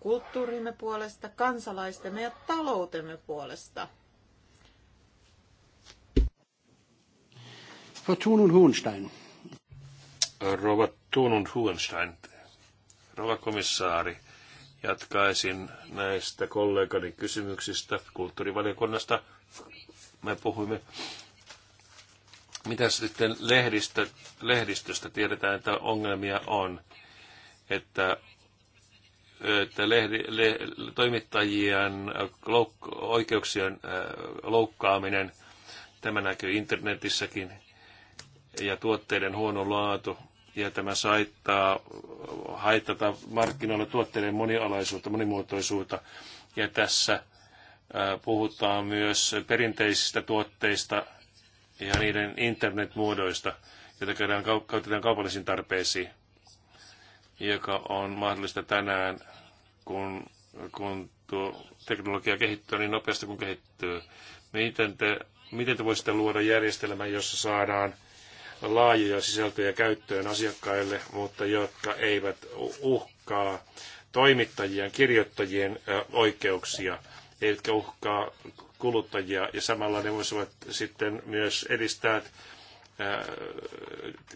[SPEAKER 4] kulttuurimme puolesta, kansalaistemme ja taloutemme puolesta.
[SPEAKER 2] For Tunun Huenstein.
[SPEAKER 1] Rova Tunun Huenstein, rova komissaari, jatkaisin näistä kollegani kysymyksistä kulttuurivaliokunnasta. Me puhuimme mitä sitten lehdistö, lehdistöstä tiedetään, että ongelmia on, että, että lehdi, le, toimittajien louk, oikeuksien loukkaaminen, tämä näkyy internetissäkin, ja tuotteiden huono laatu ja tämä saittaa haittata markkinoilla tuotteiden monialaisuutta, monimuotoisuutta. Ja tässä äh, puhutaan myös perinteisistä tuotteista ja niiden internetmuodoista, joita käydään, käytetään kaupallisiin tarpeisiin, joka on mahdollista tänään, kun, kun tuo teknologia kehittyy niin nopeasti kuin kehittyy. Miten te, miten te voisitte luoda järjestelmän, jossa saadaan laajoja sisältöjä käyttöön asiakkaille, mutta jotka eivät uhkaa toimittajien, kirjoittajien oikeuksia, eivätkä uhkaa kuluttajia. Ja samalla ne voisivat sitten myös edistää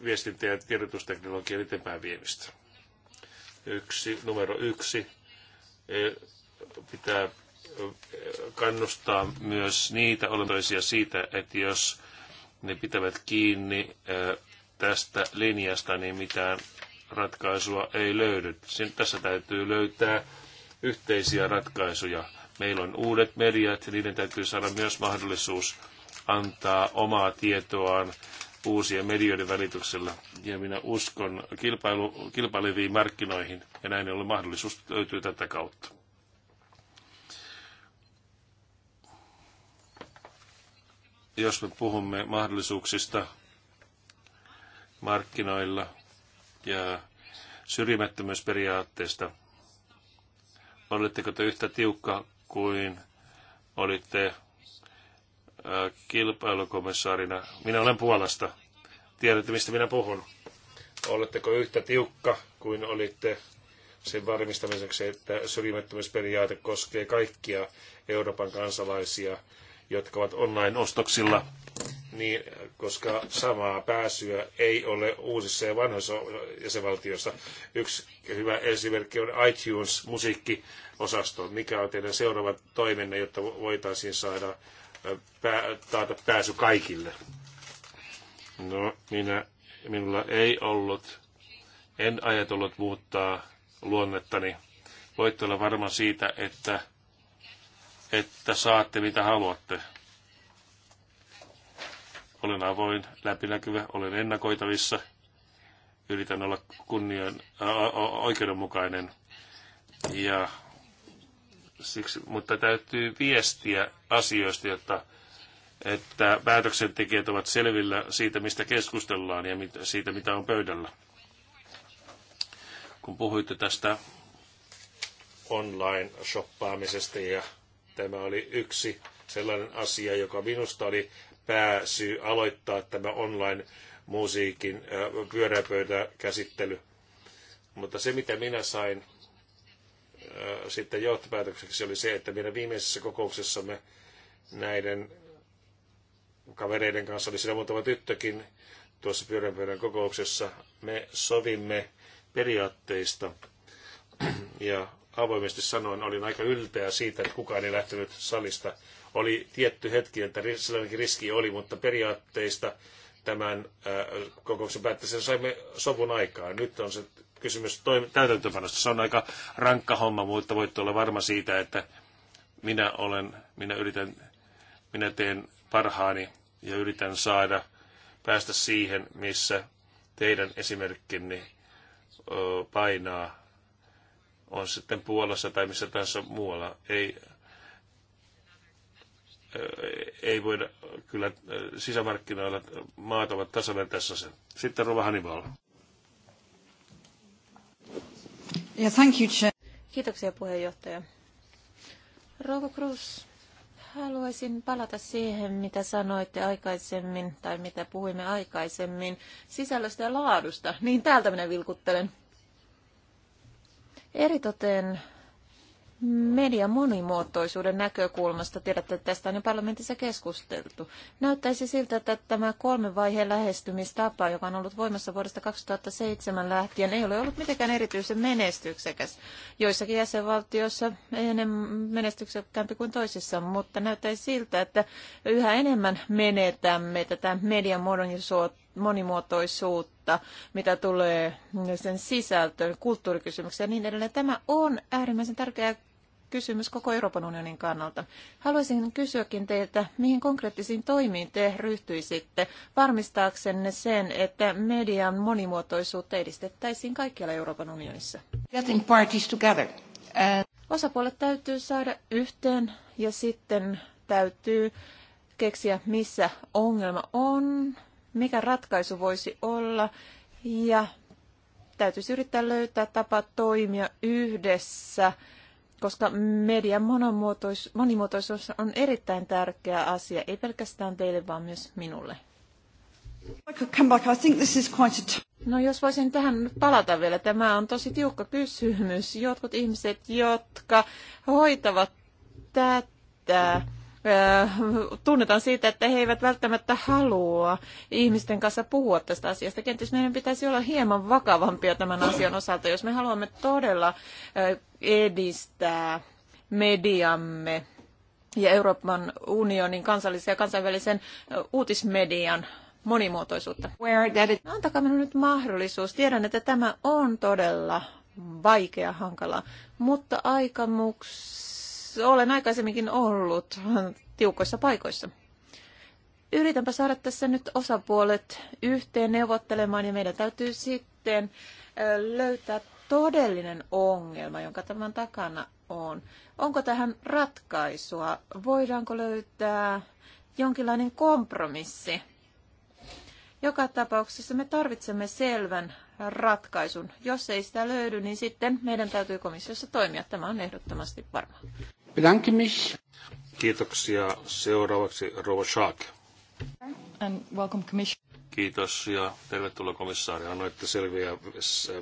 [SPEAKER 1] viestintä- ja tiedotusteknologian eteenpäin viemistä. Yksi, numero yksi, pitää kannustaa myös niitä olentoisia siitä, että jos ne pitävät kiinni tästä linjasta, niin mitään ratkaisua ei löydy. Sen, tässä täytyy löytää yhteisiä ratkaisuja. Meillä on uudet mediat ja niiden täytyy saada myös mahdollisuus antaa omaa tietoaan uusien medioiden välityksellä. Ja minä uskon kilpailu, kilpaileviin markkinoihin ja näin ollen mahdollisuus löytyy tätä kautta. jos me puhumme mahdollisuuksista markkinoilla ja syrjimättömyysperiaatteesta, olitteko te yhtä tiukka kuin olitte kilpailukomissaarina? Minä olen Puolasta. Tiedätte, mistä minä puhun. Oletteko yhtä tiukka kuin olitte sen varmistamiseksi, että syrjimättömyysperiaate koskee kaikkia Euroopan kansalaisia – jotka ovat online-ostoksilla, niin, koska samaa pääsyä ei ole uusissa ja vanhoissa jäsenvaltioissa. Yksi hyvä esimerkki on iTunes musiikkiosasto. Mikä on teidän seuraava toimenne, jotta voitaisiin saada pää, taata pääsy kaikille? No, minä, minulla ei ollut, en ajatellut muuttaa luonnettani. Voitte olla varma siitä, että että saatte mitä haluatte. Olen avoin, läpinäkyvä, olen ennakoitavissa, yritän olla kunnian, oikeudenmukainen. Ja siksi, mutta täytyy viestiä asioista, jotta että päätöksentekijät ovat selvillä siitä, mistä keskustellaan ja mit, siitä, mitä on pöydällä. Kun puhuitte tästä online-shoppaamisesta ja Tämä oli yksi sellainen asia, joka minusta oli pääsyy aloittaa tämä online-musiikin äh, pyöräpöytäkäsittely. Mutta se, mitä minä sain äh, sitten johtopäätökseksi, oli se, että meidän viimeisessä kokouksessamme näiden kavereiden kanssa, oli siellä muutama tyttökin tuossa pyöränpöydän kokouksessa, me sovimme periaatteista ja avoimesti sanoen, olin aika ylpeä siitä, että kukaan ei lähtenyt salista. Oli tietty hetki, että sellainenkin riski oli, mutta periaatteista tämän äh, kokouksen päätteeseen saimme sovun aikaan. Nyt on se kysymys täytäntöönpanosta. Se on aika rankka homma, mutta voitte olla varma siitä, että minä olen, minä yritän, minä teen parhaani ja yritän saada päästä siihen, missä teidän esimerkkinne painaa on sitten Puolassa tai missä tahansa muualla. Ei, eh, ei voida, kyllä eh, sisämarkkinoilla maat ovat tasavertaisessa sen. Sitten Rova
[SPEAKER 4] Hannibal.
[SPEAKER 3] Yeah, thank you, Chair.
[SPEAKER 4] Kiitoksia puheenjohtaja. Rouva Cruz, haluaisin palata siihen, mitä sanoitte aikaisemmin, tai mitä puhuimme aikaisemmin, sisällöstä ja laadusta. Niin täältä minä vilkuttelen. Eritoten median monimuotoisuuden näkökulmasta, tiedätte, että tästä on jo parlamentissa keskusteltu, näyttäisi siltä, että tämä kolmen vaiheen lähestymistapa, joka on ollut voimassa vuodesta 2007 lähtien, ei ole ollut mitenkään erityisen menestyksekäs. Joissakin jäsenvaltioissa enemmän menestyksekkäämpi kuin toisissa, mutta näyttäisi siltä, että yhä enemmän menetämme tätä median monimuotoisuutta monimuotoisuutta, mitä tulee sen sisältöön, kulttuurikysymyksiä ja niin edelleen. Tämä on äärimmäisen tärkeä kysymys koko Euroopan unionin kannalta. Haluaisin kysyäkin teiltä, mihin konkreettisiin toimiin te ryhtyisitte varmistaaksenne sen, että median monimuotoisuutta edistettäisiin kaikkialla Euroopan unionissa? Getting parties together. Uh, Osapuolet täytyy saada yhteen ja sitten täytyy keksiä, missä ongelma on mikä ratkaisu voisi olla ja täytyisi yrittää löytää tapa toimia yhdessä, koska median monimuotoisuus on erittäin tärkeä asia, ei pelkästään teille, vaan myös minulle. No jos voisin tähän palata vielä, tämä on tosi tiukka kysymys. Jotkut ihmiset, jotka hoitavat tätä, Äh, tunnetaan siitä, että he eivät välttämättä halua ihmisten kanssa puhua tästä asiasta. Kenties meidän pitäisi olla hieman vakavampia tämän asian osalta, jos me haluamme todella äh, edistää mediamme ja Euroopan unionin kansallisen ja kansainvälisen äh, uutismedian monimuotoisuutta. Antakaa minulle nyt mahdollisuus. Tiedän, että tämä on todella vaikea, hankala, mutta aikamuksi olen aikaisemminkin ollut tiukoissa paikoissa. Yritänpä saada tässä nyt osapuolet yhteen neuvottelemaan ja meidän täytyy sitten löytää todellinen ongelma, jonka tämän takana on. Onko tähän ratkaisua? Voidaanko löytää jonkinlainen kompromissi? Joka tapauksessa me tarvitsemme selvän ratkaisun. Jos ei sitä löydy, niin sitten meidän täytyy komissiossa toimia. Tämä on ehdottomasti varma. Bedanke mich.
[SPEAKER 1] Kiitoksia. Seuraavaksi Rova Schaak.
[SPEAKER 4] And welcome commission.
[SPEAKER 1] Kiitos ja tervetuloa komissaari. Annoitte selviä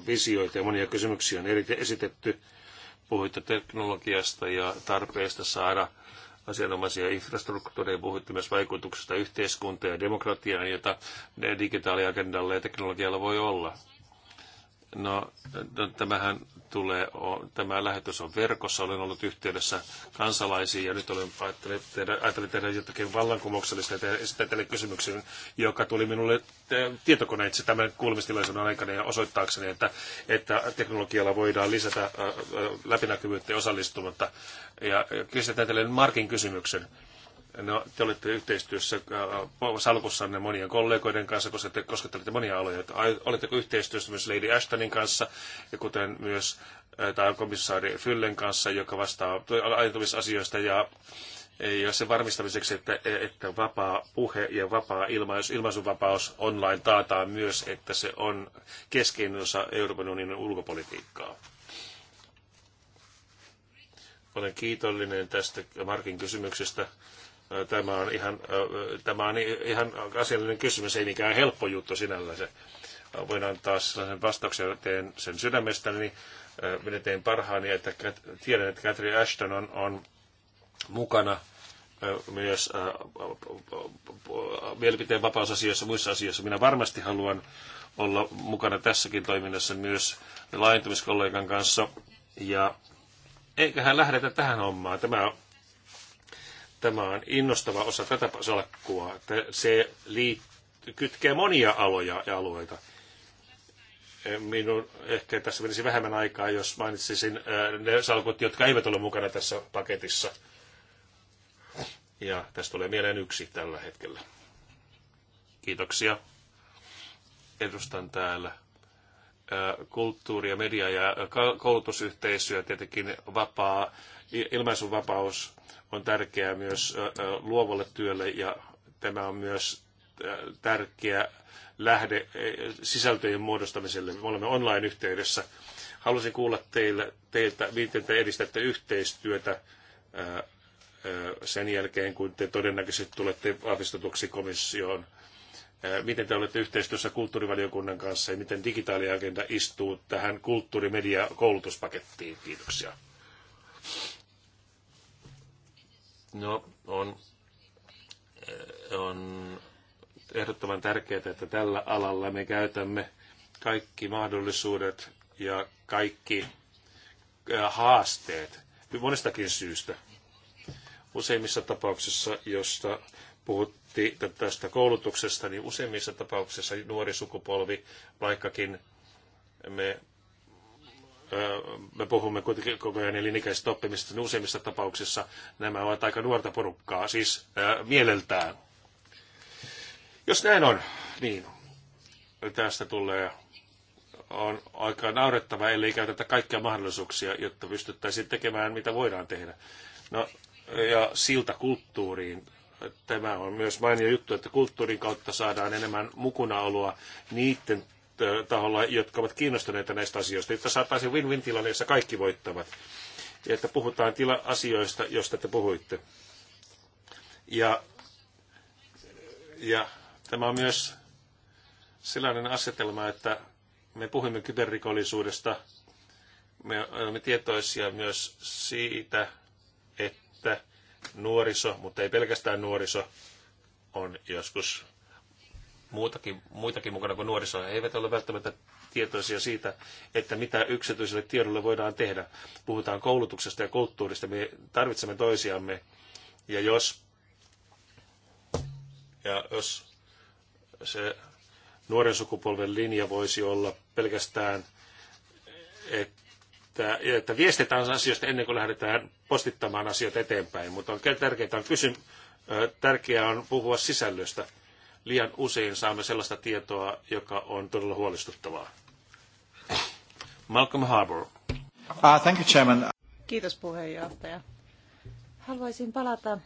[SPEAKER 1] visioita ja monia kysymyksiä on esitetty. Puhuitte teknologiasta ja tarpeesta saada asianomaisia infrastruktuureja. Puhuitte myös vaikutuksesta yhteiskuntaan ja demokratiaan, jota digitaaliagendalla ja teknologialla voi olla No, no, tämähän tulee, tämä lähetys on verkossa, olen ollut yhteydessä kansalaisiin ja nyt olen ajattelin tehdä, ajattelin tehdä jotakin vallankumouksellista ja esittää teille kysymyksen, joka tuli minulle tietokoneitse tämän kuulemistilaisuuden aikana ja osoittaakseni, että, että teknologialla voidaan lisätä läpinäkyvyyttä ja osallistumatta. Ja kysytään teille Markin kysymyksen. No, te olette yhteistyössä äh, salkussanne monien kollegoiden kanssa, koska te koskettelette monia aloja. Oletteko yhteistyössä myös Lady Ashtonin kanssa, ja kuten myös äh, tai komissaari Fyllen kanssa, joka vastaa ajatumisasioista ja ja sen varmistamiseksi, että, että vapaa puhe ja vapaa ilmaisu, ilmaisuvapaus online taataan myös, että se on keskeinen osa Euroopan unionin ulkopolitiikkaa. Olen kiitollinen tästä Markin kysymyksestä Tämä on ihan, tämä on ihan asiallinen kysymys, ei mikään helppo juttu sinällään se. Voin antaa sellaisen vastauksen, teen sen sydämestäni, niin minä teen parhaani, että tiedän, että Catherine Ashton on, on mukana myös mielipiteen vapausasioissa, muissa asioissa. Minä varmasti haluan olla mukana tässäkin toiminnassa myös laajentumiskollegan kanssa. Ja eiköhän lähdetä tähän hommaan. Tämä Tämä on innostava osa tätä salkkua. Se liit- kytkee monia aloja ja alueita. Eh, minun ehkä tässä menisi vähemmän aikaa, jos mainitsisin eh, ne salkut, jotka eivät ole mukana tässä paketissa. Ja tästä tulee mieleen yksi tällä hetkellä. Kiitoksia. Edustan täällä eh, kulttuuri- ja media- ja koulutusyhteisöä, tietenkin vapaa Ilmaisuvapaus on tärkeää myös luovalle työlle ja tämä on myös tärkeä lähde sisältöjen muodostamiselle. Me olemme online-yhteydessä. Haluaisin kuulla teiltä, teiltä, miten te edistätte yhteistyötä sen jälkeen, kun te todennäköisesti tulette vahvistetuksi komissioon. Miten te olette yhteistyössä kulttuurivaliokunnan kanssa ja miten digitaaliagenda istuu tähän kulttuurimedia-koulutuspakettiin? Kiitoksia. No, on, eh, on ehdottoman tärkeää, että tällä alalla me käytämme kaikki mahdollisuudet ja kaikki eh, haasteet monestakin syystä. Useimmissa tapauksissa, josta puhuttiin tästä koulutuksesta, niin useimmissa tapauksissa nuori sukupolvi, vaikkakin me me puhumme kuitenkin koko ajan elinikäisestä oppimisesta, niin useimmissa tapauksissa nämä ovat aika nuorta porukkaa, siis ää, mieleltään. Jos näin on, niin tästä tulee on aika naurettava, ellei käytetä kaikkia mahdollisuuksia, jotta pystyttäisiin tekemään, mitä voidaan tehdä. No, ja siltä kulttuuriin. Tämä on myös mainio juttu, että kulttuurin kautta saadaan enemmän mukunaoloa niiden taholla, jotka ovat kiinnostuneita näistä asioista, jotta saataisiin win-win tilanne, jossa kaikki voittavat. Ja että puhutaan tila asioista, joista te puhuitte. Ja, ja tämä on myös sellainen asetelma, että me puhumme kyberrikollisuudesta, me olemme tietoisia myös siitä, että nuoriso, mutta ei pelkästään nuoriso, on joskus muutakin, muitakin mukana kuin nuorisoa. He eivät ole välttämättä tietoisia siitä, että mitä yksityiselle tiedolle voidaan tehdä. Puhutaan koulutuksesta ja kulttuurista. Me tarvitsemme toisiamme. Ja jos, ja jos se nuoren sukupolven linja voisi olla pelkästään, että, että viestitään asioista ennen kuin lähdetään postittamaan asiat eteenpäin, mutta on tärkeää on kysy, tärkeää on puhua sisällöstä liian usein saamme sellaista tietoa, joka on todella huolestuttavaa. Malcolm Harbour. Uh,
[SPEAKER 3] thank you, Chairman.
[SPEAKER 4] Kiitos puheenjohtaja. Haluaisin palata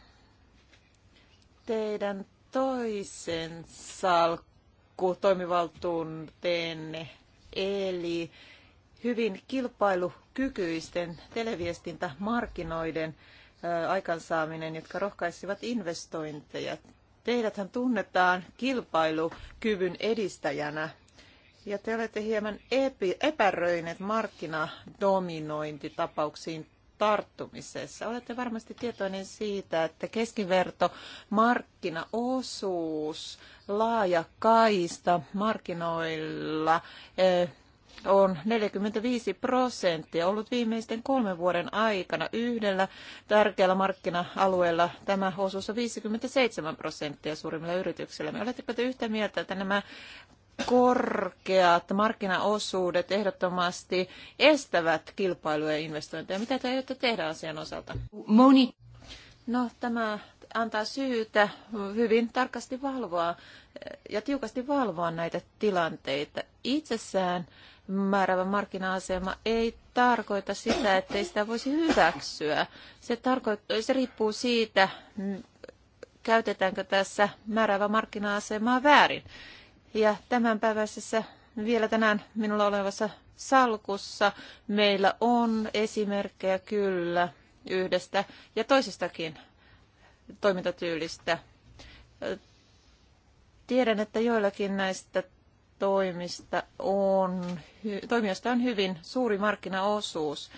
[SPEAKER 4] teidän toisen salkku toimivaltuuteenne, eli hyvin kilpailukykyisten televiestintämarkkinoiden aikansaaminen, jotka rohkaisivat investointeja. Teidäthän tunnetaan kilpailukyvyn edistäjänä ja te olette hieman epi, epäröineet markkinadominointitapauksiin tarttumisessa. Olette varmasti tietoinen siitä, että keskiverto markkinaosuus laajakaista markkinoilla eh, on 45 prosenttia ollut viimeisten kolmen vuoden aikana yhdellä tärkeällä markkina-alueella. Tämä osuus on 57 prosenttia suurimmilla yrityksillä. Me oletteko te yhtä mieltä, että nämä korkeat markkinaosuudet ehdottomasti estävät kilpailuja ja investointeja. Mitä te aiotte tehdä asian osalta? Moni. No, tämä antaa syytä hyvin tarkasti valvoa ja tiukasti valvoa näitä tilanteita. Itsessään määräävä markkina-asema ei tarkoita sitä, ettei sitä voisi hyväksyä. Se, tarkoittaa, se riippuu siitä, käytetäänkö tässä määräävä markkina-asemaa väärin. Ja tämän päivässä vielä tänään minulla olevassa salkussa meillä on esimerkkejä kyllä yhdestä ja toisestakin toimintatyylistä. Tiedän, että joillakin näistä toimista on, toimijoista on hyvin suuri markkinaosuus.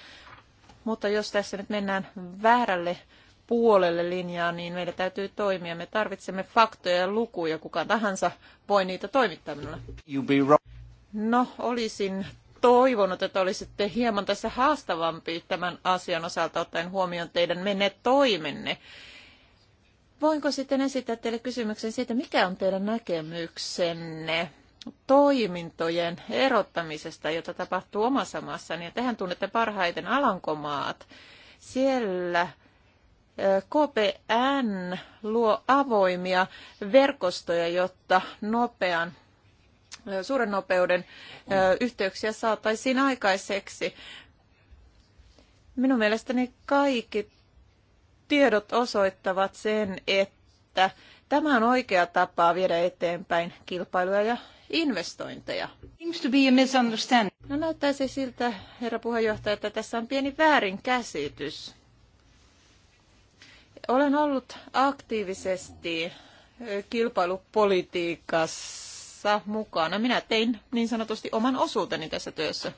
[SPEAKER 4] Mutta jos tässä nyt mennään väärälle puolelle linjaa, niin meidän täytyy toimia. Me tarvitsemme faktoja ja lukuja. Kuka tahansa voi niitä toimittaa minulle. No, olisin toivonut, että olisitte hieman tässä haastavampi tämän asian osalta ottaen huomioon teidän menneet toimenne. Voinko sitten esittää teille kysymyksen siitä, mikä on teidän näkemyksenne toimintojen erottamisesta, jota tapahtuu omassa maassani. Ja tehän tunnette parhaiten Alankomaat. Siellä KPN luo avoimia verkostoja, jotta nopean suuren nopeuden yhteyksiä saataisiin aikaiseksi. Minun mielestäni kaikki tiedot osoittavat sen, että tämä on oikea tapa viedä eteenpäin kilpailuja ja investointeja. Seems to be a misunderstanding. No näyttäisi siltä, herra puheenjohtaja, että tässä on pieni väärinkäsitys. Olen ollut aktiivisesti kilpailupolitiikassa mukana. Minä tein niin sanotusti oman osuuteni tässä työssä.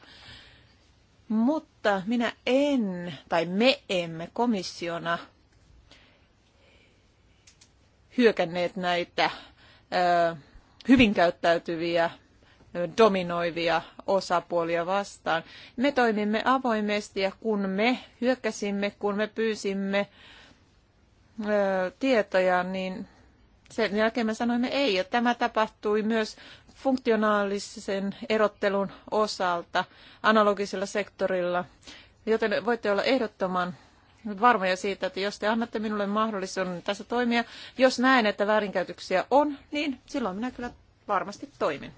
[SPEAKER 4] Mutta minä en, tai me emme komissiona hyökänneet näitä ö, hyvin käyttäytyviä dominoivia osapuolia vastaan. Me toimimme avoimesti ja kun me hyökkäsimme, kun me pyysimme ö, tietoja, niin sen jälkeen me sanoimme ei. Ja tämä tapahtui myös funktionaalisen erottelun osalta analogisella sektorilla, joten voitte olla ehdottoman varmoja siitä, että jos te annatte minulle mahdollisuuden tässä toimia, jos näen, että väärinkäytöksiä on, niin silloin minä kyllä varmasti toimin.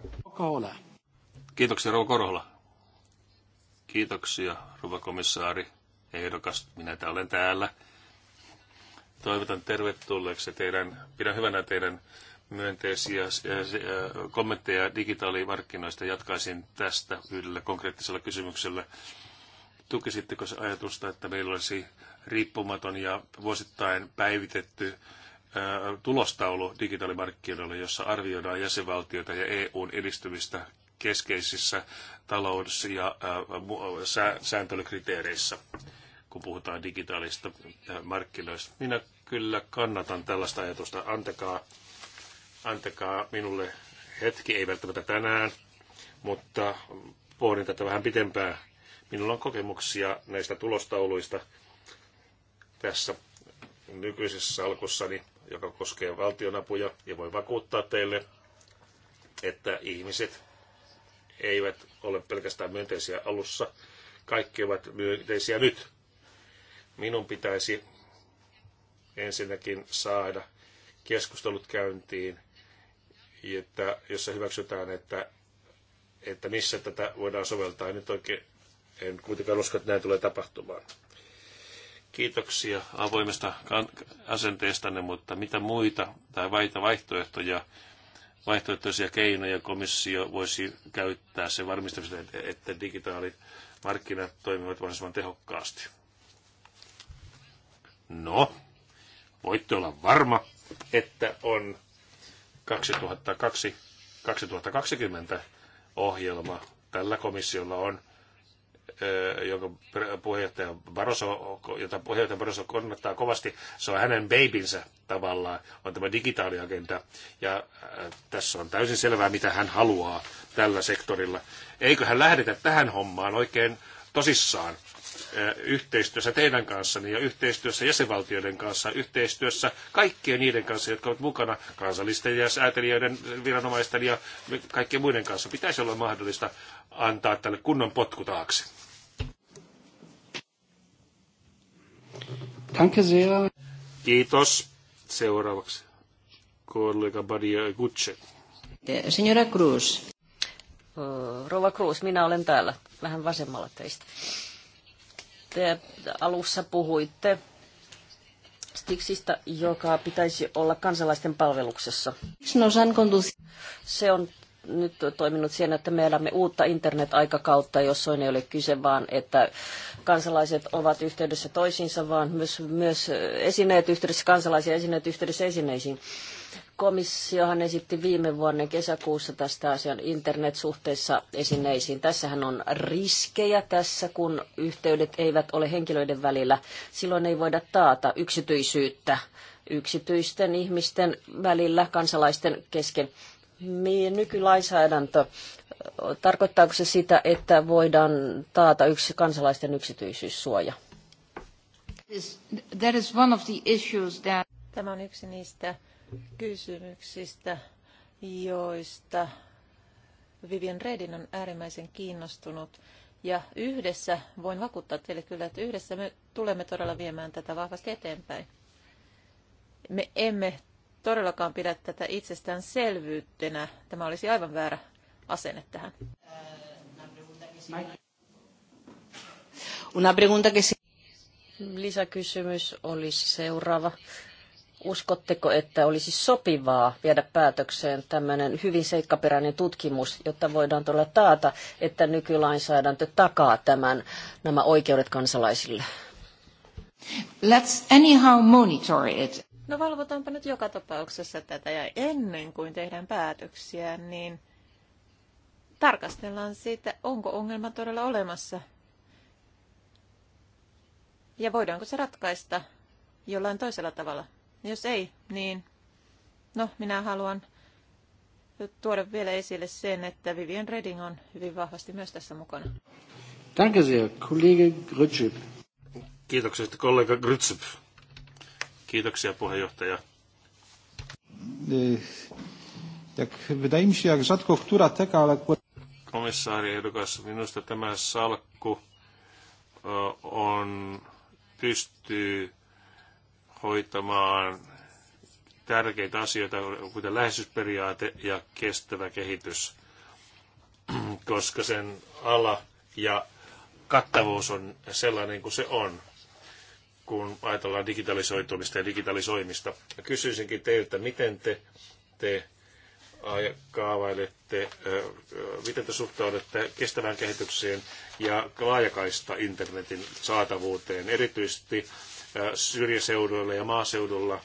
[SPEAKER 1] Kiitoksia, Rouva Korhola. Kiitoksia, Rouva komissaari, ehdokas. Minä täällä olen täällä. Toivotan tervetulleeksi teidän, pidän hyvänä teidän myönteisiä äh, äh, kommentteja digitaalimarkkinoista. Jatkaisin tästä yhdellä konkreettisella kysymyksellä tukisitteko se ajatusta, että meillä olisi riippumaton ja vuosittain päivitetty tulostaulu digitaalimarkkinoilla, jossa arvioidaan jäsenvaltioita ja EUn edistymistä keskeisissä talous- ja sääntelykriteereissä, kun puhutaan digitaalista markkinoista. Minä kyllä kannatan tällaista ajatusta. Antakaa, antakaa minulle hetki, ei välttämättä tänään, mutta pohdin tätä vähän pitempään. Minulla on kokemuksia näistä tulostauluista – tässä nykyisessä salkussani, joka koskee valtionapuja, ja voi vakuuttaa teille, että ihmiset eivät ole pelkästään myönteisiä alussa, kaikki ovat myönteisiä nyt. Minun pitäisi ensinnäkin saada keskustelut käyntiin, että, jossa hyväksytään, että, että missä tätä voidaan soveltaa. Nyt oikein en kuitenkaan usko, että näin tulee tapahtumaan. Kiitoksia avoimesta asenteestanne, mutta mitä muita tai vaita vaihtoehtoja, vaihtoehtoisia keinoja komissio voisi käyttää sen varmistamiseksi, että digitaalimarkkinat toimivat mahdollisimman tehokkaasti? No, voitte olla varma, että on 2020 ohjelma. Tällä komissiolla on Eh, jonka puheenjohtaja Barroso, jota puheenjohtaja Barroso kannattaa kovasti, se on hänen babinsä tavallaan, on tämä digitaaliagenda. Ja eh, tässä on täysin selvää, mitä hän haluaa tällä sektorilla. Eiköhän lähdetä tähän hommaan oikein tosissaan eh, yhteistyössä teidän kanssa ja yhteistyössä jäsenvaltioiden kanssa, yhteistyössä kaikkien niiden kanssa, jotka ovat mukana kansallisten ja säätelijöiden, viranomaisten ja kaikkien muiden kanssa. Pitäisi olla mahdollista antaa tälle kunnon potku taakse. Danke sehr. Kiitos. Seuraavaksi kollega Badia Gutse. Senora Cruz.
[SPEAKER 5] Rova Cruz, minä olen täällä vähän vasemmalla teistä. Te alussa puhuitte Stixistä, joka pitäisi olla kansalaisten palveluksessa. Se on nyt toiminut siinä, että me elämme uutta internet-aikakautta, jossain ei ole kyse vaan, että kansalaiset ovat yhteydessä toisiinsa, vaan myös, myös esineet yhteydessä kansalaisia, esineet yhteydessä esineisiin. Komissiohan esitti viime vuonna kesäkuussa tästä asian internetsuhteessa esineisiin. Tässähän on riskejä tässä, kun yhteydet eivät ole henkilöiden välillä. Silloin ei voida taata yksityisyyttä yksityisten ihmisten välillä, kansalaisten kesken nykylainsäädäntö, tarkoittaako se sitä, että voidaan taata yksi kansalaisten yksityisyyssuoja?
[SPEAKER 4] Tämä on yksi niistä kysymyksistä, joista Vivian Redin on äärimmäisen kiinnostunut. Ja yhdessä, voin vakuuttaa teille kyllä, että yhdessä me tulemme todella viemään tätä vahvasti eteenpäin. Me emme todellakaan pidä tätä itsestäänselvyytenä. Tämä olisi aivan väärä asenne tähän.
[SPEAKER 5] Una pregunta que Lisäkysymys olisi seuraava. Uskotteko, että olisi sopivaa viedä päätökseen tämmöinen hyvin seikkaperäinen tutkimus, jotta voidaan tuolla taata, että nykylainsäädäntö takaa tämän, nämä oikeudet kansalaisille? Let's anyhow monitor it.
[SPEAKER 4] No valvotaanpa nyt joka tapauksessa tätä ja ennen kuin tehdään päätöksiä, niin tarkastellaan siitä, onko ongelma todella olemassa ja voidaanko se ratkaista jollain toisella tavalla. Jos ei, niin no minä haluan tuoda vielä esille sen, että Vivien Redding on hyvin vahvasti myös tässä mukana.
[SPEAKER 2] Danke sehr, Kollege Grütschip.
[SPEAKER 1] Kiitoksia, kollega Grütschip. Kiitoksia puheenjohtaja.
[SPEAKER 2] E, jak wydaje mi się, jak rzadko która teka, ale...
[SPEAKER 1] Komissaari ehdokas, minusta tämä salkku on, pystyy hoitamaan tärkeitä asioita, kuten läheisyysperiaate ja kestävä kehitys, koska sen ala ja kattavuus on sellainen kuin se on kun ajatellaan digitalisoitumista ja digitalisoimista. Kysyisinkin teiltä, miten te, te kaavailette, miten te suhtaudutte kestävään kehitykseen ja laajakaista internetin saatavuuteen, erityisesti syrjäseuduilla ja maaseudulla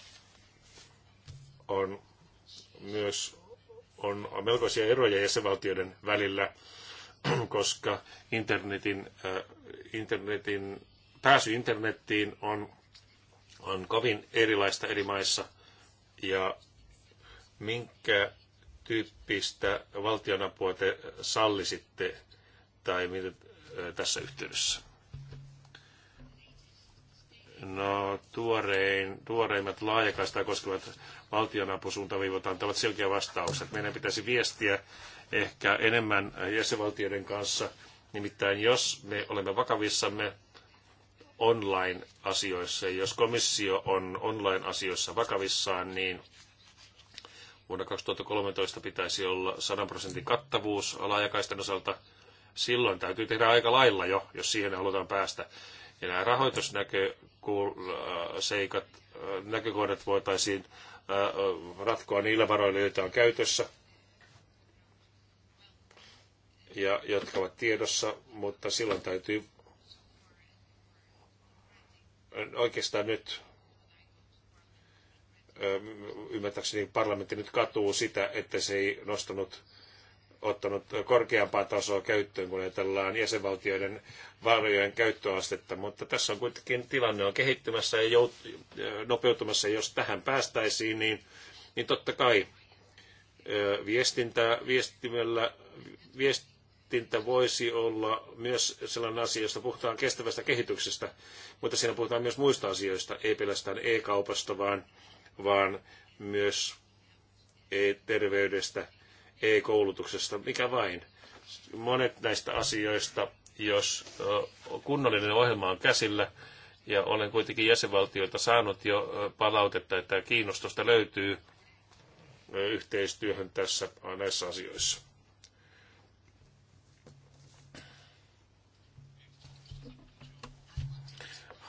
[SPEAKER 1] on myös on melkoisia eroja jäsenvaltioiden välillä, koska internetin, internetin pääsy internettiin on, on kovin erilaista eri maissa ja minkä tyyppistä valtionapua te sallisitte tai mitä tässä yhteydessä? No, tuorein, tuoreimmat laajakaista koskevat valtionapusuuntaviivat antavat selkeä vastaukset. Meidän pitäisi viestiä ehkä enemmän jäsenvaltioiden kanssa. Nimittäin jos me olemme vakavissamme online-asioissa. Jos komissio on online-asioissa vakavissaan, niin vuonna 2013 pitäisi olla 100 prosentin kattavuus laajakaistan osalta. Silloin täytyy tehdä aika lailla jo, jos siihen halutaan päästä. Ja nämä rahoitusnäköseikat, äh, näkökohdat voitaisiin äh, ratkoa niillä varoilla, joita on käytössä ja jotka ovat tiedossa, mutta silloin täytyy oikeastaan nyt ymmärtääkseni parlamentti nyt katuu sitä, että se ei nostanut ottanut korkeampaa tasoa käyttöön, kun ajatellaan jäsenvaltioiden varojen käyttöastetta, mutta tässä on kuitenkin tilanne on kehittymässä ja jout- nopeutumassa. Jos tähän päästäisiin, niin, niin totta kai viestintä, viestimellä, viest, viestintä voisi olla myös sellainen asia, josta puhutaan kestävästä kehityksestä, mutta siinä puhutaan myös muista asioista, ei pelkästään e-kaupasta, vaan, vaan myös e-terveydestä, e-koulutuksesta, mikä vain. Monet näistä asioista, jos kunnollinen ohjelma on käsillä, ja olen kuitenkin jäsenvaltioilta saanut jo palautetta, että kiinnostusta löytyy yhteistyöhön tässä näissä asioissa.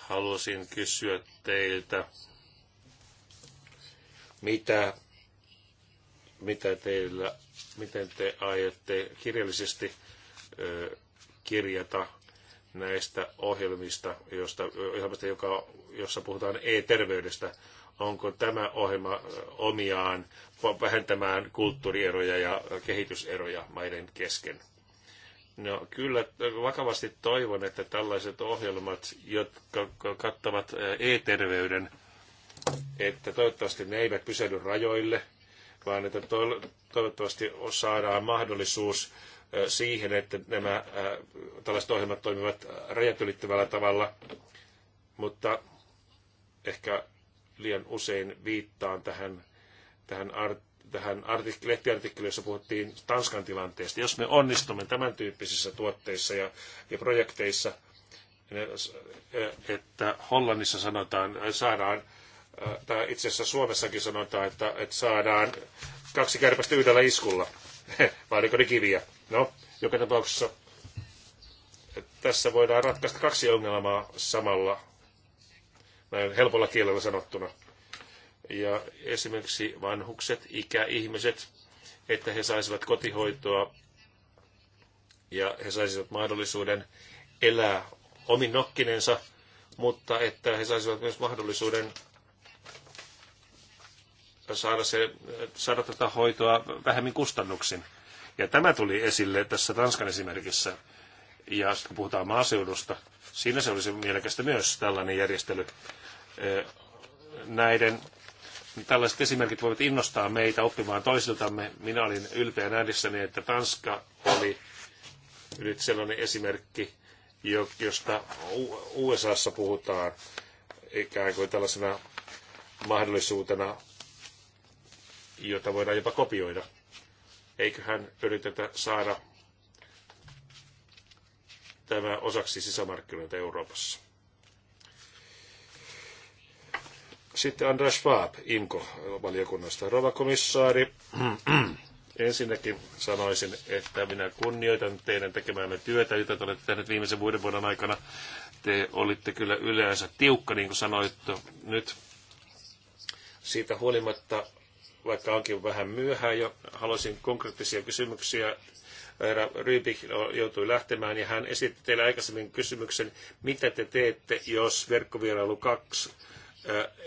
[SPEAKER 1] halusin kysyä teiltä, mitä, mitä teillä, miten te aiotte kirjallisesti ö, kirjata näistä ohjelmista, josta, ohjelmista joka, jossa puhutaan e-terveydestä. Onko tämä ohjelma omiaan vähentämään kulttuurieroja ja kehityseroja maiden kesken? No kyllä äh, vakavasti toivon, että tällaiset ohjelmat, jotka kattavat äh, e-terveyden, että toivottavasti ne eivät pysähdy rajoille, vaan että toivottavasti saadaan mahdollisuus äh, siihen, että nämä tällaiset ohjelmat toimivat rajat ylittävällä tavalla, mutta ehkä liian usein viittaan tähän, tähän art- tähän artik- lehtiartikkeliin, jossa puhuttiin Tanskan tilanteesta. Jos me onnistumme tämän tyyppisissä tuotteissa ja, ja projekteissa, e, että Hollannissa sanotaan, saadaan, tai itse asiassa Suomessakin sanotaan, että, että saadaan kaksi kärpästä yhdellä iskulla, vai oliko ne kiviä? No, joka tapauksessa tässä voidaan ratkaista kaksi ongelmaa samalla, näin helpolla kielellä sanottuna ja esimerkiksi vanhukset, ikäihmiset, että he saisivat kotihoitoa ja he saisivat mahdollisuuden elää omin nokkinensa, mutta että he saisivat myös mahdollisuuden saada, se, saada tätä hoitoa vähemmin kustannuksin. Ja tämä tuli esille tässä Tanskan esimerkissä. Ja sitten kun puhutaan maaseudusta, siinä se olisi mielekästä myös tällainen järjestely näiden niin Tällaiset esimerkit voivat innostaa meitä oppimaan toisiltamme. Minä olin ylpeä nähdessäni, että Tanska oli nyt sellainen esimerkki, josta USAssa puhutaan ikään kuin tällaisena mahdollisuutena, jota voidaan jopa kopioida. Eiköhän yritetä saada tämä osaksi sisämarkkinoita Euroopassa. Sitten Andras Schwab, IMKO-valiokunnasta. Rova komissaari, ensinnäkin sanoisin, että minä kunnioitan teidän tekemäämme työtä, jota te olette tehneet viimeisen vuoden vuoden aikana. Te olitte kyllä yleensä tiukka, niin kuin sanoitte nyt. Siitä huolimatta, vaikka onkin vähän myöhään jo, haluaisin konkreettisia kysymyksiä herra Rybik joutui lähtemään ja hän esitti teille aikaisemmin kysymyksen, mitä te teette, jos verkkovierailu 2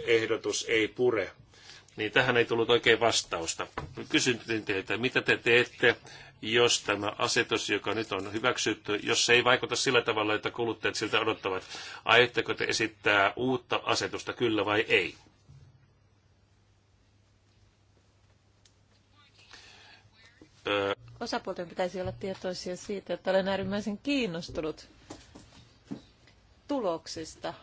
[SPEAKER 1] ehdotus ei pure, niin tähän ei tullut oikein vastausta. Kysyn teiltä, mitä te teette, jos tämä asetus, joka nyt on hyväksytty, jos se ei vaikuta sillä tavalla, että kuluttajat siltä odottavat, aiotteko te esittää uutta asetusta, kyllä vai ei?
[SPEAKER 4] Osapuolten pitäisi olla tietoisia siitä, että olen äärimmäisen kiinnostunut tuloksista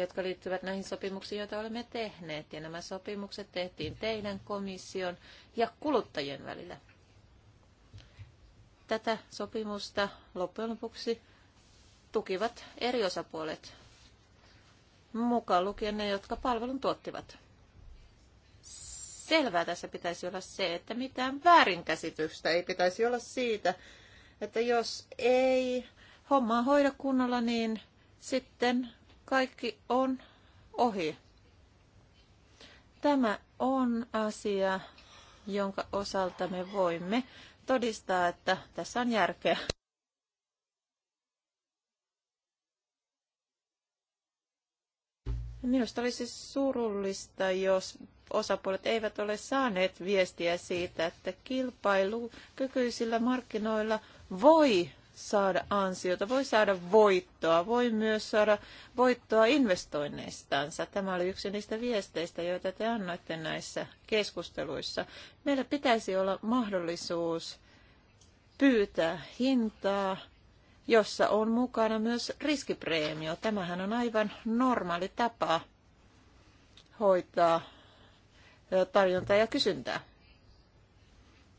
[SPEAKER 4] jotka liittyvät näihin sopimuksiin, joita olemme tehneet. Ja nämä sopimukset tehtiin teidän komission ja kuluttajien välillä. Tätä sopimusta loppujen lopuksi tukivat eri osapuolet, mukaan lukien ne, jotka palvelun tuottivat. Selvää tässä pitäisi olla se, että mitään väärinkäsitystä ei pitäisi olla siitä, että jos ei hommaa hoida kunnolla, niin sitten kaikki on ohi. Tämä on asia, jonka osalta me voimme todistaa, että tässä on järkeä. Minusta olisi surullista, jos osapuolet eivät ole saaneet viestiä siitä, että kilpailukykyisillä markkinoilla voi saada ansiota, voi saada voittoa, voi myös saada voittoa investoinneistansa. Tämä oli yksi niistä viesteistä, joita te annoitte näissä keskusteluissa. Meillä pitäisi olla mahdollisuus pyytää hintaa, jossa on mukana myös riskipreemio. Tämähän on aivan normaali tapa hoitaa tarjontaa ja kysyntää.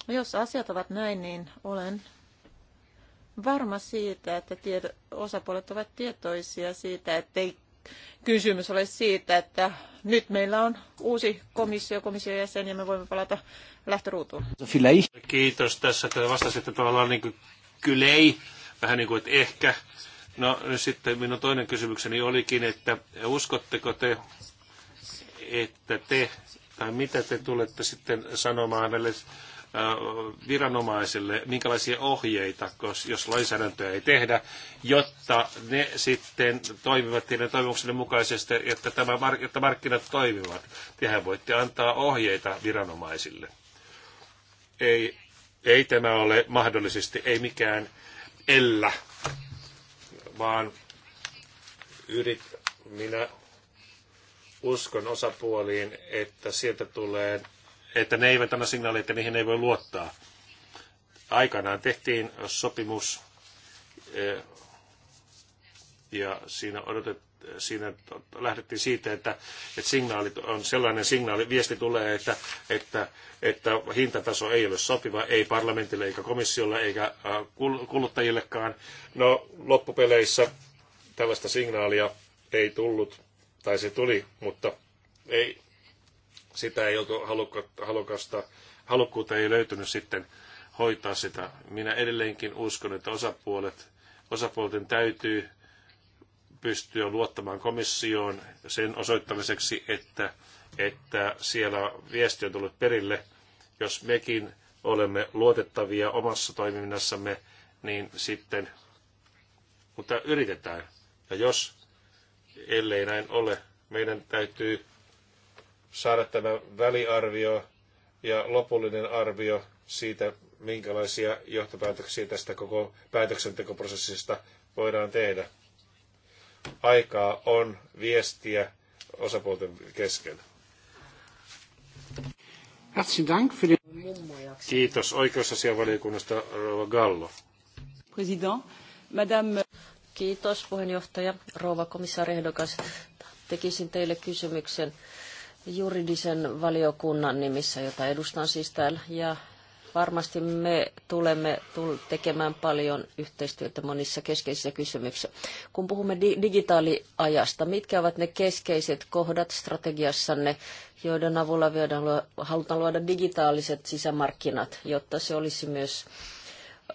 [SPEAKER 4] Jos asiat ovat näin, niin olen varma siitä, että tiedo, osapuolet ovat tietoisia siitä, että ei kysymys ole siitä, että nyt meillä on uusi komissio, komission jäsen ja me voimme palata lähtöruutuun.
[SPEAKER 1] Kiitos tässä, että vastasitte tavallaan niin kuin ei, vähän niin kuin että ehkä. No sitten minun toinen kysymykseni olikin, että uskotteko te, että te, tai mitä te tulette sitten sanomaan näille viranomaisille, minkälaisia ohjeita, jos lainsäädäntöä ei tehdä, jotta ne sitten toimivat teidän toivomuksenne mukaisesti, että, tämä, jotta markkinat toimivat. Tehän voitte antaa ohjeita viranomaisille. Ei, ei tämä ole mahdollisesti, ei mikään ellä, vaan yrit, minä uskon osapuoliin, että sieltä tulee että ne eivät anna signaaleja, että niihin ei voi luottaa. Aikanaan tehtiin sopimus e, ja siinä odotettiin siinä lähdettiin siitä, että, että signaalit on sellainen signaali, viesti tulee, että, että, että hintataso ei ole sopiva, ei parlamentille eikä komissiolle eikä kuluttajillekaan. No loppupeleissä tällaista signaalia ei tullut, tai se tuli, mutta ei, sitä ei oltu halukasta, halukkuutta ei löytynyt sitten hoitaa sitä. Minä edelleenkin uskon, että osapuolet, osapuolten täytyy pystyä luottamaan komissioon sen osoittamiseksi, että, että siellä viesti on tullut perille. Jos mekin olemme luotettavia omassa toiminnassamme, niin sitten, mutta yritetään. Ja jos, ellei näin ole, meidän täytyy saada tämä väliarvio ja lopullinen arvio siitä, minkälaisia johtopäätöksiä tästä koko päätöksentekoprosessista voidaan tehdä. Aikaa on viestiä osapuolten kesken. Kiitos oikeusasiavaliokunnasta, Rova Gallo.
[SPEAKER 5] President, Madame... Kiitos puheenjohtaja, rouva komissaari ehdokas. Tekisin teille kysymyksen juridisen valiokunnan nimissä, jota edustan siis täällä. Ja varmasti me tulemme tekemään paljon yhteistyötä monissa keskeisissä kysymyksissä. Kun puhumme di- digitaaliajasta, mitkä ovat ne keskeiset kohdat strategiassanne, joiden avulla voidaan halutaan luoda digitaaliset sisämarkkinat, jotta se olisi myös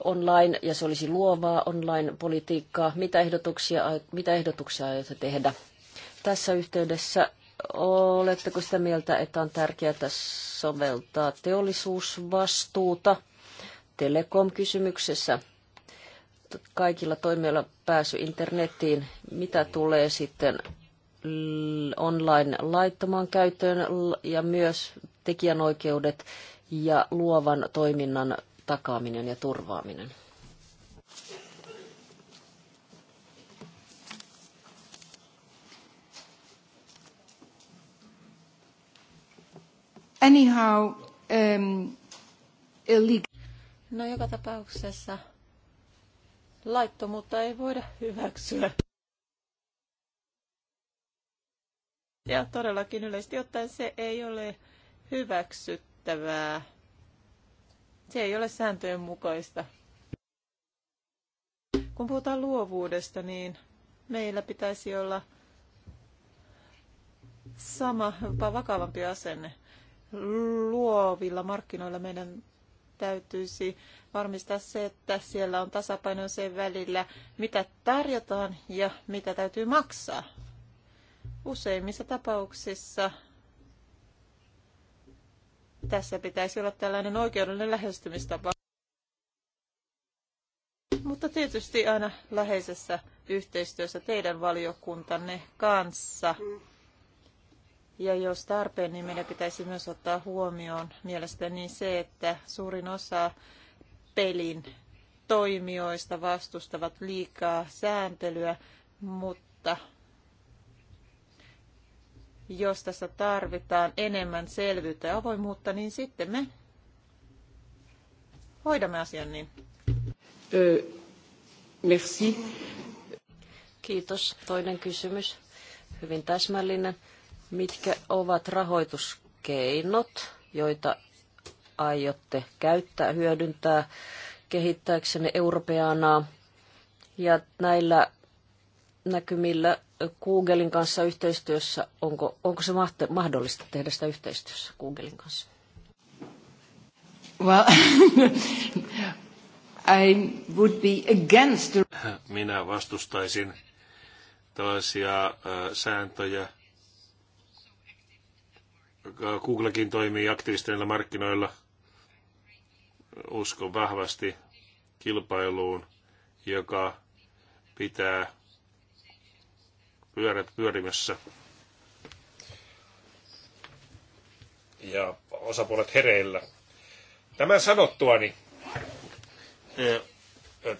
[SPEAKER 5] online ja se olisi luovaa online-politiikkaa. Mitä ehdotuksia, mitä ehdotuksia aiotte tehdä? Tässä yhteydessä Oletteko sitä mieltä, että on tärkeää soveltaa teollisuusvastuuta telekom-kysymyksessä? Kaikilla toimijoilla pääsy internettiin. Mitä tulee sitten online laittomaan käyttöön ja myös tekijänoikeudet ja luovan toiminnan takaaminen ja turvaaminen?
[SPEAKER 3] Anyhow, um, illegal.
[SPEAKER 4] No joka tapauksessa laittomuutta ei voida hyväksyä. Ja todellakin yleisesti ottaen se ei ole hyväksyttävää. Se ei ole sääntöjen mukaista. Kun puhutaan luovuudesta, niin meillä pitäisi olla sama, jopa vakavampi asenne luovilla markkinoilla meidän täytyisi varmistaa se, että siellä on tasapaino sen välillä, mitä tarjotaan ja mitä täytyy maksaa. Useimmissa tapauksissa tässä pitäisi olla tällainen oikeudellinen lähestymistapa. Mutta tietysti aina läheisessä yhteistyössä teidän valiokuntanne kanssa. Ja jos tarpeen, niin meidän pitäisi myös ottaa huomioon mielestäni niin se, että suurin osa pelin toimijoista vastustavat liikaa sääntelyä, mutta jos tässä tarvitaan enemmän selvyyttä ja avoimuutta, niin sitten me hoidamme asian niin.
[SPEAKER 5] Öö, merci. Kiitos. Toinen kysymys. Hyvin täsmällinen. Mitkä ovat rahoituskeinot, joita aiotte käyttää, hyödyntää kehittääksenne europeanaa? Ja näillä näkymillä Googlein kanssa yhteistyössä, onko, onko se mahdollista tehdä sitä yhteistyössä Googlein kanssa? Well, I
[SPEAKER 3] would be against
[SPEAKER 1] Minä vastustaisin tällaisia sääntöjä, Googlekin toimii aktiivisteilla markkinoilla. Uskon vahvasti kilpailuun, joka pitää pyörät pyörimässä. Ja osapuolet hereillä. Tämän sanottuani e,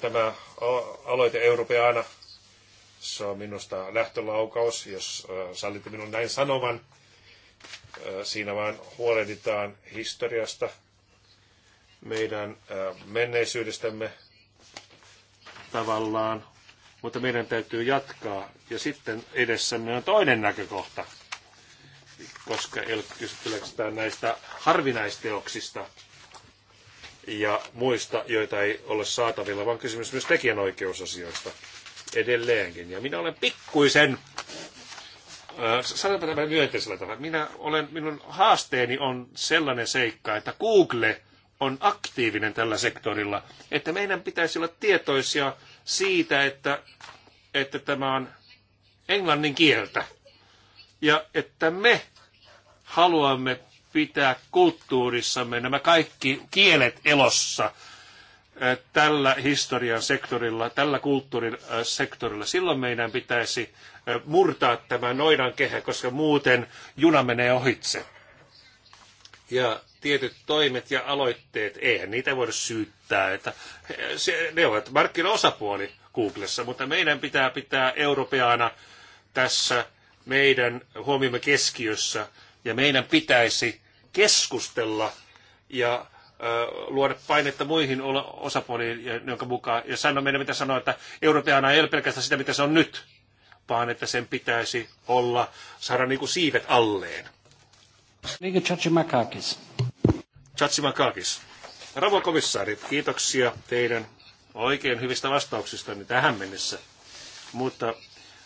[SPEAKER 1] tämä aloite Europeana, se on minusta lähtölaukaus, jos e, sallitte minun näin sanovan. Siinä vaan huolehditaan historiasta, meidän menneisyydestämme tavallaan, mutta meidän täytyy jatkaa. Ja sitten edessämme on toinen näkökohta, koska ei ole pelkästään näistä harvinaisteoksista ja muista, joita ei ole saatavilla, vaan kysymys myös tekijänoikeusasioista edelleenkin. Ja minä olen pikkuisen Äh, sanotaan tämä myönteisellä tavalla. Minä olen, minun haasteeni on sellainen seikka, että Google on aktiivinen tällä sektorilla, että meidän pitäisi olla tietoisia siitä, että, että tämä on englannin kieltä. Ja että me haluamme pitää kulttuurissamme nämä kaikki kielet elossa tällä historian sektorilla, tällä kulttuurin sektorilla. Silloin meidän pitäisi murtaa tämä noidan kehä, koska muuten juna menee ohitse. Ja tietyt toimet ja aloitteet, eihän niitä voida syyttää. Että ne ovat markkinaosapuoli Googlessa, mutta meidän pitää pitää europeana tässä meidän huomiomme keskiössä ja meidän pitäisi keskustella ja luoda painetta muihin osapuoliin, jonka mukaan, ja sanoa meidän mitä sanoa, että Euroopan ei ole pelkästään sitä, mitä se on nyt, vaan että sen pitäisi olla, saada niin kuin siivet alleen.
[SPEAKER 2] Niin kuin Chachimakakis.
[SPEAKER 1] Chachimakakis. Ravo komissaari, kiitoksia teidän oikein hyvistä vastauksista tähän mennessä. Mutta,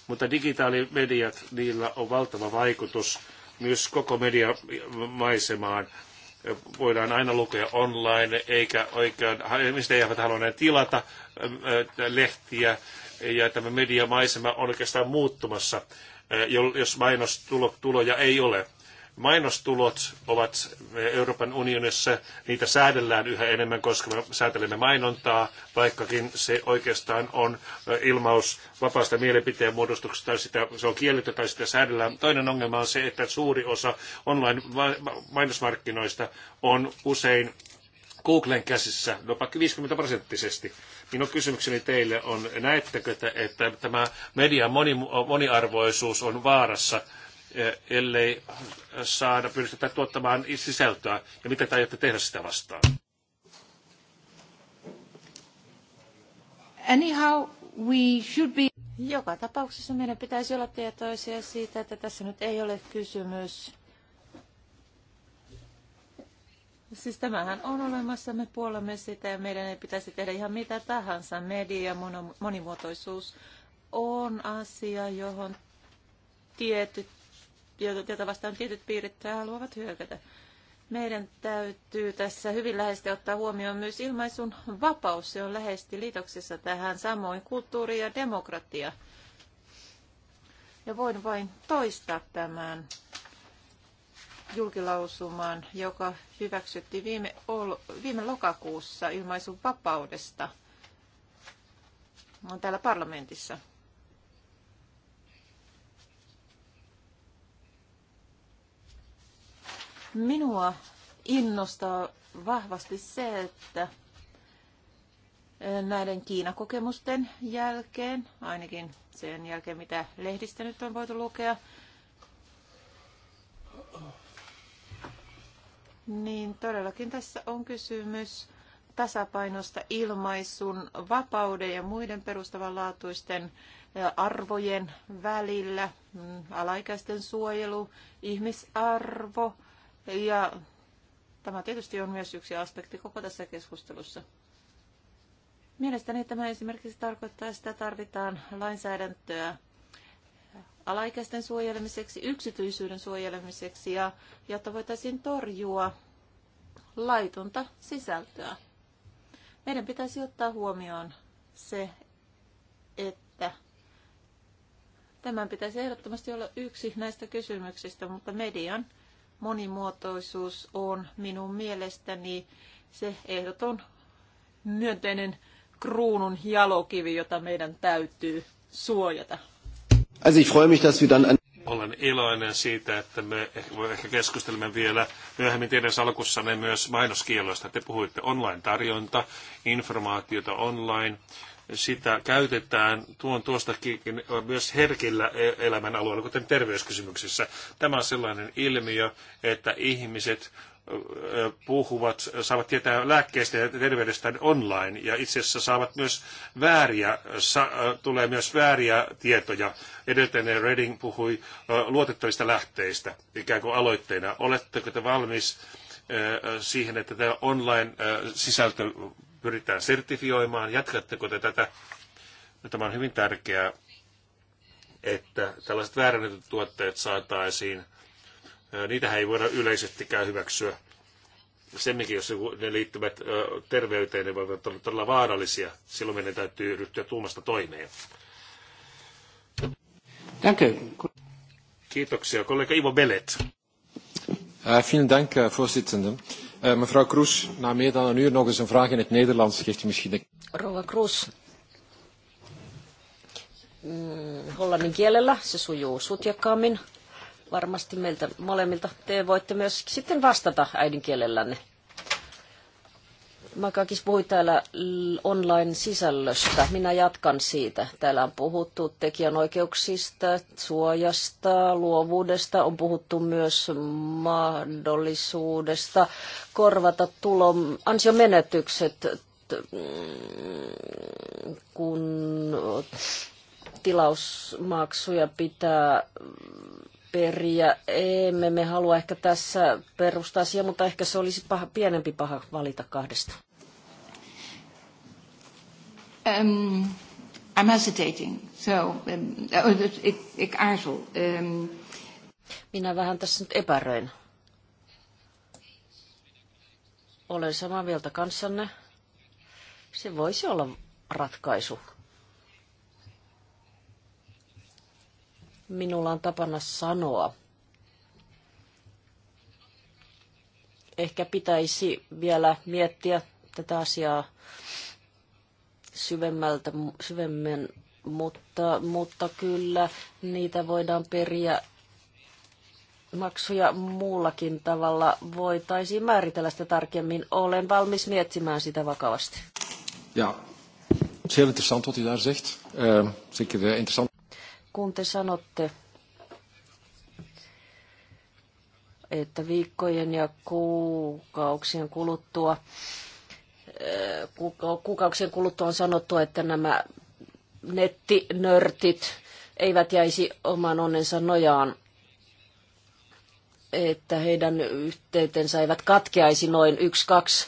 [SPEAKER 1] mutta digitaalimediat, niillä on valtava vaikutus myös koko mediamaisemaan voidaan aina lukea online, eikä oikein, mistä eivät halunneet tilata lehtiä, ja tämä mediamaisema on oikeastaan muuttumassa, jos mainostuloja ei ole. Mainostulot ovat Euroopan unionissa, niitä säädellään yhä enemmän, koska me säätelemme mainontaa, vaikkakin se oikeastaan on eh, ilmaus vapaasta mielipiteen muodostuksesta, tai sitä, se on kielletty tai sitä säädellään. Toinen ongelma on se, että suuri osa online-mainosmarkkinoista on usein Googlen käsissä jopa no 50 prosenttisesti. Minun kysymykseni teille on, näettekö te, että tämä median moni, moniarvoisuus on vaarassa Eh, ellei saada pystytä tuottamaan sisältöä, ja mitä te aiotte tehdä sitä vastaan?
[SPEAKER 4] Anyhow, we should be... Joka tapauksessa meidän pitäisi olla tietoisia siitä, että tässä nyt ei ole kysymys. Siis tämähän on olemassa, me puolemme sitä ja meidän ei pitäisi tehdä ihan mitä tahansa. Media monimuotoisuus on asia, johon tietyt jota vastaan tietyt piirit haluavat hyökätä. Meidän täytyy tässä hyvin läheisesti ottaa huomioon myös ilmaisun vapaus. Se on läheisesti liitoksissa tähän samoin kulttuuri ja demokratia. Ja voin vain toistaa tämän julkilausuman, joka hyväksyttiin viime, viime lokakuussa ilmaisun vapaudesta on täällä parlamentissa. Minua innostaa vahvasti se, että näiden Kiinakokemusten jälkeen, ainakin sen jälkeen mitä lehdistä nyt on voitu lukea, niin todellakin tässä on kysymys tasapainosta ilmaisun vapauden ja muiden perustavanlaatuisten arvojen välillä, mm, alaikäisten suojelu, ihmisarvo, ja tämä tietysti on myös yksi aspekti koko tässä keskustelussa. Mielestäni tämä esimerkiksi tarkoittaa, että tarvitaan lainsäädäntöä alaikäisten suojelemiseksi, yksityisyyden suojelemiseksi ja jotta voitaisiin torjua laitonta sisältöä. Meidän pitäisi ottaa huomioon se, että tämän pitäisi ehdottomasti olla yksi näistä kysymyksistä, mutta median monimuotoisuus on minun mielestäni se ehdoton myönteinen kruunun jalokivi, jota meidän täytyy suojata.
[SPEAKER 1] Also ich freue mich, dass wir dann olen iloinen siitä, että me ehkä keskustelemme vielä myöhemmin teidän salkussanne myös mainoskielloista. Te puhuitte online-tarjonta, informaatiota online, sitä käytetään tuon tuostakin myös herkillä e- elämän alueella, kuten terveyskysymyksissä. Tämä on sellainen ilmiö, että ihmiset puhuvat, saavat tietää lääkkeistä ja terveydestään online ja itse asiassa saavat myös vääriä, sa, tulee myös vääriä tietoja. Edeltäinen Reading puhui luotettavista lähteistä ikään kuin aloitteena. Oletteko te valmis siihen, että tämä online-sisältö pyritään sertifioimaan. Jatkatteko te tätä? No, tämä on hyvin tärkeää, että tällaiset väärännetyt tuotteet saataisiin. Niitä ei voida yleisestikään hyväksyä. Semminkin, jos ne liittyvät terveyteen, ne voivat olla todella vaarallisia. Silloin meidän täytyy ryhtyä tuumasta toimeen. Kiitoksia. Kollega Ivo Belet. Uh,
[SPEAKER 2] vielen Dank, Vorsitzende. Eh, mevrouw Kroes, na meer dan een uur nog eens een vraag in het Nederlands. Geeft u misschien de...
[SPEAKER 5] Rouva Kroes. Mm, hollannin kielellä se sujuu sutjakkaammin. Varmasti meiltä molemmilta te voitte myös sitten vastata äidinkielellänne. Makakis puhui täällä online-sisällöstä. Minä jatkan siitä. Täällä on puhuttu tekijänoikeuksista, suojasta, luovuudesta. On puhuttu myös mahdollisuudesta korvata tulon ansiomenetykset, kun tilausmaksuja pitää periä. Emme me halua ehkä tässä perustaa siihen, mutta ehkä se olisi paha, pienempi paha valita kahdesta.
[SPEAKER 3] Um, I'm hesitating. So, um, ik, ik aarzel.
[SPEAKER 5] Um, Minä vähän tässä nyt epäröin. Olen samaa mieltä kanssanne. Se voisi olla ratkaisu. Minulla on tapana sanoa. Ehkä pitäisi vielä miettiä tätä asiaa syvemmältä, syvemmän, mutta, mutta kyllä niitä voidaan periä maksuja muullakin tavalla voitaisiin määritellä sitä tarkemmin. Olen valmis miettimään sitä vakavasti.
[SPEAKER 2] Ja, het is interessant wat u daar zegt. Uh, interessant.
[SPEAKER 5] Kun te sanotte, että viikkojen ja kuukauksien kuluttua Äh, kuukauksien kuluttua on sanottu, että nämä nettinörtit eivät jäisi oman onnensa nojaan, että heidän yhteytensä eivät katkeaisi noin yksi, kaksi.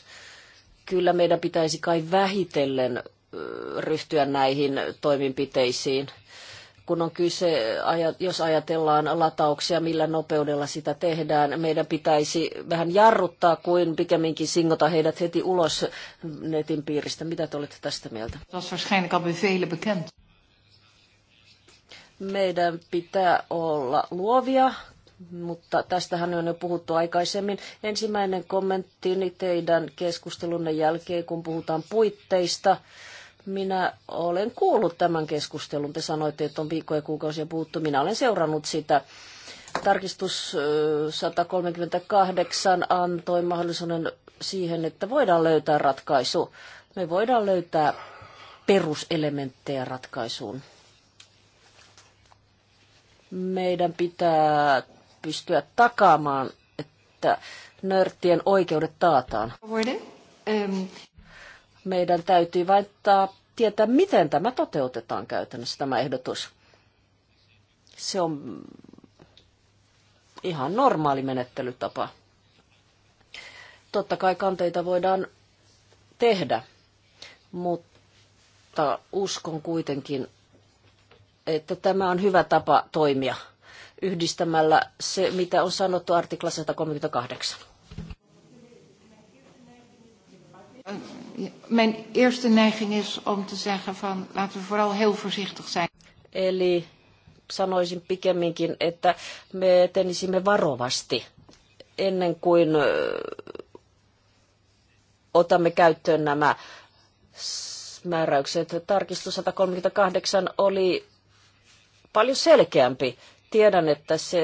[SPEAKER 5] Kyllä meidän pitäisi kai vähitellen ryhtyä näihin toimenpiteisiin kun on kyse, jos ajatellaan latauksia, millä nopeudella sitä tehdään. Meidän pitäisi vähän jarruttaa kuin pikemminkin singota heidät heti ulos netin piiristä. Mitä te olette tästä mieltä? Meidän pitää olla luovia, mutta tästähän on jo puhuttu aikaisemmin. Ensimmäinen kommentti teidän keskustelunne jälkeen, kun puhutaan puitteista. Minä olen kuullut tämän keskustelun. Te sanoitte, että on viikkoja ja kuukausia puuttu. Minä olen seurannut sitä. Tarkistus 138 antoi mahdollisuuden siihen, että voidaan löytää ratkaisu. Me voidaan löytää peruselementtejä ratkaisuun. Meidän pitää pystyä takaamaan, että nörttien oikeudet taataan. Ähm. Meidän täytyy vain tietää, miten tämä toteutetaan käytännössä, tämä ehdotus. Se on ihan normaali menettelytapa. Totta kai kanteita voidaan tehdä, mutta uskon kuitenkin, että tämä on hyvä tapa toimia yhdistämällä se, mitä on sanottu artikla 138.
[SPEAKER 3] Mijn eerste neiging is om te zeggen
[SPEAKER 5] van laten we vooral heel voorzichtig zijn. Eli sanoisin pikemminkin, että me tenisimme varovasti ennen kuin otamme käyttöön nämä määräykset. Tarkistus 138 oli paljon selkeämpi Tiedän, että se,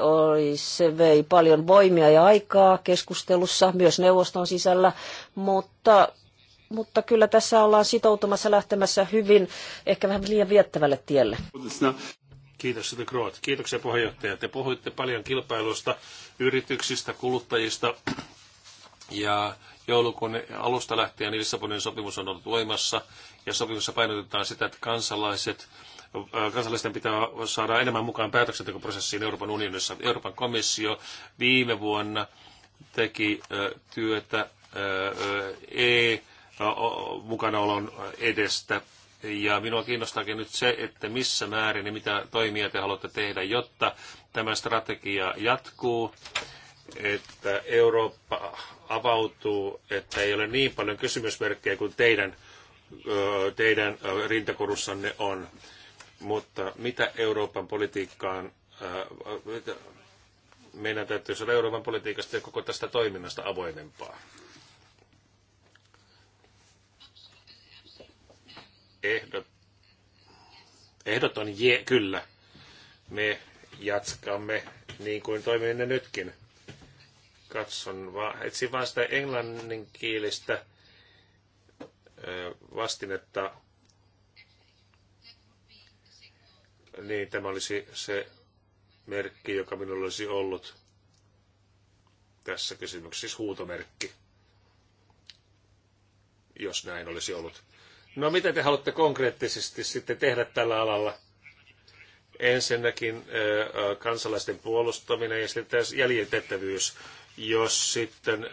[SPEAKER 5] oli, se vei paljon voimia ja aikaa keskustelussa, myös neuvoston sisällä, mutta, mutta kyllä tässä ollaan sitoutumassa lähtemässä hyvin, ehkä vähän liian viettävälle tielle.
[SPEAKER 1] Kiitos, Sylvi Kroot. Kiitoksia puheenjohtaja. Te puhuitte paljon kilpailusta, yrityksistä, kuluttajista ja joulukuun alusta lähtien Lissabonin sopimus on ollut voimassa ja sopimussa painotetaan sitä, että kansalaiset kansalaisten pitää saada enemmän mukaan päätöksentekoprosessiin Euroopan unionissa. Euroopan komissio viime vuonna teki työtä e mukanaolon edestä. Ja minua kiinnostaakin nyt se, että missä määrin ja mitä toimia te haluatte tehdä, jotta tämä strategia jatkuu, että Eurooppa avautuu, että ei ole niin paljon kysymysmerkkejä kuin teidän, teidän rintakorussanne on. Mutta mitä Euroopan politiikkaan, äh, meidän täytyisi olla Euroopan politiikasta ja koko tästä toiminnasta avoimempaa. Ehdot, ehdot on je, kyllä. Me jatkamme niin kuin toimimme nytkin. Katson vaan, etsin vaan sitä englanninkielistä äh, vastinetta niin tämä olisi se merkki, joka minulla olisi ollut tässä kysymyksessä, siis huutomerkki, jos näin olisi ollut. No mitä te haluatte konkreettisesti sitten tehdä tällä alalla? Ensinnäkin kansalaisten puolustaminen ja sitten jäljitettävyys jos sitten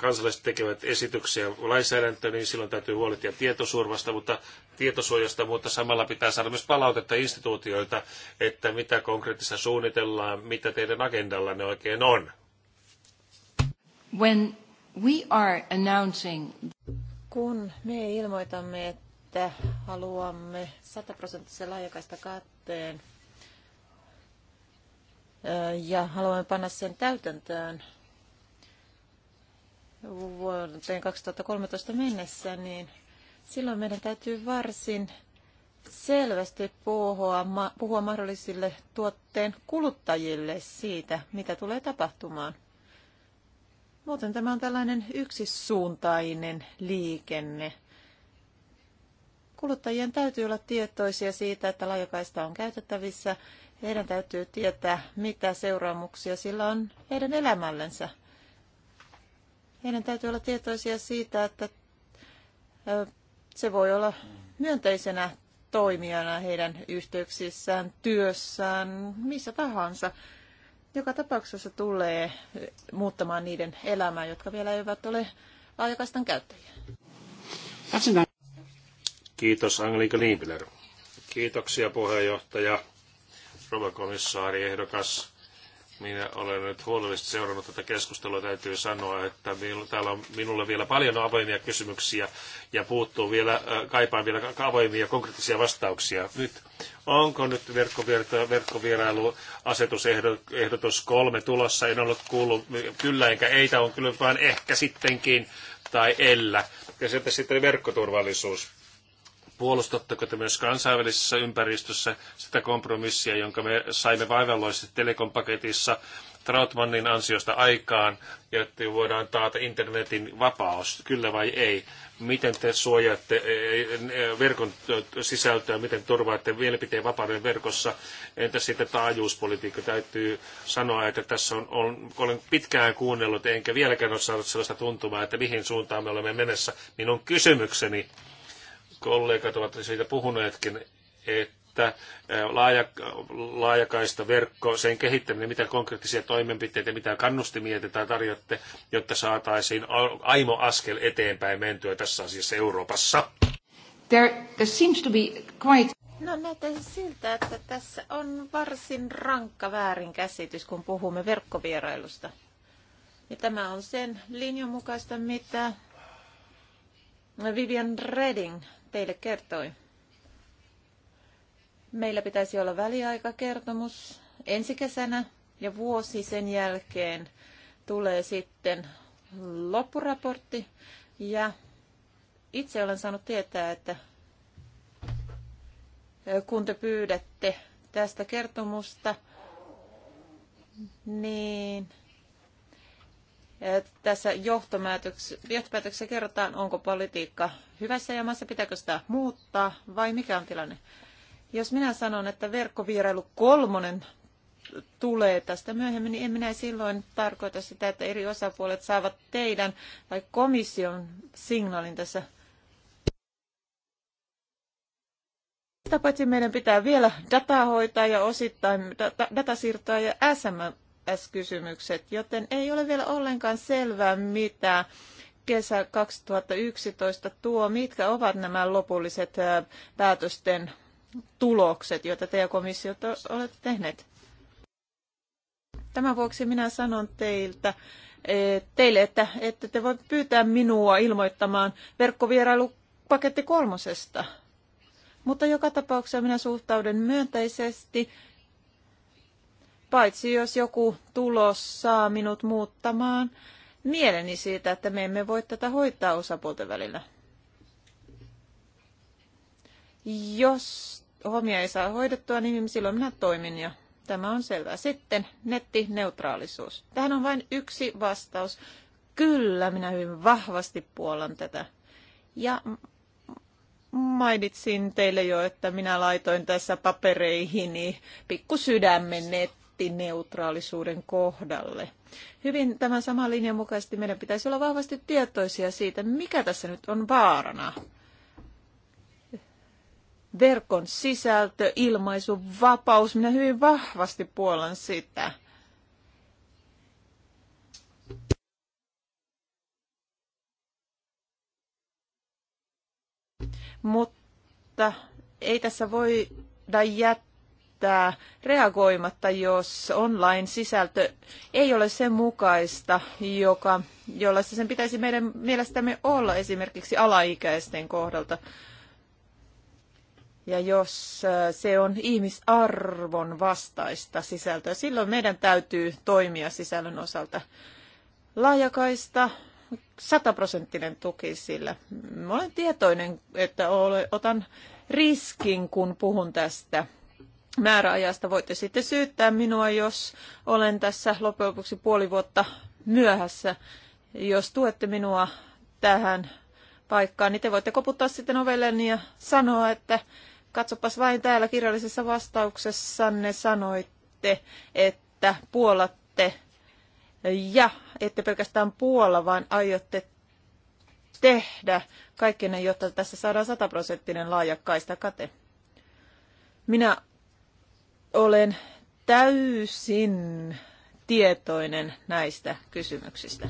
[SPEAKER 1] kansalaiset tekevät esityksiä lainsäädäntöön, niin silloin täytyy huolehtia tietosuorvasta, mutta tietosuojasta, mutta samalla pitää saada myös palautetta instituutioilta, että mitä konkreettista suunnitellaan, mitä teidän agendallanne oikein on.
[SPEAKER 3] When we are announcing...
[SPEAKER 4] Kun me ilmoitamme, että haluamme sataprosenttisen laajakaista katteen ja haluamme panna sen täytäntöön vuoteen 2013 mennessä, niin silloin meidän täytyy varsin selvästi puhua, puhua mahdollisille tuotteen kuluttajille siitä, mitä tulee tapahtumaan. Muuten tämä on tällainen yksisuuntainen liikenne. Kuluttajien täytyy olla tietoisia siitä, että laajakaista on käytettävissä. Heidän täytyy tietää, mitä seuraamuksia sillä on heidän elämällensä – heidän täytyy olla tietoisia siitä, että se voi olla myönteisenä toimijana heidän yhteyksissään, työssään, missä tahansa. Joka tapauksessa tulee muuttamaan niiden elämää, jotka vielä eivät ole laajakaistan käyttäjiä.
[SPEAKER 1] Kiitos Angelika Niipiler. Kiitoksia puheenjohtaja, rouva komissaari ehdokas. Minä olen nyt huolellisesti seurannut tätä keskustelua. Täytyy sanoa, että täällä on minulle vielä paljon avoimia kysymyksiä ja puuttuu vielä, äh, kaipaan vielä avoimia konkreettisia vastauksia. Nyt onko nyt verkkovierailuasetusehdotus kolme tulossa? En ollut kuullut kyllä enkä eitä on kyllä, vaan ehkä sittenkin tai ellä. Ja sitten, sitten verkkoturvallisuus Puolustatteko te myös kansainvälisessä ympäristössä sitä kompromissia, jonka me saimme vaivalloisesti telekompaketissa Trautmannin ansiosta aikaan, jotta voidaan taata internetin vapaus, kyllä vai ei? Miten te suojaatte e, e, e, verkon sisältöä, miten turvaatte mielipiteen vapauden verkossa? Entä sitten taajuuspolitiikka? Täytyy sanoa, että tässä on, on, olen pitkään kuunnellut, enkä vieläkään ole saanut sellaista tuntumaa, että mihin suuntaan me olemme menossa. Minun kysymykseni kollegat ovat siitä puhuneetkin, että laaja, laajakaista verkko, sen kehittäminen, mitä konkreettisia toimenpiteitä, mitä kannustimia te tarjotte, jotta saataisiin aimo askel eteenpäin mentyä tässä asiassa Euroopassa?
[SPEAKER 3] There, there seems to be quite...
[SPEAKER 4] No näyttää siltä, että tässä on varsin rankka väärinkäsitys, kun puhumme verkkovierailusta. Ja tämä on sen linjan mukaista, mitä Vivian Redding teille kertoi. Meillä pitäisi olla väliaikakertomus ensi kesänä ja vuosi sen jälkeen tulee sitten loppuraportti. Ja itse olen saanut tietää, että kun te pyydätte tästä kertomusta, niin tässä johtopäätöksessä kerrotaan, onko politiikka hyvässä jamassa, pitääkö sitä muuttaa vai mikä on tilanne. Jos minä sanon, että verkkovierailu kolmonen tulee tästä myöhemmin, niin en minä silloin tarkoita sitä, että eri osapuolet saavat teidän tai komission signaalin tässä. Sitä paitsi meidän pitää vielä dataa hoitaa ja osittain datasiirtoa ja ISS-kysymykset, joten ei ole vielä ollenkaan selvää, mitä kesä 2011 tuo, mitkä ovat nämä lopulliset päätösten tulokset, joita te ja komissiot olette tehneet. Tämän vuoksi minä sanon teiltä, e, teille, että, että te voitte pyytää minua ilmoittamaan verkkovierailupaketti kolmosesta. Mutta joka tapauksessa minä suhtaudun myönteisesti paitsi jos joku tulos saa minut muuttamaan mieleni siitä, että me emme voi tätä hoitaa osapuolten välillä. Jos hommia ei saa hoidettua, niin silloin minä toimin ja tämä on selvää. Sitten nettineutraalisuus. Tähän on vain yksi vastaus. Kyllä, minä hyvin vahvasti puolan tätä. Ja mainitsin teille jo, että minä laitoin tässä papereihini pikku sydämen netti nettineutraalisuuden kohdalle. Hyvin tämän saman linjan mukaisesti meidän pitäisi olla vahvasti tietoisia siitä, mikä tässä nyt on vaarana. Verkon sisältö, ilmaisu, vapaus, minä hyvin vahvasti puolan sitä. Mutta ei tässä voida jättää jättää reagoimatta, jos online-sisältö ei ole sen mukaista, joka, jollaista sen pitäisi meidän mielestämme olla esimerkiksi alaikäisten kohdalta. Ja jos äh, se on ihmisarvon vastaista sisältöä, silloin meidän täytyy toimia sisällön osalta. Laajakaista, sataprosenttinen tuki sillä. Mä olen tietoinen, että otan riskin, kun puhun tästä määräajasta. Voitte sitten syyttää minua, jos olen tässä loppujen lopuksi puoli vuotta myöhässä. Jos tuette minua tähän paikkaan, niin te voitte koputtaa sitten ovelleni ja sanoa, että katsopas vain täällä kirjallisessa vastauksessanne sanoitte, että puolatte ja ette pelkästään puolla, vaan aiotte tehdä kaikkenne, jotta tässä saadaan sataprosenttinen laajakkaista kate. Minä olen täysin tietoinen näistä kysymyksistä.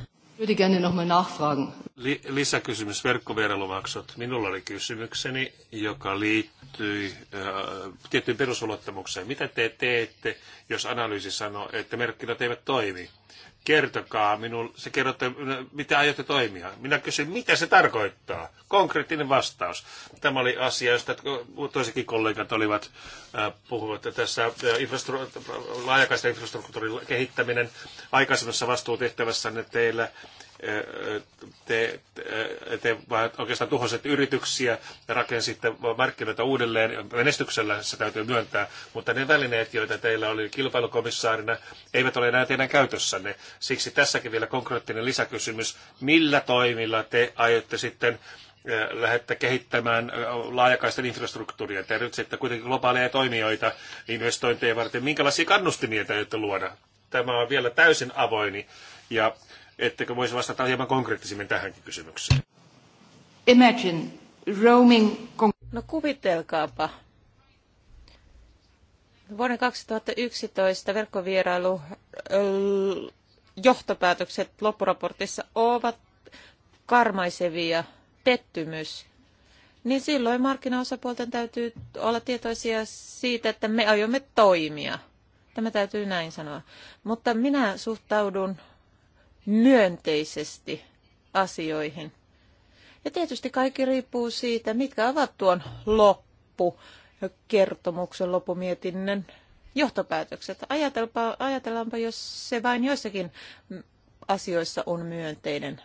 [SPEAKER 1] Lisäkysymys verkkovierailumaksut. Minulla oli kysymykseni, joka liittyi äh, tiettyyn perusolottamukseen. Mitä te teette, jos analyysi sanoo, että merkkinät eivät toimi? kertokaa minulle, se kerrotte, mitä aiotte toimia. Minä kysyn, mitä se tarkoittaa? Konkreettinen vastaus. Tämä oli asia, josta toisikin kollegat olivat äh, puhuvat. Tässä infrastru- laajakaista infrastruktuurin kehittäminen aikaisemmassa vastuutehtävässä teillä te, te, te oikeastaan tuhoset yrityksiä ja rakensitte markkinoita uudelleen. Menestyksellä se täytyy myöntää, mutta ne välineet, joita teillä oli kilpailukomissaarina, eivät ole enää teidän käytössänne. Siksi tässäkin vielä konkreettinen lisäkysymys. Millä toimilla te aiotte sitten lähdette kehittämään laajakaisten infrastruktuuria. Te nyt sitten kuitenkin globaaleja toimijoita investointeja varten. Minkälaisia kannustimia te aiotte luoda? Tämä on vielä täysin avoini. Ja Ettekö voisi vastata hieman konkreettisemmin tähänkin kysymykseen?
[SPEAKER 4] Imagine roaming... No kuvitelkaapa. Vuoden 2011 verkkovierailu johtopäätökset loppuraportissa ovat karmaisevia, pettymys. Niin silloin markkinaosapuolten täytyy olla tietoisia siitä, että me aiomme toimia. Tämä täytyy näin sanoa. Mutta minä suhtaudun myönteisesti asioihin. Ja tietysti kaikki riippuu siitä, mitkä ovat tuon loppu kertomuksen lopumietinnön johtopäätökset. Ajatelpa, ajatellaanpa, jos se vain joissakin asioissa on myönteinen.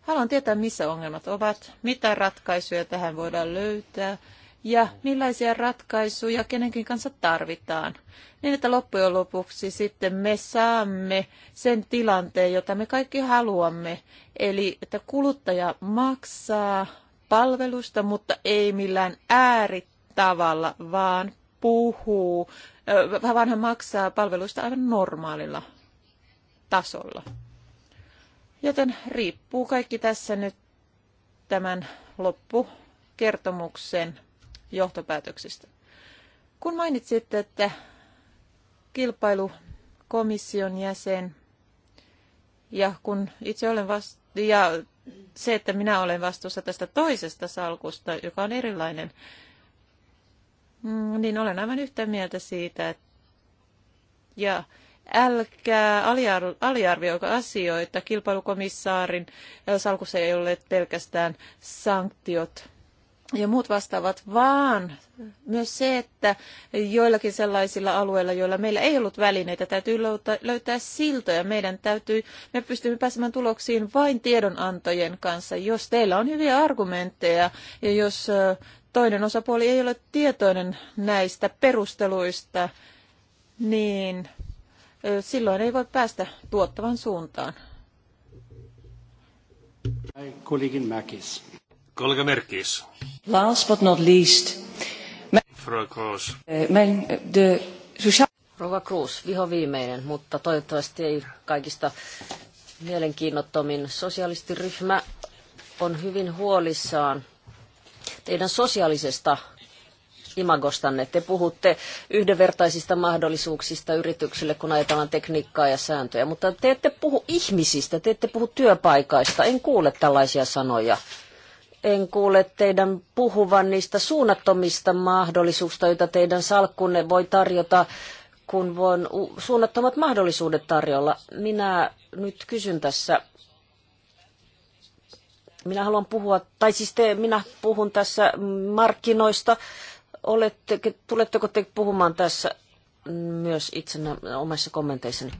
[SPEAKER 4] Haluan tietää, missä ongelmat ovat, mitä ratkaisuja tähän voidaan löytää ja millaisia ratkaisuja kenenkin kanssa tarvitaan. Niin, että loppujen lopuksi sitten me saamme sen tilanteen, jota me kaikki haluamme. Eli että kuluttaja maksaa palvelusta, mutta ei millään ääritavalla, vaan puhuu, vaan hän maksaa palvelusta aivan normaalilla tasolla. Joten riippuu kaikki tässä nyt tämän loppukertomuksen johtopäätöksistä. Kun mainitsitte, että kilpailukomission jäsen ja kun itse olen vast- ja se, että minä olen vastuussa tästä toisesta salkusta, joka on erilainen, mm, niin olen aivan yhtä mieltä siitä. Ja älkää aliarvioiko asioita. Kilpailukomissaarin salkussa ei ole pelkästään sanktiot ja muut vastaavat, vaan myös se, että joillakin sellaisilla alueilla, joilla meillä ei ollut välineitä, täytyy löytää, siltoja. Meidän täytyy, me pystymme pääsemään tuloksiin vain tiedonantojen kanssa. Jos teillä on hyviä argumentteja ja jos toinen osapuoli ei ole tietoinen näistä perusteluista, niin silloin ei voi päästä tuottavan suuntaan.
[SPEAKER 2] Kollegin Mäkis. Kollega Merkis.
[SPEAKER 5] Last but not least. Frau
[SPEAKER 3] Kroos. the social...
[SPEAKER 5] Rova Cruz, viho viimeinen, mutta toivottavasti ei kaikista mielenkiinnottomin. Sosialistiryhmä on hyvin huolissaan teidän sosiaalisesta imagostanne. Te puhutte yhdenvertaisista mahdollisuuksista yrityksille, kun ajatellaan tekniikkaa ja sääntöjä, mutta te ette puhu ihmisistä, te ette puhu työpaikaista. En kuule tällaisia sanoja en kuule teidän puhuvan niistä suunnattomista mahdollisuuksista, joita teidän salkkunne voi tarjota, kun on suunnattomat mahdollisuudet tarjolla. Minä nyt kysyn tässä, minä haluan puhua, tai siis te, minä puhun tässä markkinoista. Olette, tuletteko te puhumaan tässä myös itsenä omissa kommenteissani?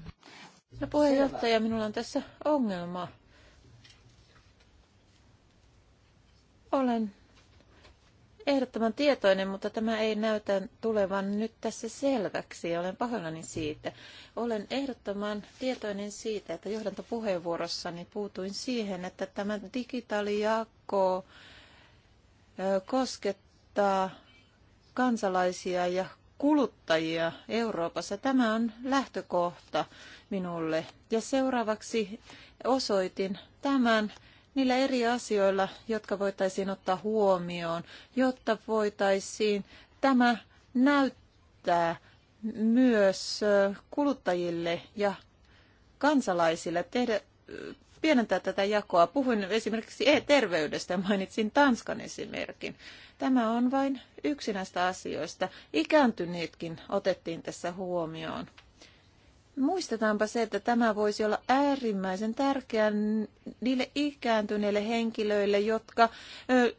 [SPEAKER 4] No puheenjohtaja, minulla on tässä ongelma. Olen ehdottoman tietoinen, mutta tämä ei näytä tulevan nyt tässä selväksi. Olen pahoillani siitä. Olen ehdottoman tietoinen siitä, että johdantopuheenvuorossani puutuin siihen, että tämä digitaalijako koskettaa kansalaisia ja kuluttajia Euroopassa. Tämä on lähtökohta minulle. Ja seuraavaksi osoitin tämän niillä eri asioilla, jotka voitaisiin ottaa huomioon, jotta voitaisiin tämä näyttää myös kuluttajille ja kansalaisille, tehdä, pienentää tätä jakoa. Puhuin esimerkiksi e-terveydestä, mainitsin Tanskan esimerkin. Tämä on vain yksi näistä asioista. Ikääntyneetkin otettiin tässä huomioon. Muistetaanpa se, että tämä voisi olla äärimmäisen tärkeä niille ikääntyneille henkilöille, jotka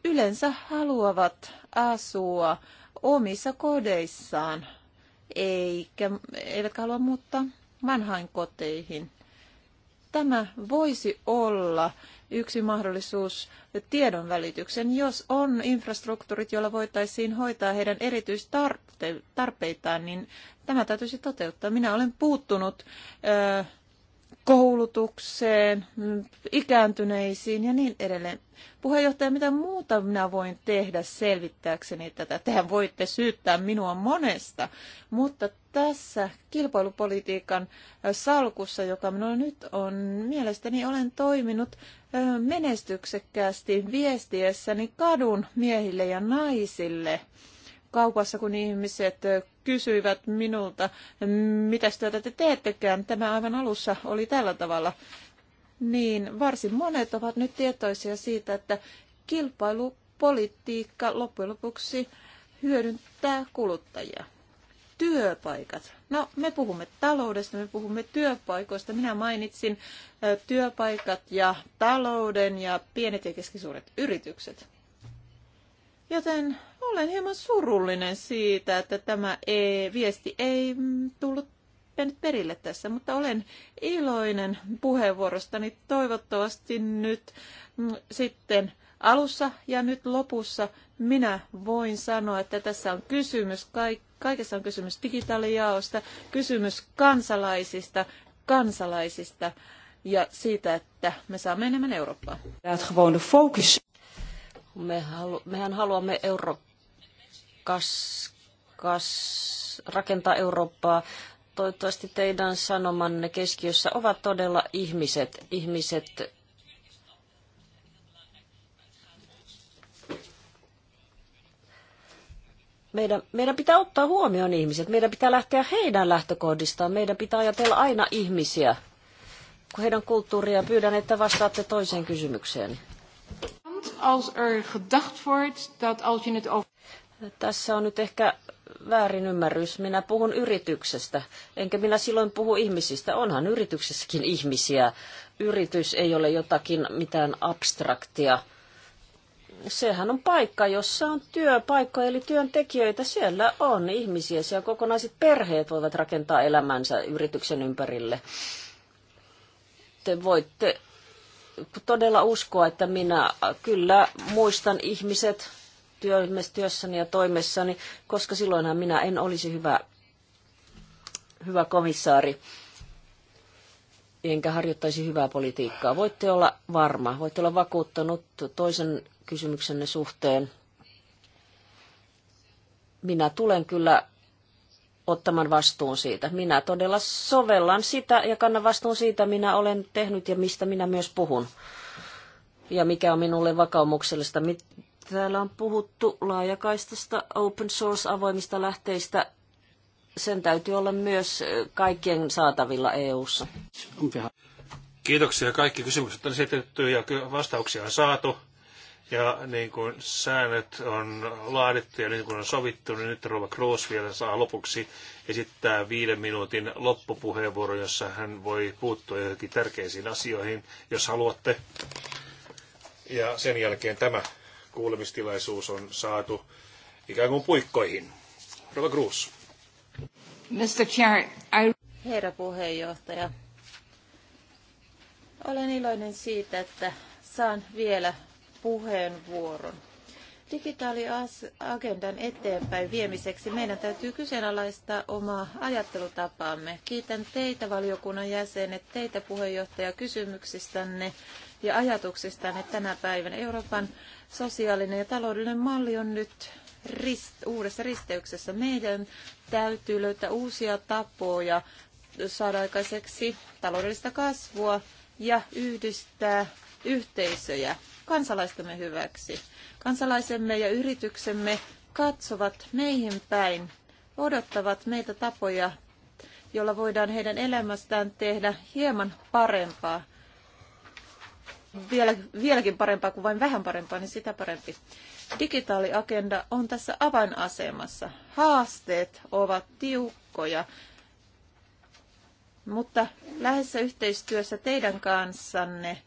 [SPEAKER 4] yleensä haluavat asua omissa kodeissaan, eikä, eivätkä halua muuttaa vanhainkoteihin. Tämä voisi olla yksi mahdollisuus tiedon välityksen, jos on infrastruktuurit, joilla voitaisiin hoitaa heidän erityistarpeitaan, niin tämä täytyisi toteuttaa. Minä olen puuttunut koulutukseen, ikääntyneisiin ja niin edelleen. Puheenjohtaja, mitä muuta minä voin tehdä selvittääkseni tätä? Tehän voitte syyttää minua monesta, mutta tässä kilpailupolitiikan salkussa, joka minulla nyt on, mielestäni olen toiminut menestyksekkäästi viestiessäni kadun miehille ja naisille kaupassa, kun ihmiset kysyivät minulta, mitä työtä te teettekään. Tämä aivan alussa oli tällä tavalla. Niin varsin monet ovat nyt tietoisia siitä, että kilpailupolitiikka loppujen lopuksi hyödyntää kuluttajia työpaikat. No, me puhumme taloudesta, me puhumme työpaikoista. Minä mainitsin työpaikat ja talouden ja pienet ja keskisuuret yritykset. Joten olen hieman surullinen siitä, että tämä ei, viesti ei tullut mennyt perille tässä, mutta olen iloinen puheenvuorostani. Toivottavasti nyt mm, sitten alussa ja nyt lopussa minä voin sanoa, että tässä on kysymys, kaikessa on kysymys digitaalijaosta, kysymys kansalaisista, kansalaisista ja siitä, että me saamme
[SPEAKER 5] enemmän Eurooppaa. Me mehän haluamme euro, kas, kas, rakentaa Eurooppaa toivottavasti teidän sanomanne keskiössä ovat todella ihmiset, ihmiset, Meidän, meidän pitää ottaa huomioon ihmiset, meidän pitää lähteä heidän lähtökohdistaan, meidän pitää ajatella aina ihmisiä, kun heidän kulttuuria. Pyydän, että vastaatte toiseen kysymykseen. Er Tässä on nyt ehkä väärinymmärrys. Minä puhun yrityksestä, enkä minä silloin puhu ihmisistä. Onhan yrityksessäkin ihmisiä. Yritys ei ole jotakin mitään abstraktia sehän on paikka, jossa on työpaikka eli työntekijöitä. Siellä on ihmisiä, siellä kokonaiset perheet voivat rakentaa elämänsä yrityksen ympärille. Te voitte todella uskoa, että minä kyllä muistan ihmiset työssäni ja toimessani, koska silloinhan minä en olisi hyvä, hyvä komissaari enkä harjoittaisi hyvää politiikkaa. Voitte olla varma, voitte olla vakuuttanut toisen kysymyksenne suhteen. Minä tulen kyllä ottamaan vastuun siitä. Minä todella sovellan sitä ja kannan vastuun siitä, minä olen tehnyt ja mistä minä myös puhun. Ja mikä on minulle vakaumuksellista. Täällä on puhuttu laajakaistasta, open source avoimista lähteistä. Sen täytyy olla myös kaikkien saatavilla EU:ssa.
[SPEAKER 1] Kiitoksia. Kaikki kysymykset on esitetty ja vastauksia on saatu. Ja niin kuin säännöt on laadittu ja niin kuin on sovittu, niin nyt Rova Kroos vielä saa lopuksi esittää viiden minuutin loppupuheenvuoro, jossa hän voi puuttua johonkin tärkeisiin asioihin, jos haluatte. Ja sen jälkeen tämä kuulemistilaisuus on saatu ikään kuin puikkoihin. Rova Kroos.
[SPEAKER 4] Mr. Chair, I... Herra puheenjohtaja, olen iloinen siitä, että saan vielä puheenvuoron. Digitaaliagendan eteenpäin viemiseksi meidän täytyy kyseenalaistaa omaa ajattelutapaamme. Kiitän teitä valiokunnan jäsenet, teitä puheenjohtaja kysymyksistänne ja ajatuksistanne tänä päivänä. Euroopan sosiaalinen ja taloudellinen malli on nyt rist, uudessa risteyksessä. Meidän täytyy löytää uusia tapoja saada aikaiseksi taloudellista kasvua ja yhdistää yhteisöjä kansalaistemme hyväksi. Kansalaisemme ja yrityksemme katsovat meihin päin, odottavat meitä tapoja, jolla voidaan heidän elämästään tehdä hieman parempaa. Vielä, vieläkin parempaa kuin vain vähän parempaa, niin sitä parempi. Digitaaliagenda on tässä avainasemassa. Haasteet ovat tiukkoja, mutta läheisessä yhteistyössä teidän kanssanne –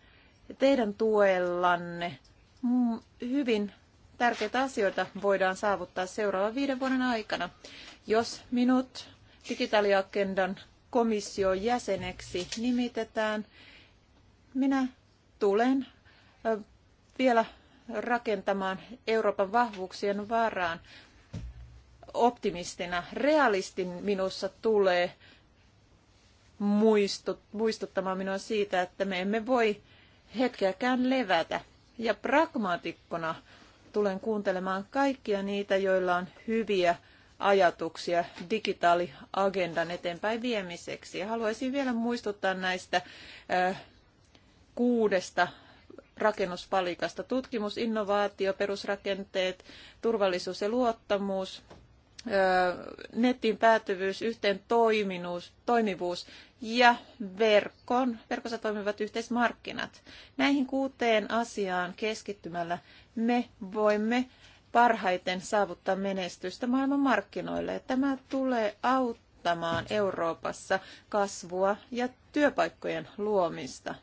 [SPEAKER 4] teidän tuellanne mm, hyvin tärkeitä asioita voidaan saavuttaa seuraavan viiden vuoden aikana. Jos minut digitaaliagendan komission jäseneksi nimitetään, minä tulen vielä rakentamaan Euroopan vahvuuksien varaan. Optimistina, realistin minussa tulee muistuttamaan minua siitä, että me emme voi hetkeäkään levätä. Ja pragmaatikkona tulen kuuntelemaan kaikkia niitä, joilla on hyviä ajatuksia digitaaliagendan eteenpäin viemiseksi. ja Haluaisin vielä muistuttaa näistä äh, kuudesta rakennuspalikasta. Tutkimus, innovaatio, perusrakenteet, turvallisuus ja luottamus, äh, nettiin päätyvyys, yhteen toiminuus, toimivuus ja verkon, verkossa toimivat yhteismarkkinat. Näihin kuuteen asiaan keskittymällä me voimme parhaiten saavuttaa menestystä maailman markkinoille. Tämä tulee auttamaan Euroopassa kasvua ja työpaikkojen luomista.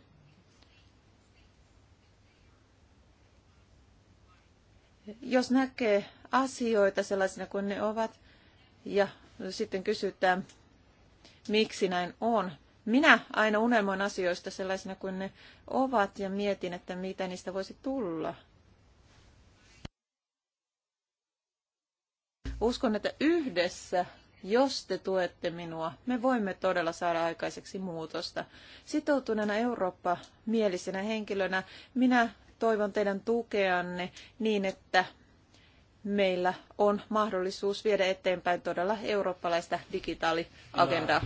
[SPEAKER 4] Jos näkee asioita sellaisina kuin ne ovat ja sitten kysytään, miksi näin on. Minä aina unelmoin asioista sellaisina kuin ne ovat ja mietin, että mitä niistä voisi tulla. Uskon, että yhdessä, jos te tuette minua, me voimme todella saada aikaiseksi muutosta. Sitoutuneena Eurooppa-mielisenä henkilönä minä toivon teidän tukeanne niin, että meillä on mahdollisuus viedä eteenpäin todella eurooppalaista digitaaliagendaa.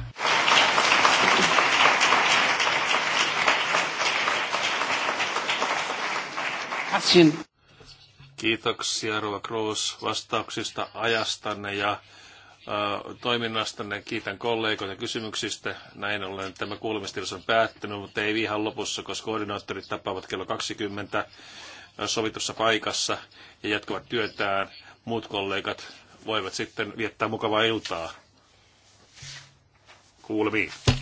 [SPEAKER 1] Kiitoksia Rova Kroos vastauksista ajastanne ja toiminnastanne. Kiitän kollegoita kysymyksistä. Näin ollen tämä kuulemistilaisuus on päättynyt, mutta ei ihan lopussa, koska koordinaattorit tapaavat kello 20 sovitussa paikassa ja jatkavat työtään. Muut kollegat voivat sitten viettää mukavaa iltaa. Kuulemiin.